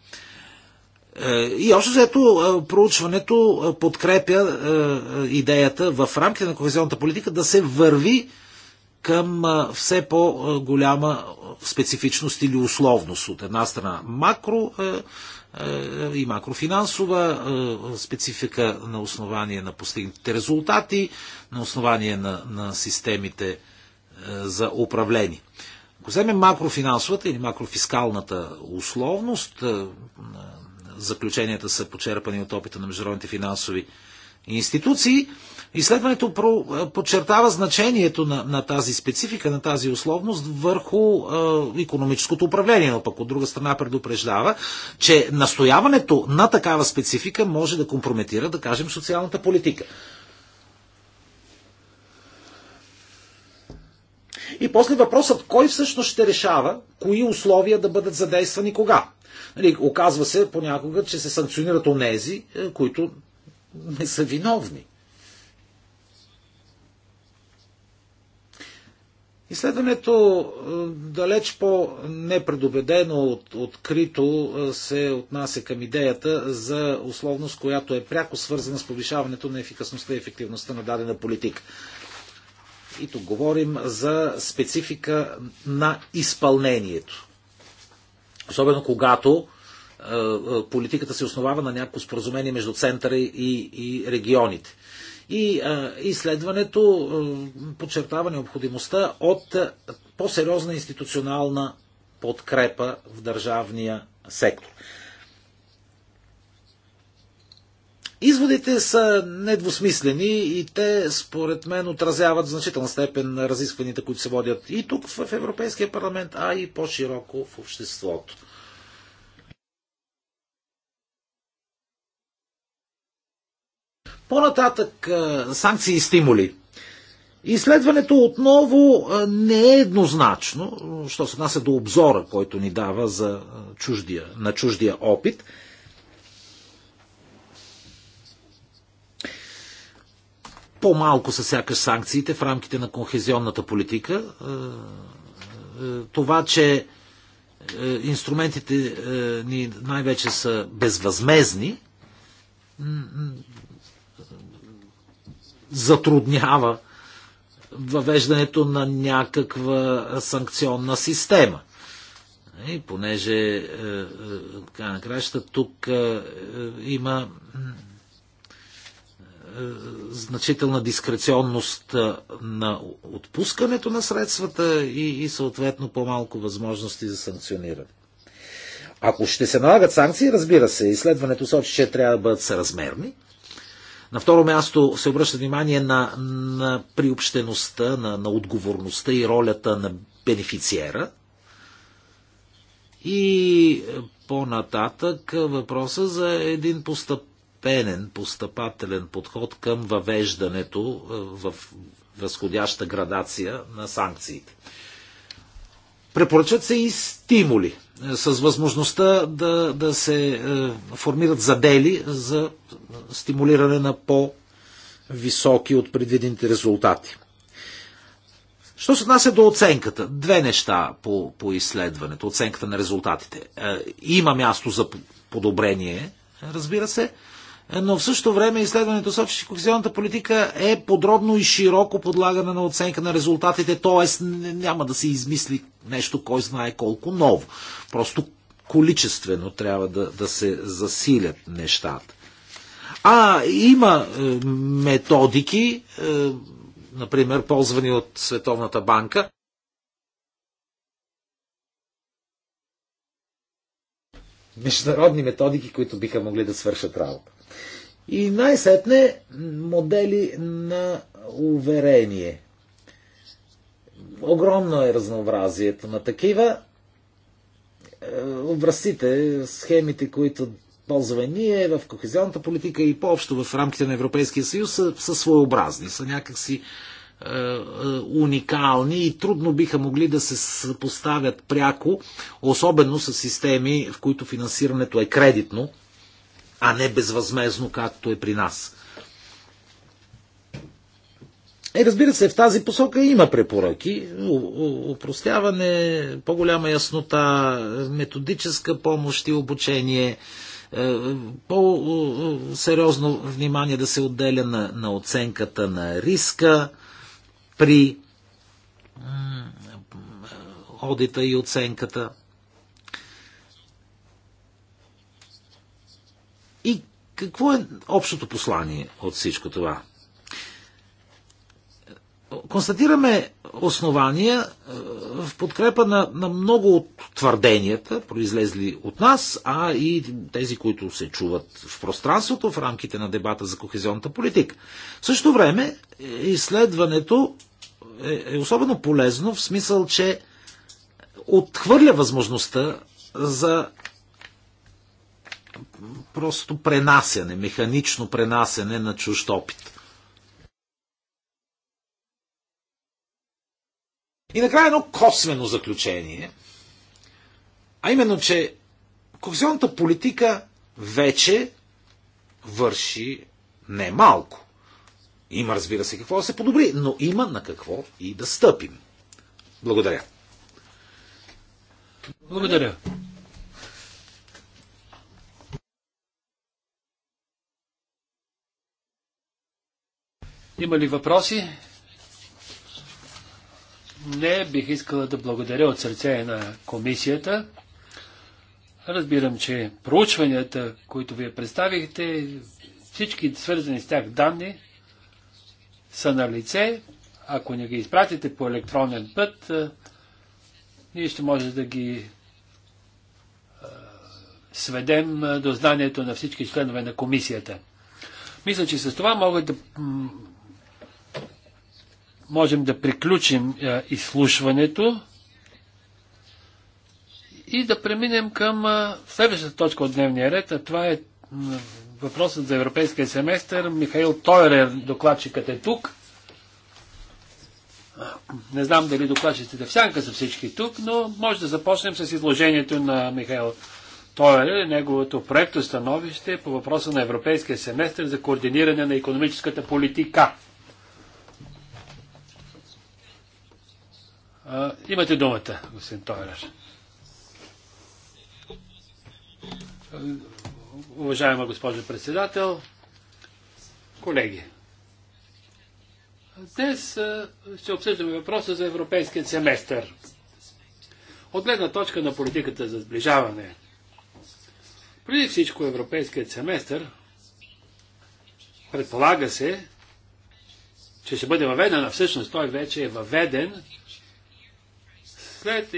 Е, и общо заето е, проучването е, подкрепя идеята в рамките на кохезионната политика да се върви към все по-голяма специфичност или условност от една страна. Макро и макрофинансова специфика на основание на постигнатите резултати, на основание на, на системите за управление. Ако вземем макрофинансовата или макрофискалната условност, Заключенията са почерпани от опита на международните финансови институции. Изследването е, подчертава значението на, на тази специфика, на тази условност върху е, економическото управление, но пък от друга страна предупреждава, че настояването на такава специфика може да компрометира, да кажем, социалната политика. И после въпросът, кой всъщност ще решава, кои условия да бъдат задействани кога? Нали, оказва се понякога, че се санкционират онези, е, които не са виновни. Изследването е, далеч по-непредобедено от открито е, се отнася към идеята за условност, която е пряко свързана с повишаването на ефикасността и ефективността на дадена политика. И тук говорим за специфика на изпълнението. Особено когато е, е, политиката се основава на някакво споразумение между центъра и, и регионите. И а, е, изследването а, подчертава необходимостта от по-сериозна институционална подкрепа в държавния сектор. Изводите са недвусмислени и те, според мен, отразяват в значителна степен на разискванията, които се водят и тук в Европейския парламент, а и по-широко в обществото. По-нататък санкции и стимули. Изследването отново не е еднозначно, що се отнася до обзора, който ни дава за чуждия, на чуждия опит – По-малко са сякаш санкциите в рамките на конхезионната политика. Е, е, това, че е, инструментите ни най-вече са безвъзмезни, затруднява въвеждането на някаква санкционна система. И понеже, така на краща, тук има значителна дискреционност на отпускането на средствата и, и съответно по-малко възможности за санкциониране. Ако ще се налагат санкции, разбира се, изследването сочи, че трябва да бъдат съразмерни. На второ място се обръща внимание на, на приобщеността, на, на отговорността и ролята на бенефициера. И по-нататък въпроса за един постъп постепенен, постъпателен подход към въвеждането е, в възходяща градация на санкциите. Препоръчат се и стимули е, с възможността да, да се е, формират задели за стимулиране на по-високи от предвидените резултати. Що се отнася до оценката? Две неща по, по изследването, оценката на резултатите. Има място за подобрение, разбира се, е, но в същото време изследването сочи, че кохезионната политика е подробно и широко подлагана на оценка на резултатите, т.е. няма да се измисли нещо, кой знае колко ново. Просто количествено трябва да, да се засилят нещата. А, има е, методики, е, например, ползвани от Световната банка, международни методики, които биха могли да свършат работа. И най-сетне модели на уверение. Огромно е разнообразието на такива. Е, образците, схемите, които ползваме ние в кохезионната политика и по-общо в рамките на Европейския съюз са, са своеобразни, са някакси е, е, уникални и трудно биха могли да се поставят пряко, особено с системи, в които финансирането е кредитно, а не безвъзмезно, както е при нас. Е, разбира се, в тази посока има препоръки. Опростяване, по-голяма яснота, методическа помощ и обучение, е, по-сериозно внимание да се отделя на, на оценката на риска, при одита и оценката. И какво е общото послание от всичко това? констатираме основания е, в подкрепа на, на много от твърденията, произлезли от нас, а и тези, които се чуват в пространството в рамките на дебата за кохезионната политика. В същото време е, изследването е, е особено полезно в смисъл, че отхвърля възможността за просто пренасяне, механично пренасяне на чужд опит. И накрая едно косвено заключение, а именно, че кохезионната политика вече върши немалко. Има, разбира се, какво да се подобри, но има на какво и да стъпим. Благодаря. Благодаря. Има ли въпроси? не бих искала да благодаря от сърце на комисията. Разбирам, че проучванията, които вие представихте, всички свързани с тях данни са на лице. Ако не ги изпратите по електронен път, е, ние ще може да ги е, сведем е, до знанието на всички членове на комисията. Мисля, че с това мога да можем да приключим е, изслушването и да преминем към е, следващата точка от дневния ред, а това е въпросът за европейския семестър. Михаил Тойрер, докладчикът е тук. Не знам дали докладчиците в сянка са всички тук, но може да започнем с изложението на Михаил Тойрер, неговото проекто становище по въпроса на европейския семестър за координиране на економическата политика. имате думата, господин Тойрер. Уважаема госпожо председател, колеги, днес ще обсъждаме въпроса за европейския семестър. От гледна точка на политиката за сближаване, преди всичко европейският семестър предполага се, че ще бъде въведен, а всъщност той вече е въведен след,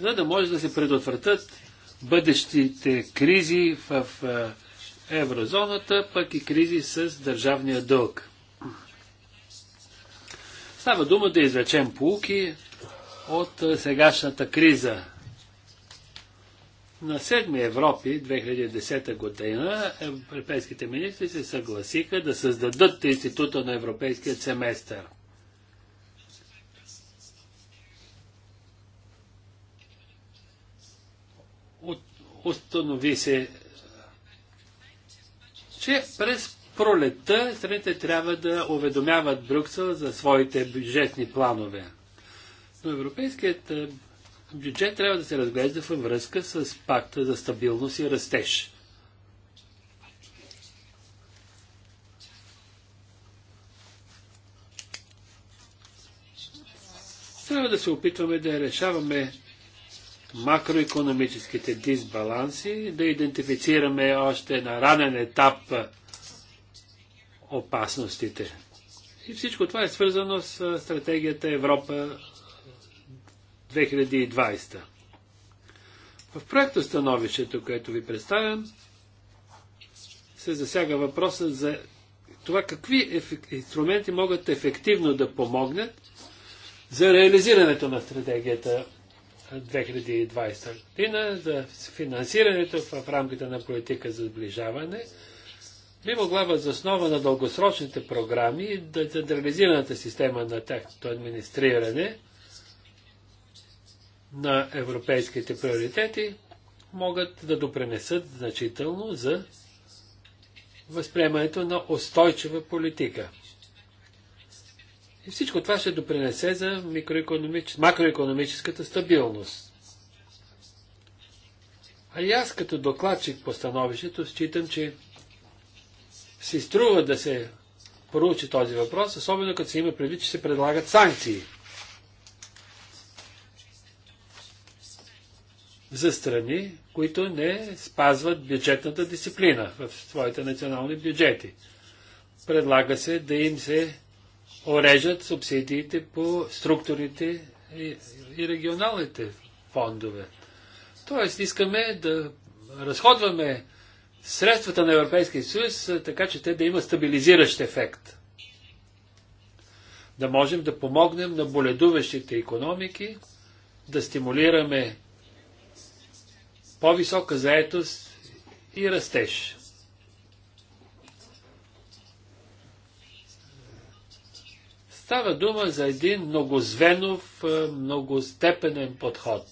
за да може да се предотвратят бъдещите кризи в е, еврозоната, пък и кризи с държавния дълг. Става дума да извлечем полуки от е, сегашната криза. На 7 Европи 2010 година е, европейските министри се съгласиха да създадат института на европейския семестър – установи се, че през пролетта страните трябва да уведомяват Брюксел за своите бюджетни планове. Но европейският е, бюджет трябва да се разглежда във връзка с пакта за стабилност и растеж. Трябва да се опитваме да решаваме макроекономическите дисбаланси, да идентифицираме още на ранен етап опасностите. И всичко това е свързано с стратегията Европа 2020. В проекта становището, което ви представям, се засяга въпроса за това какви инструменти могат ефективно да помогнат за реализирането на стратегията 2020 година за финансирането в рамките на политика за сближаване би могла въз основа на дългосрочните програми и децентрализираната система на тяхното администриране на европейските приоритети могат да допренесат значително за възприемането на устойчива политика. И всичко това ще допринесе за макроекономическата стабилност. А и аз като докладчик по становището считам, че си струва да се проучи този въпрос, особено като се има предвид, че се предлагат санкции. за страни, които не спазват бюджетната дисциплина в своите национални бюджети. Предлага се да им се орежат субсидиите по структурите и, и регионалните фондове. Тоест, искаме да разходваме средствата на Европейския съюз, така че те да имат стабилизиращ ефект. Да можем да помогнем на боледуващите економики, да стимулираме по-висока заетост и растеж. Става дума за един многозвенов, е, многостепенен подход.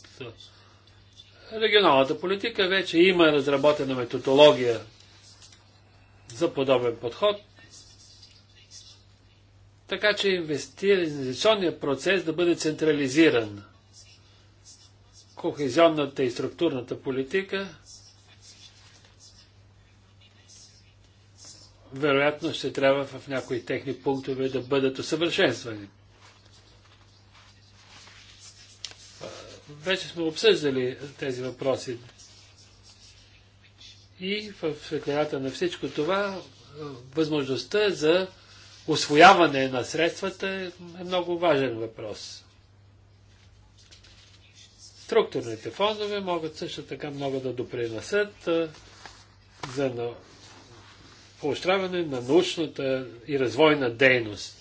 Регионалната политика вече има разработена методология за подобен подход, така че инвестиционният процес да бъде централизиран. Кохезионната и структурната политика вероятно ще трябва в някои техни пунктове да бъдат усъвършенствани. Вече сме обсъждали тези въпроси. И в светлината на всичко това, възможността за освояване на средствата е много важен въпрос. Структурните фондове могат също така много да допринесат за поощряване на научната и развойна дейност.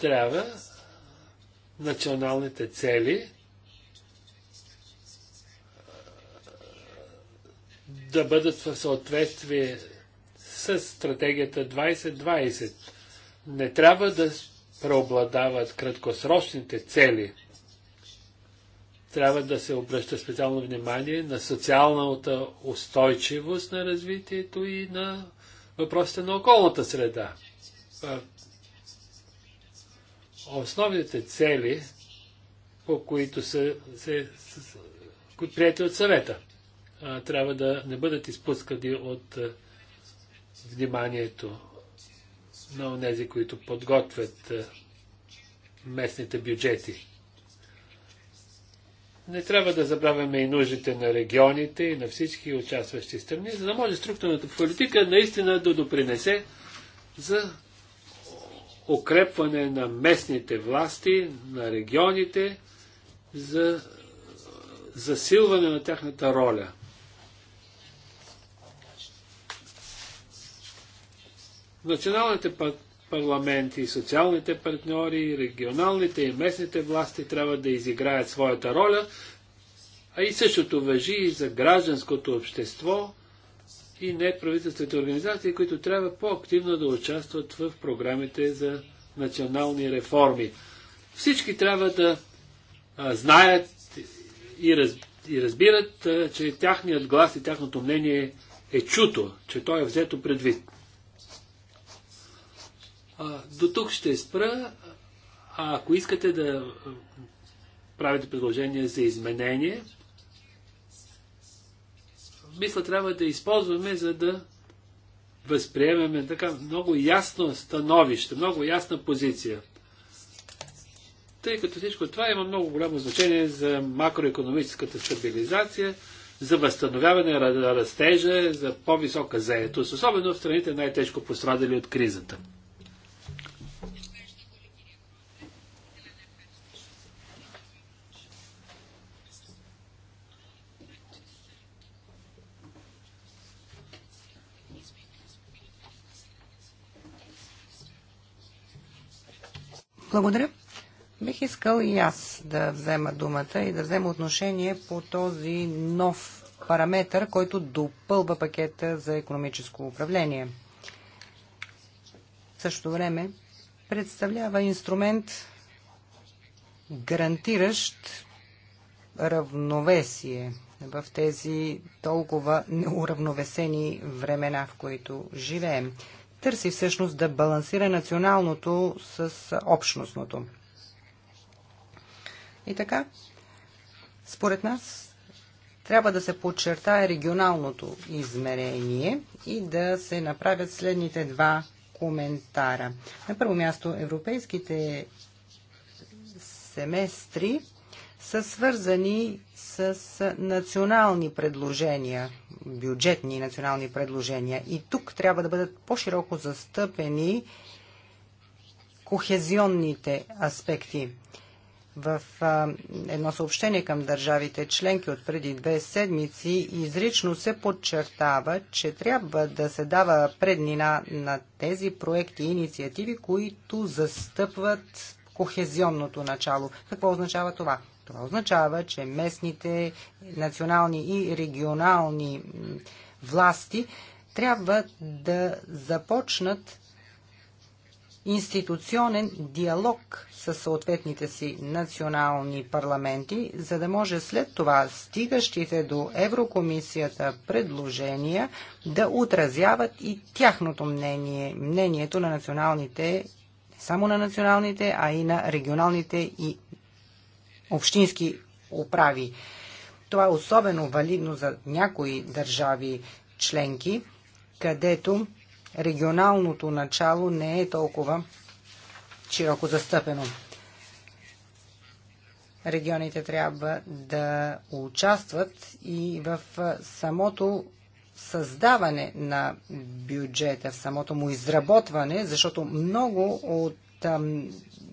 Трябва националните цели да бъдат в съответствие с стратегията 2020. Не трябва да преобладават краткосрочните цели – трябва да се обръща специално внимание на социалната устойчивост на развитието и на въпросите на околната среда. Основните цели, по които са, се, се прияти от съвета, трябва да не бъдат изпускани от вниманието на тези, които подготвят местните бюджети. Не трябва да забравяме и нуждите на регионите и на всички участващи страни, за да може структурната политика наистина да допринесе за укрепване на местните власти, на регионите, за засилване на тяхната роля. Националните пар парламенти, социалните партньори, регионалните и местните власти трябва да изиграят своята роля, а и същото въжи и за гражданското общество и неправителствените организации, които трябва по-активно да участват в програмите за национални реформи. Всички трябва да а, знаят и, раз, и разбират, а, че тяхният глас и тяхното мнение е чуто, че то е взето предвид. До тук ще спра. А ако искате да правите предложение за изменение, мисля трябва да използваме, за да възприемеме така много ясно становище, много ясна позиция. Тъй като всичко това има много голямо значение за макроекономическата стабилизация, за възстановяване на растежа, за по-висока заетост, особено в страните най-тежко пострадали от кризата. Благодаря. Бих искал и аз да взема думата и да взема отношение по този нов параметър, който допълва пакета за економическо управление. В същото време представлява инструмент, гарантиращ равновесие в тези толкова неуравновесени времена, в които живеем търси всъщност да балансира националното с общностното. И така, според нас трябва да се подчертае регионалното измерение и да се направят следните два коментара. На първо място, европейските семестри са свързани с национални предложения – бюджетни национални предложения. И тук трябва да бъдат по-широко застъпени кохезионните аспекти. В едно съобщение към държавите членки от преди две седмици изрично се подчертава, че трябва да се дава преднина на тези проекти и инициативи, които застъпват кохезионното начало. Какво означава това? Това означава, че местните, национални и регионални власти трябва да започнат институционен диалог с съответните си национални парламенти, за да може след това стигащите до Еврокомисията предложения да отразяват и тяхното мнение, мнението на националните, не само на националните, а и на регионалните и общински управи. Това е особено валидно за някои държави членки, където регионалното начало не е толкова широко застъпено. Регионите трябва да участват и в самото създаване на бюджета, в самото му изработване, защото много от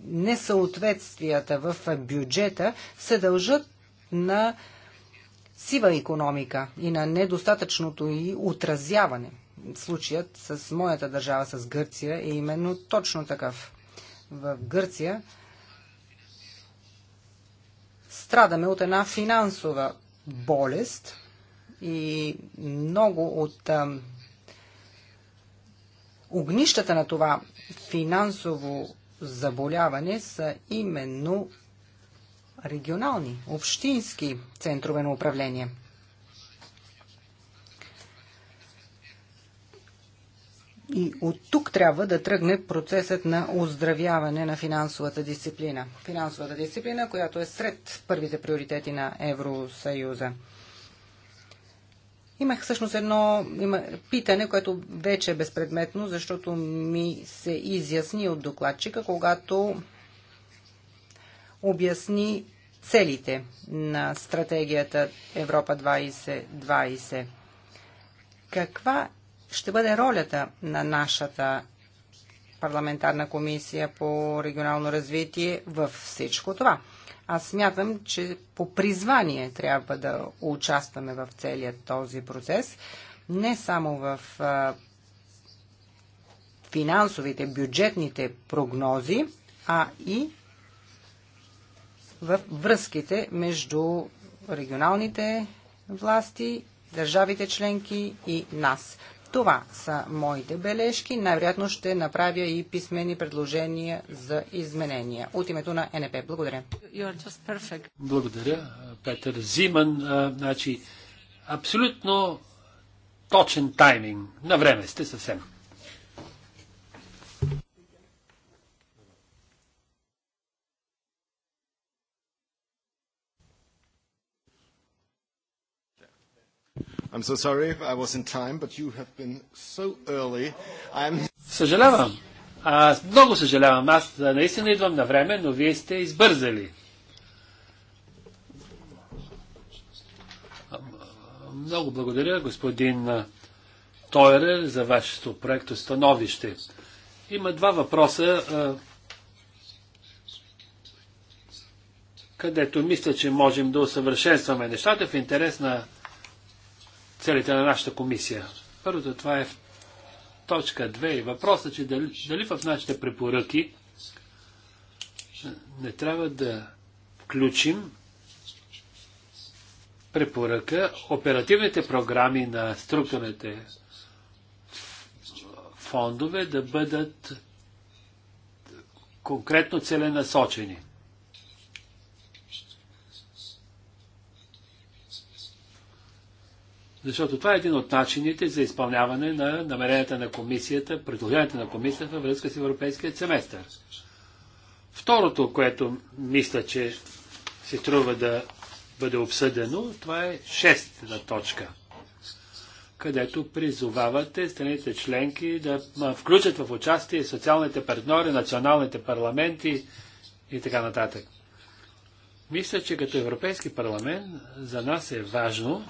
несъответствията в бюджета се дължат на сива економика и на недостатъчното и отразяване. Случаят с моята държава, с Гърция, е именно точно такъв. В Гърция страдаме от една финансова болест и много от а, огнищата на това финансово заболяване са именно регионални, общински центрове на управление. И от тук трябва да тръгне процесът на оздравяване на финансовата дисциплина. Финансовата дисциплина, която е сред първите приоритети на Евросъюза. Имах всъщност едно има, питане, което вече е безпредметно, защото ми се изясни от докладчика, когато обясни целите на стратегията Европа 2020. Каква ще бъде ролята на нашата парламентарна комисия по регионално развитие във всичко това? Аз смятам, че по призвание трябва да участваме в целият този процес, не само в финансовите, бюджетните прогнози, а и в връзките между регионалните власти, държавите членки и нас. Това са моите бележки. Най-вероятно ще направя и писмени предложения за изменения. От името на НП. Благодаря. Благодаря, Петър Зиман. Значи, абсолютно точен тайминг. На време сте съвсем. I'm so sorry I was in time, but you have been so early. I'm... Съжалявам. Аз много съжалявам. Аз наистина идвам на време, но вие сте избързали. Много благодаря, господин Тойре, за вашето проекто становище. Има два въпроса, където мисля, че можем да усъвършенстваме нещата в интерес на целите на нашата комисия. Първото това е в точка 2 и въпросът, е, че дали, дали в нашите препоръки е, не трябва да включим препоръка оперативните програми на структурните фондове да бъдат конкретно целенасочени. Защото това е един от начините за изпълняване на намеренията на комисията, предложенията на комисията във връзка с европейския семестър. Второто, което мисля, че се трябва да бъде обсъдено, това е шестата точка, където призовавате страните членки да включат в участие социалните партньори, националните парламенти и така нататък. Мисля, че като Европейски парламент за нас е важно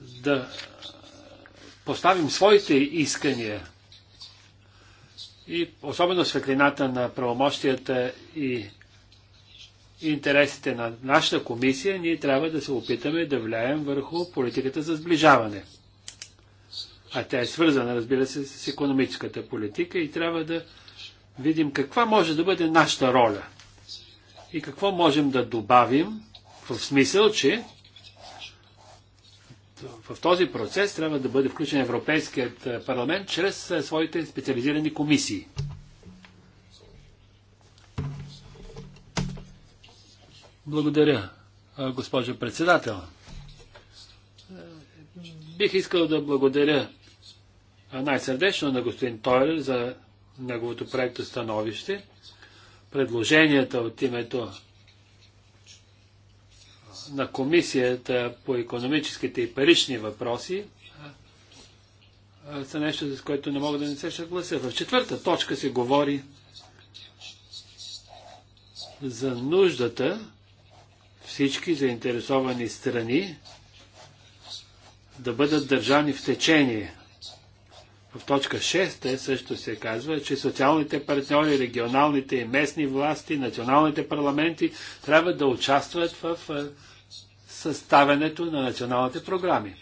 да поставим своите искания и особено светлината на правомощията и интересите на нашата комисия, ние трябва да се опитаме да влияем върху политиката за сближаване. А тя е свързана, разбира се, с економическата политика и трябва да видим каква може да бъде нашата роля и какво можем да добавим в смисъл, че в този процес трябва да бъде включен Европейският е, парламент чрез е, своите специализирани комисии. Благодаря, е, госпожо председател. Бих искал да благодаря най-сърдечно на господин Тойлер за неговото проекто становище. Предложенията от името на Комисията по економическите и парични въпроси са нещо, с което не мога да не се съглася. В четвърта точка се говори за нуждата всички заинтересовани страни да бъдат държани в течение. В точка 6 също се казва, че социалните партньори, регионалните и местни власти, националните парламенти трябва да участват в съставянето на националните програми.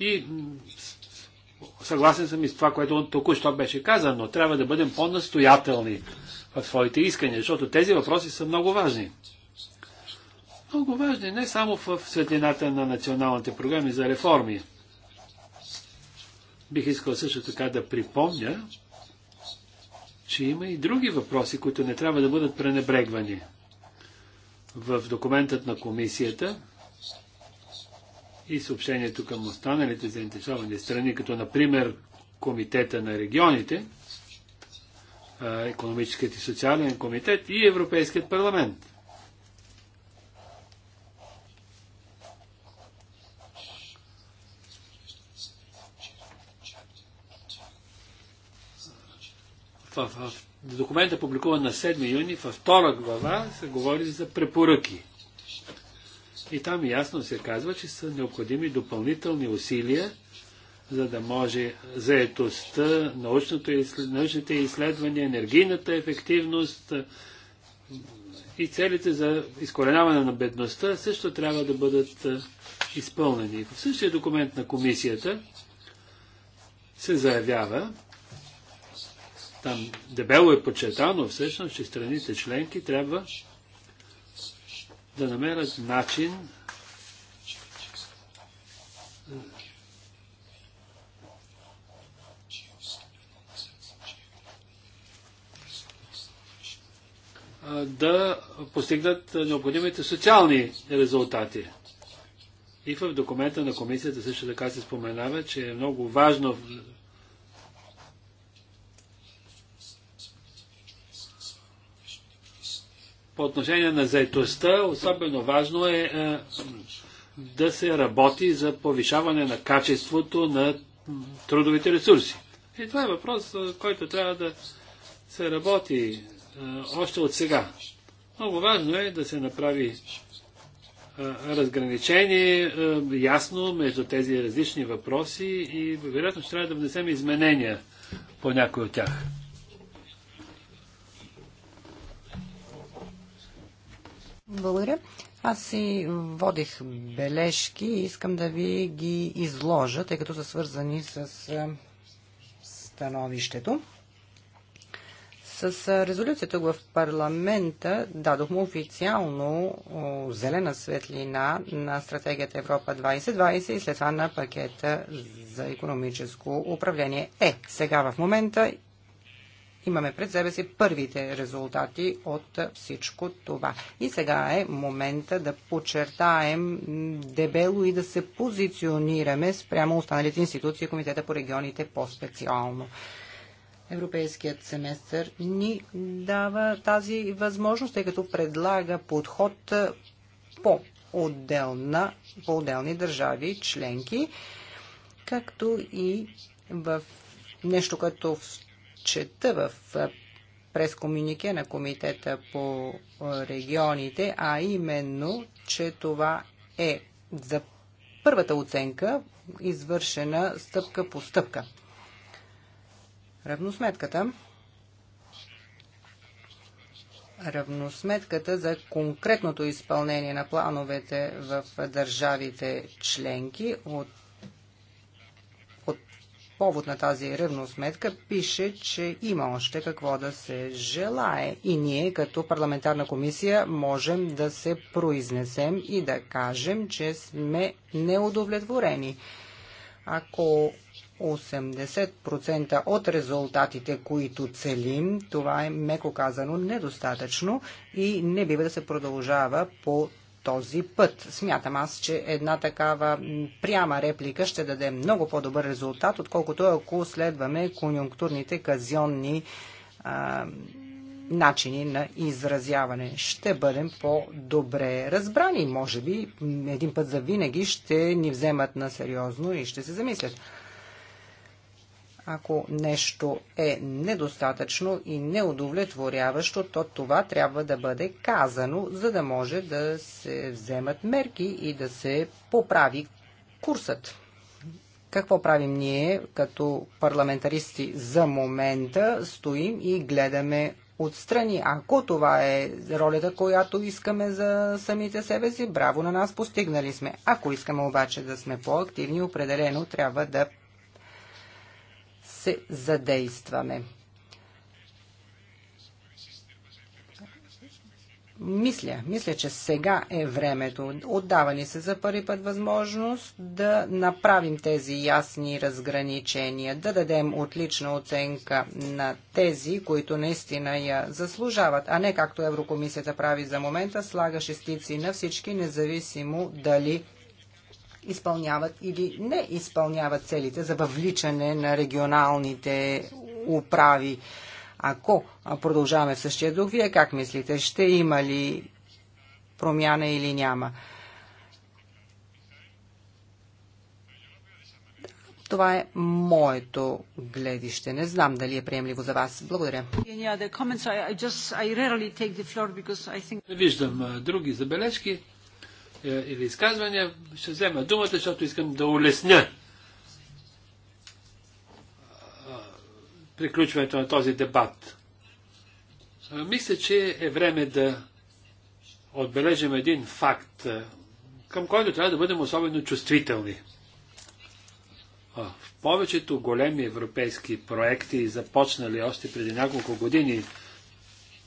И съгласен съм и с това, което току-що беше казано, но трябва да бъдем по-настоятелни в своите искания, защото тези въпроси са много важни. Много важни не само в светлината на националните програми за реформи. Бих искал също така да припомня, че има и други въпроси, които не трябва да бъдат пренебрегвани. В документът на комисията и съобщението към останалите заинтересовани страни, като например Комитета на регионите, Економическият и социален комитет и Европейският парламент. В, в документа, публикуван на 7 юни, във втора глава се говори за препоръки – и там ясно се казва, че са необходими допълнителни усилия, за да може заетостта, научните изследвания, енергийната ефективност и целите за изкореняване на бедността също трябва да бъдат изпълнени. В същия документ на комисията се заявява, там дебело е подчертано всъщност, че страните членки трябва да намерят начин да постигнат необходимите социални резултати. И в документа на комисията също така се споменава, че е много важно По отношение на заетостта, особено важно е, е, да се работи за повишаване на качеството на трудовите ресурси. И това е въпрос, е, който трябва да се работи е, още от сега. Много важно е да се направи разграничение ясно между тези различни въпроси и вероятно ще трябва да внесем изменения по някои от тях. Благодаря. Аз си водих бележки и искам да ви ги изложа, тъй като са свързани с становището. С резолюцията в парламента дадохме официално зелена светлина на стратегията Европа 2020 и след това на пакета за економическо управление. Е, сега в момента имаме пред себе си първите резултати от всичко това. И сега е момента да подчертаем дебело и да се позиционираме спрямо останалите институции и комитета по регионите по-специално. Европейският семестър ни дава тази възможност, тъй като предлага подход по, отделна, по отделни държави членки, както и в нещо като в чета в през комюнике на Комитета по регионите, а именно, че това е за първата оценка, извършена стъпка по стъпка. Равносметката равносметката за конкретното изпълнение на плановете в държавите членки от повод на тази сметка пише, че има още какво да се желае и ние като парламентарна комисия можем да се произнесем и да кажем, че сме неудовлетворени. Ако 80% от резултатите, които целим, това е меко казано недостатъчно и не бива да се продължава по този път. Смятам аз, че една такава пряма реплика ще даде много по-добър резултат, отколкото ако следваме конюнктурните казионни а, начини на изразяване. Ще бъдем по-добре разбрани. Може би един път за винаги ще ни вземат на сериозно и ще се замислят. Ако нещо е недостатъчно и неудовлетворяващо, то това трябва да бъде казано, за да може да се вземат мерки и да се поправи курсът. Какво правим ние като парламентаристи за момента? Стоим и гледаме отстрани. Ако това е ролята, която искаме за самите себе си, браво на нас, постигнали сме. Ако искаме обаче да сме по-активни, определено трябва да се задействаме. Мисля, мисля, че сега е времето. Отдава ни се за първи път възможност да направим тези ясни разграничения, да дадем отлична оценка на тези, които наистина я заслужават, а не както Еврокомисията прави за момента, слага шестици на всички, независимо дали изпълняват или не изпълняват целите за въвличане на регионалните управи. Ако продължаваме в същия дух, вие как мислите? Ще има ли промяна или няма? Това е моето гледище. Не знам дали е приемливо за вас. Благодаря. Не виждам други забележки. Е, или изказвания, ще взема думата, защото искам да улесня приключването на този дебат. Мисля, че е време да отбележим един факт, към който трябва да бъдем особено чувствителни. В повечето големи европейски проекти, започнали още преди няколко години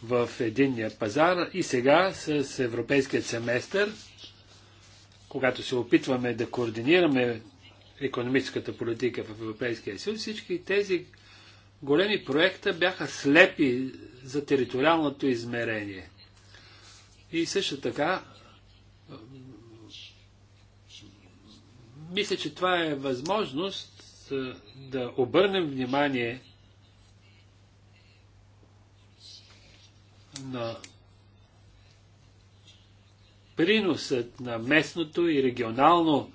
в единния пазар и сега с европейският семестър, когато се опитваме да координираме економическата политика в Европейския съюз, всички тези големи проекта бяха слепи за териториалното измерение. И също така, мисля, че това е възможност да обърнем внимание на приносът на местното и регионално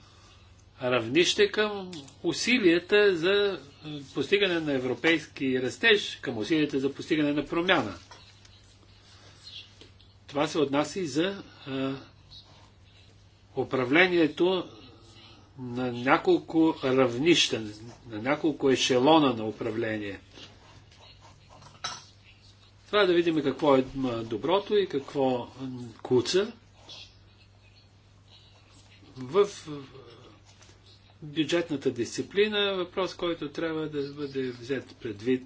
равнище към усилията за е, постигане на европейски растеж, към усилията за постигане на промяна. Това се отнася и за а, е, управлението на няколко равнища, на няколко ешелона на управление. Трябва е да видим какво е доброто и какво куца в бюджетната дисциплина, въпрос, който трябва да бъде взет предвид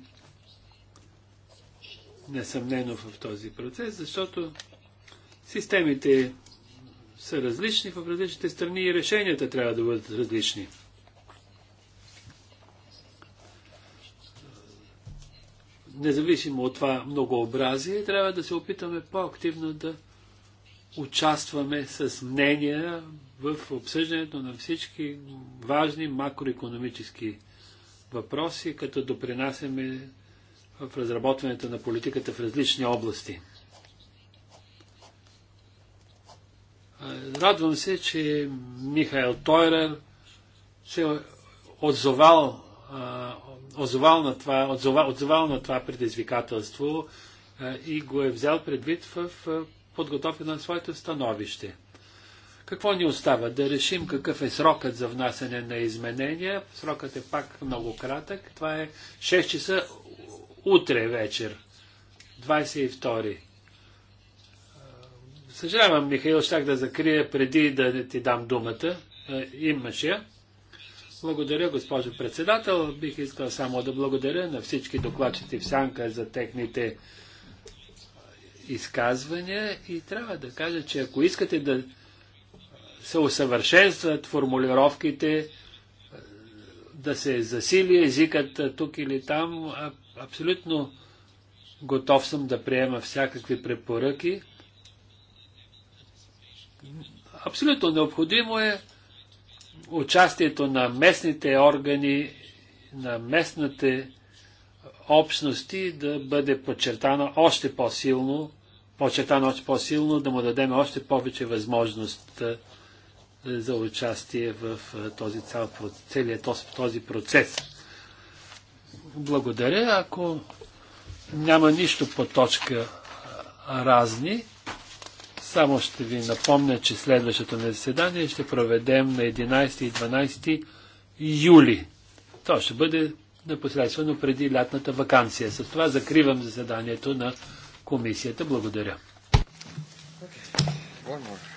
несъмнено в този процес, защото системите са различни в различните страни и решенията трябва да бъдат различни. Независимо от това многообразие, трябва да се опитаме по-активно да участваме с мнения в обсъждането на всички важни макроекономически въпроси, като допринасяме в разработването на политиката в различни области. Радвам се, че Михаил Тойрер се отзовал, отзовал, на това, отзовал, отзовал на това предизвикателство и го е взел предвид в подготовка на своето становище. Какво ни остава? Да решим какъв е срокът за внасене на изменения. Срокът е пак много кратък. Това е 6 часа утре вечер. 22. Съжалявам, Михаил, щях да закрия преди да ти дам думата. Е, Имаш я. Благодаря, госпожо председател. Бих искал само да благодаря на всички докладчици в Сянка за техните изказвания и трябва да кажа, че ако искате да се усъвършенстват формулировките, е, да се засили езикът е, тук или там, абсолютно готов съм да приема всякакви препоръки. Абсолютно необходимо е участието на местните органи, на местните общности да бъде подчертана още по-силно подчертано е още по-силно, да му дадем още повече възможност за участие в този цял, целият този процес. Благодаря. Ако няма нищо по точка разни, само ще ви напомня, че следващото ни заседание ще проведем на 11 и 12 юли. То ще бъде непосредствено преди лятната вакансия. С това закривам заседанието на комисията. Благодаря. Okay.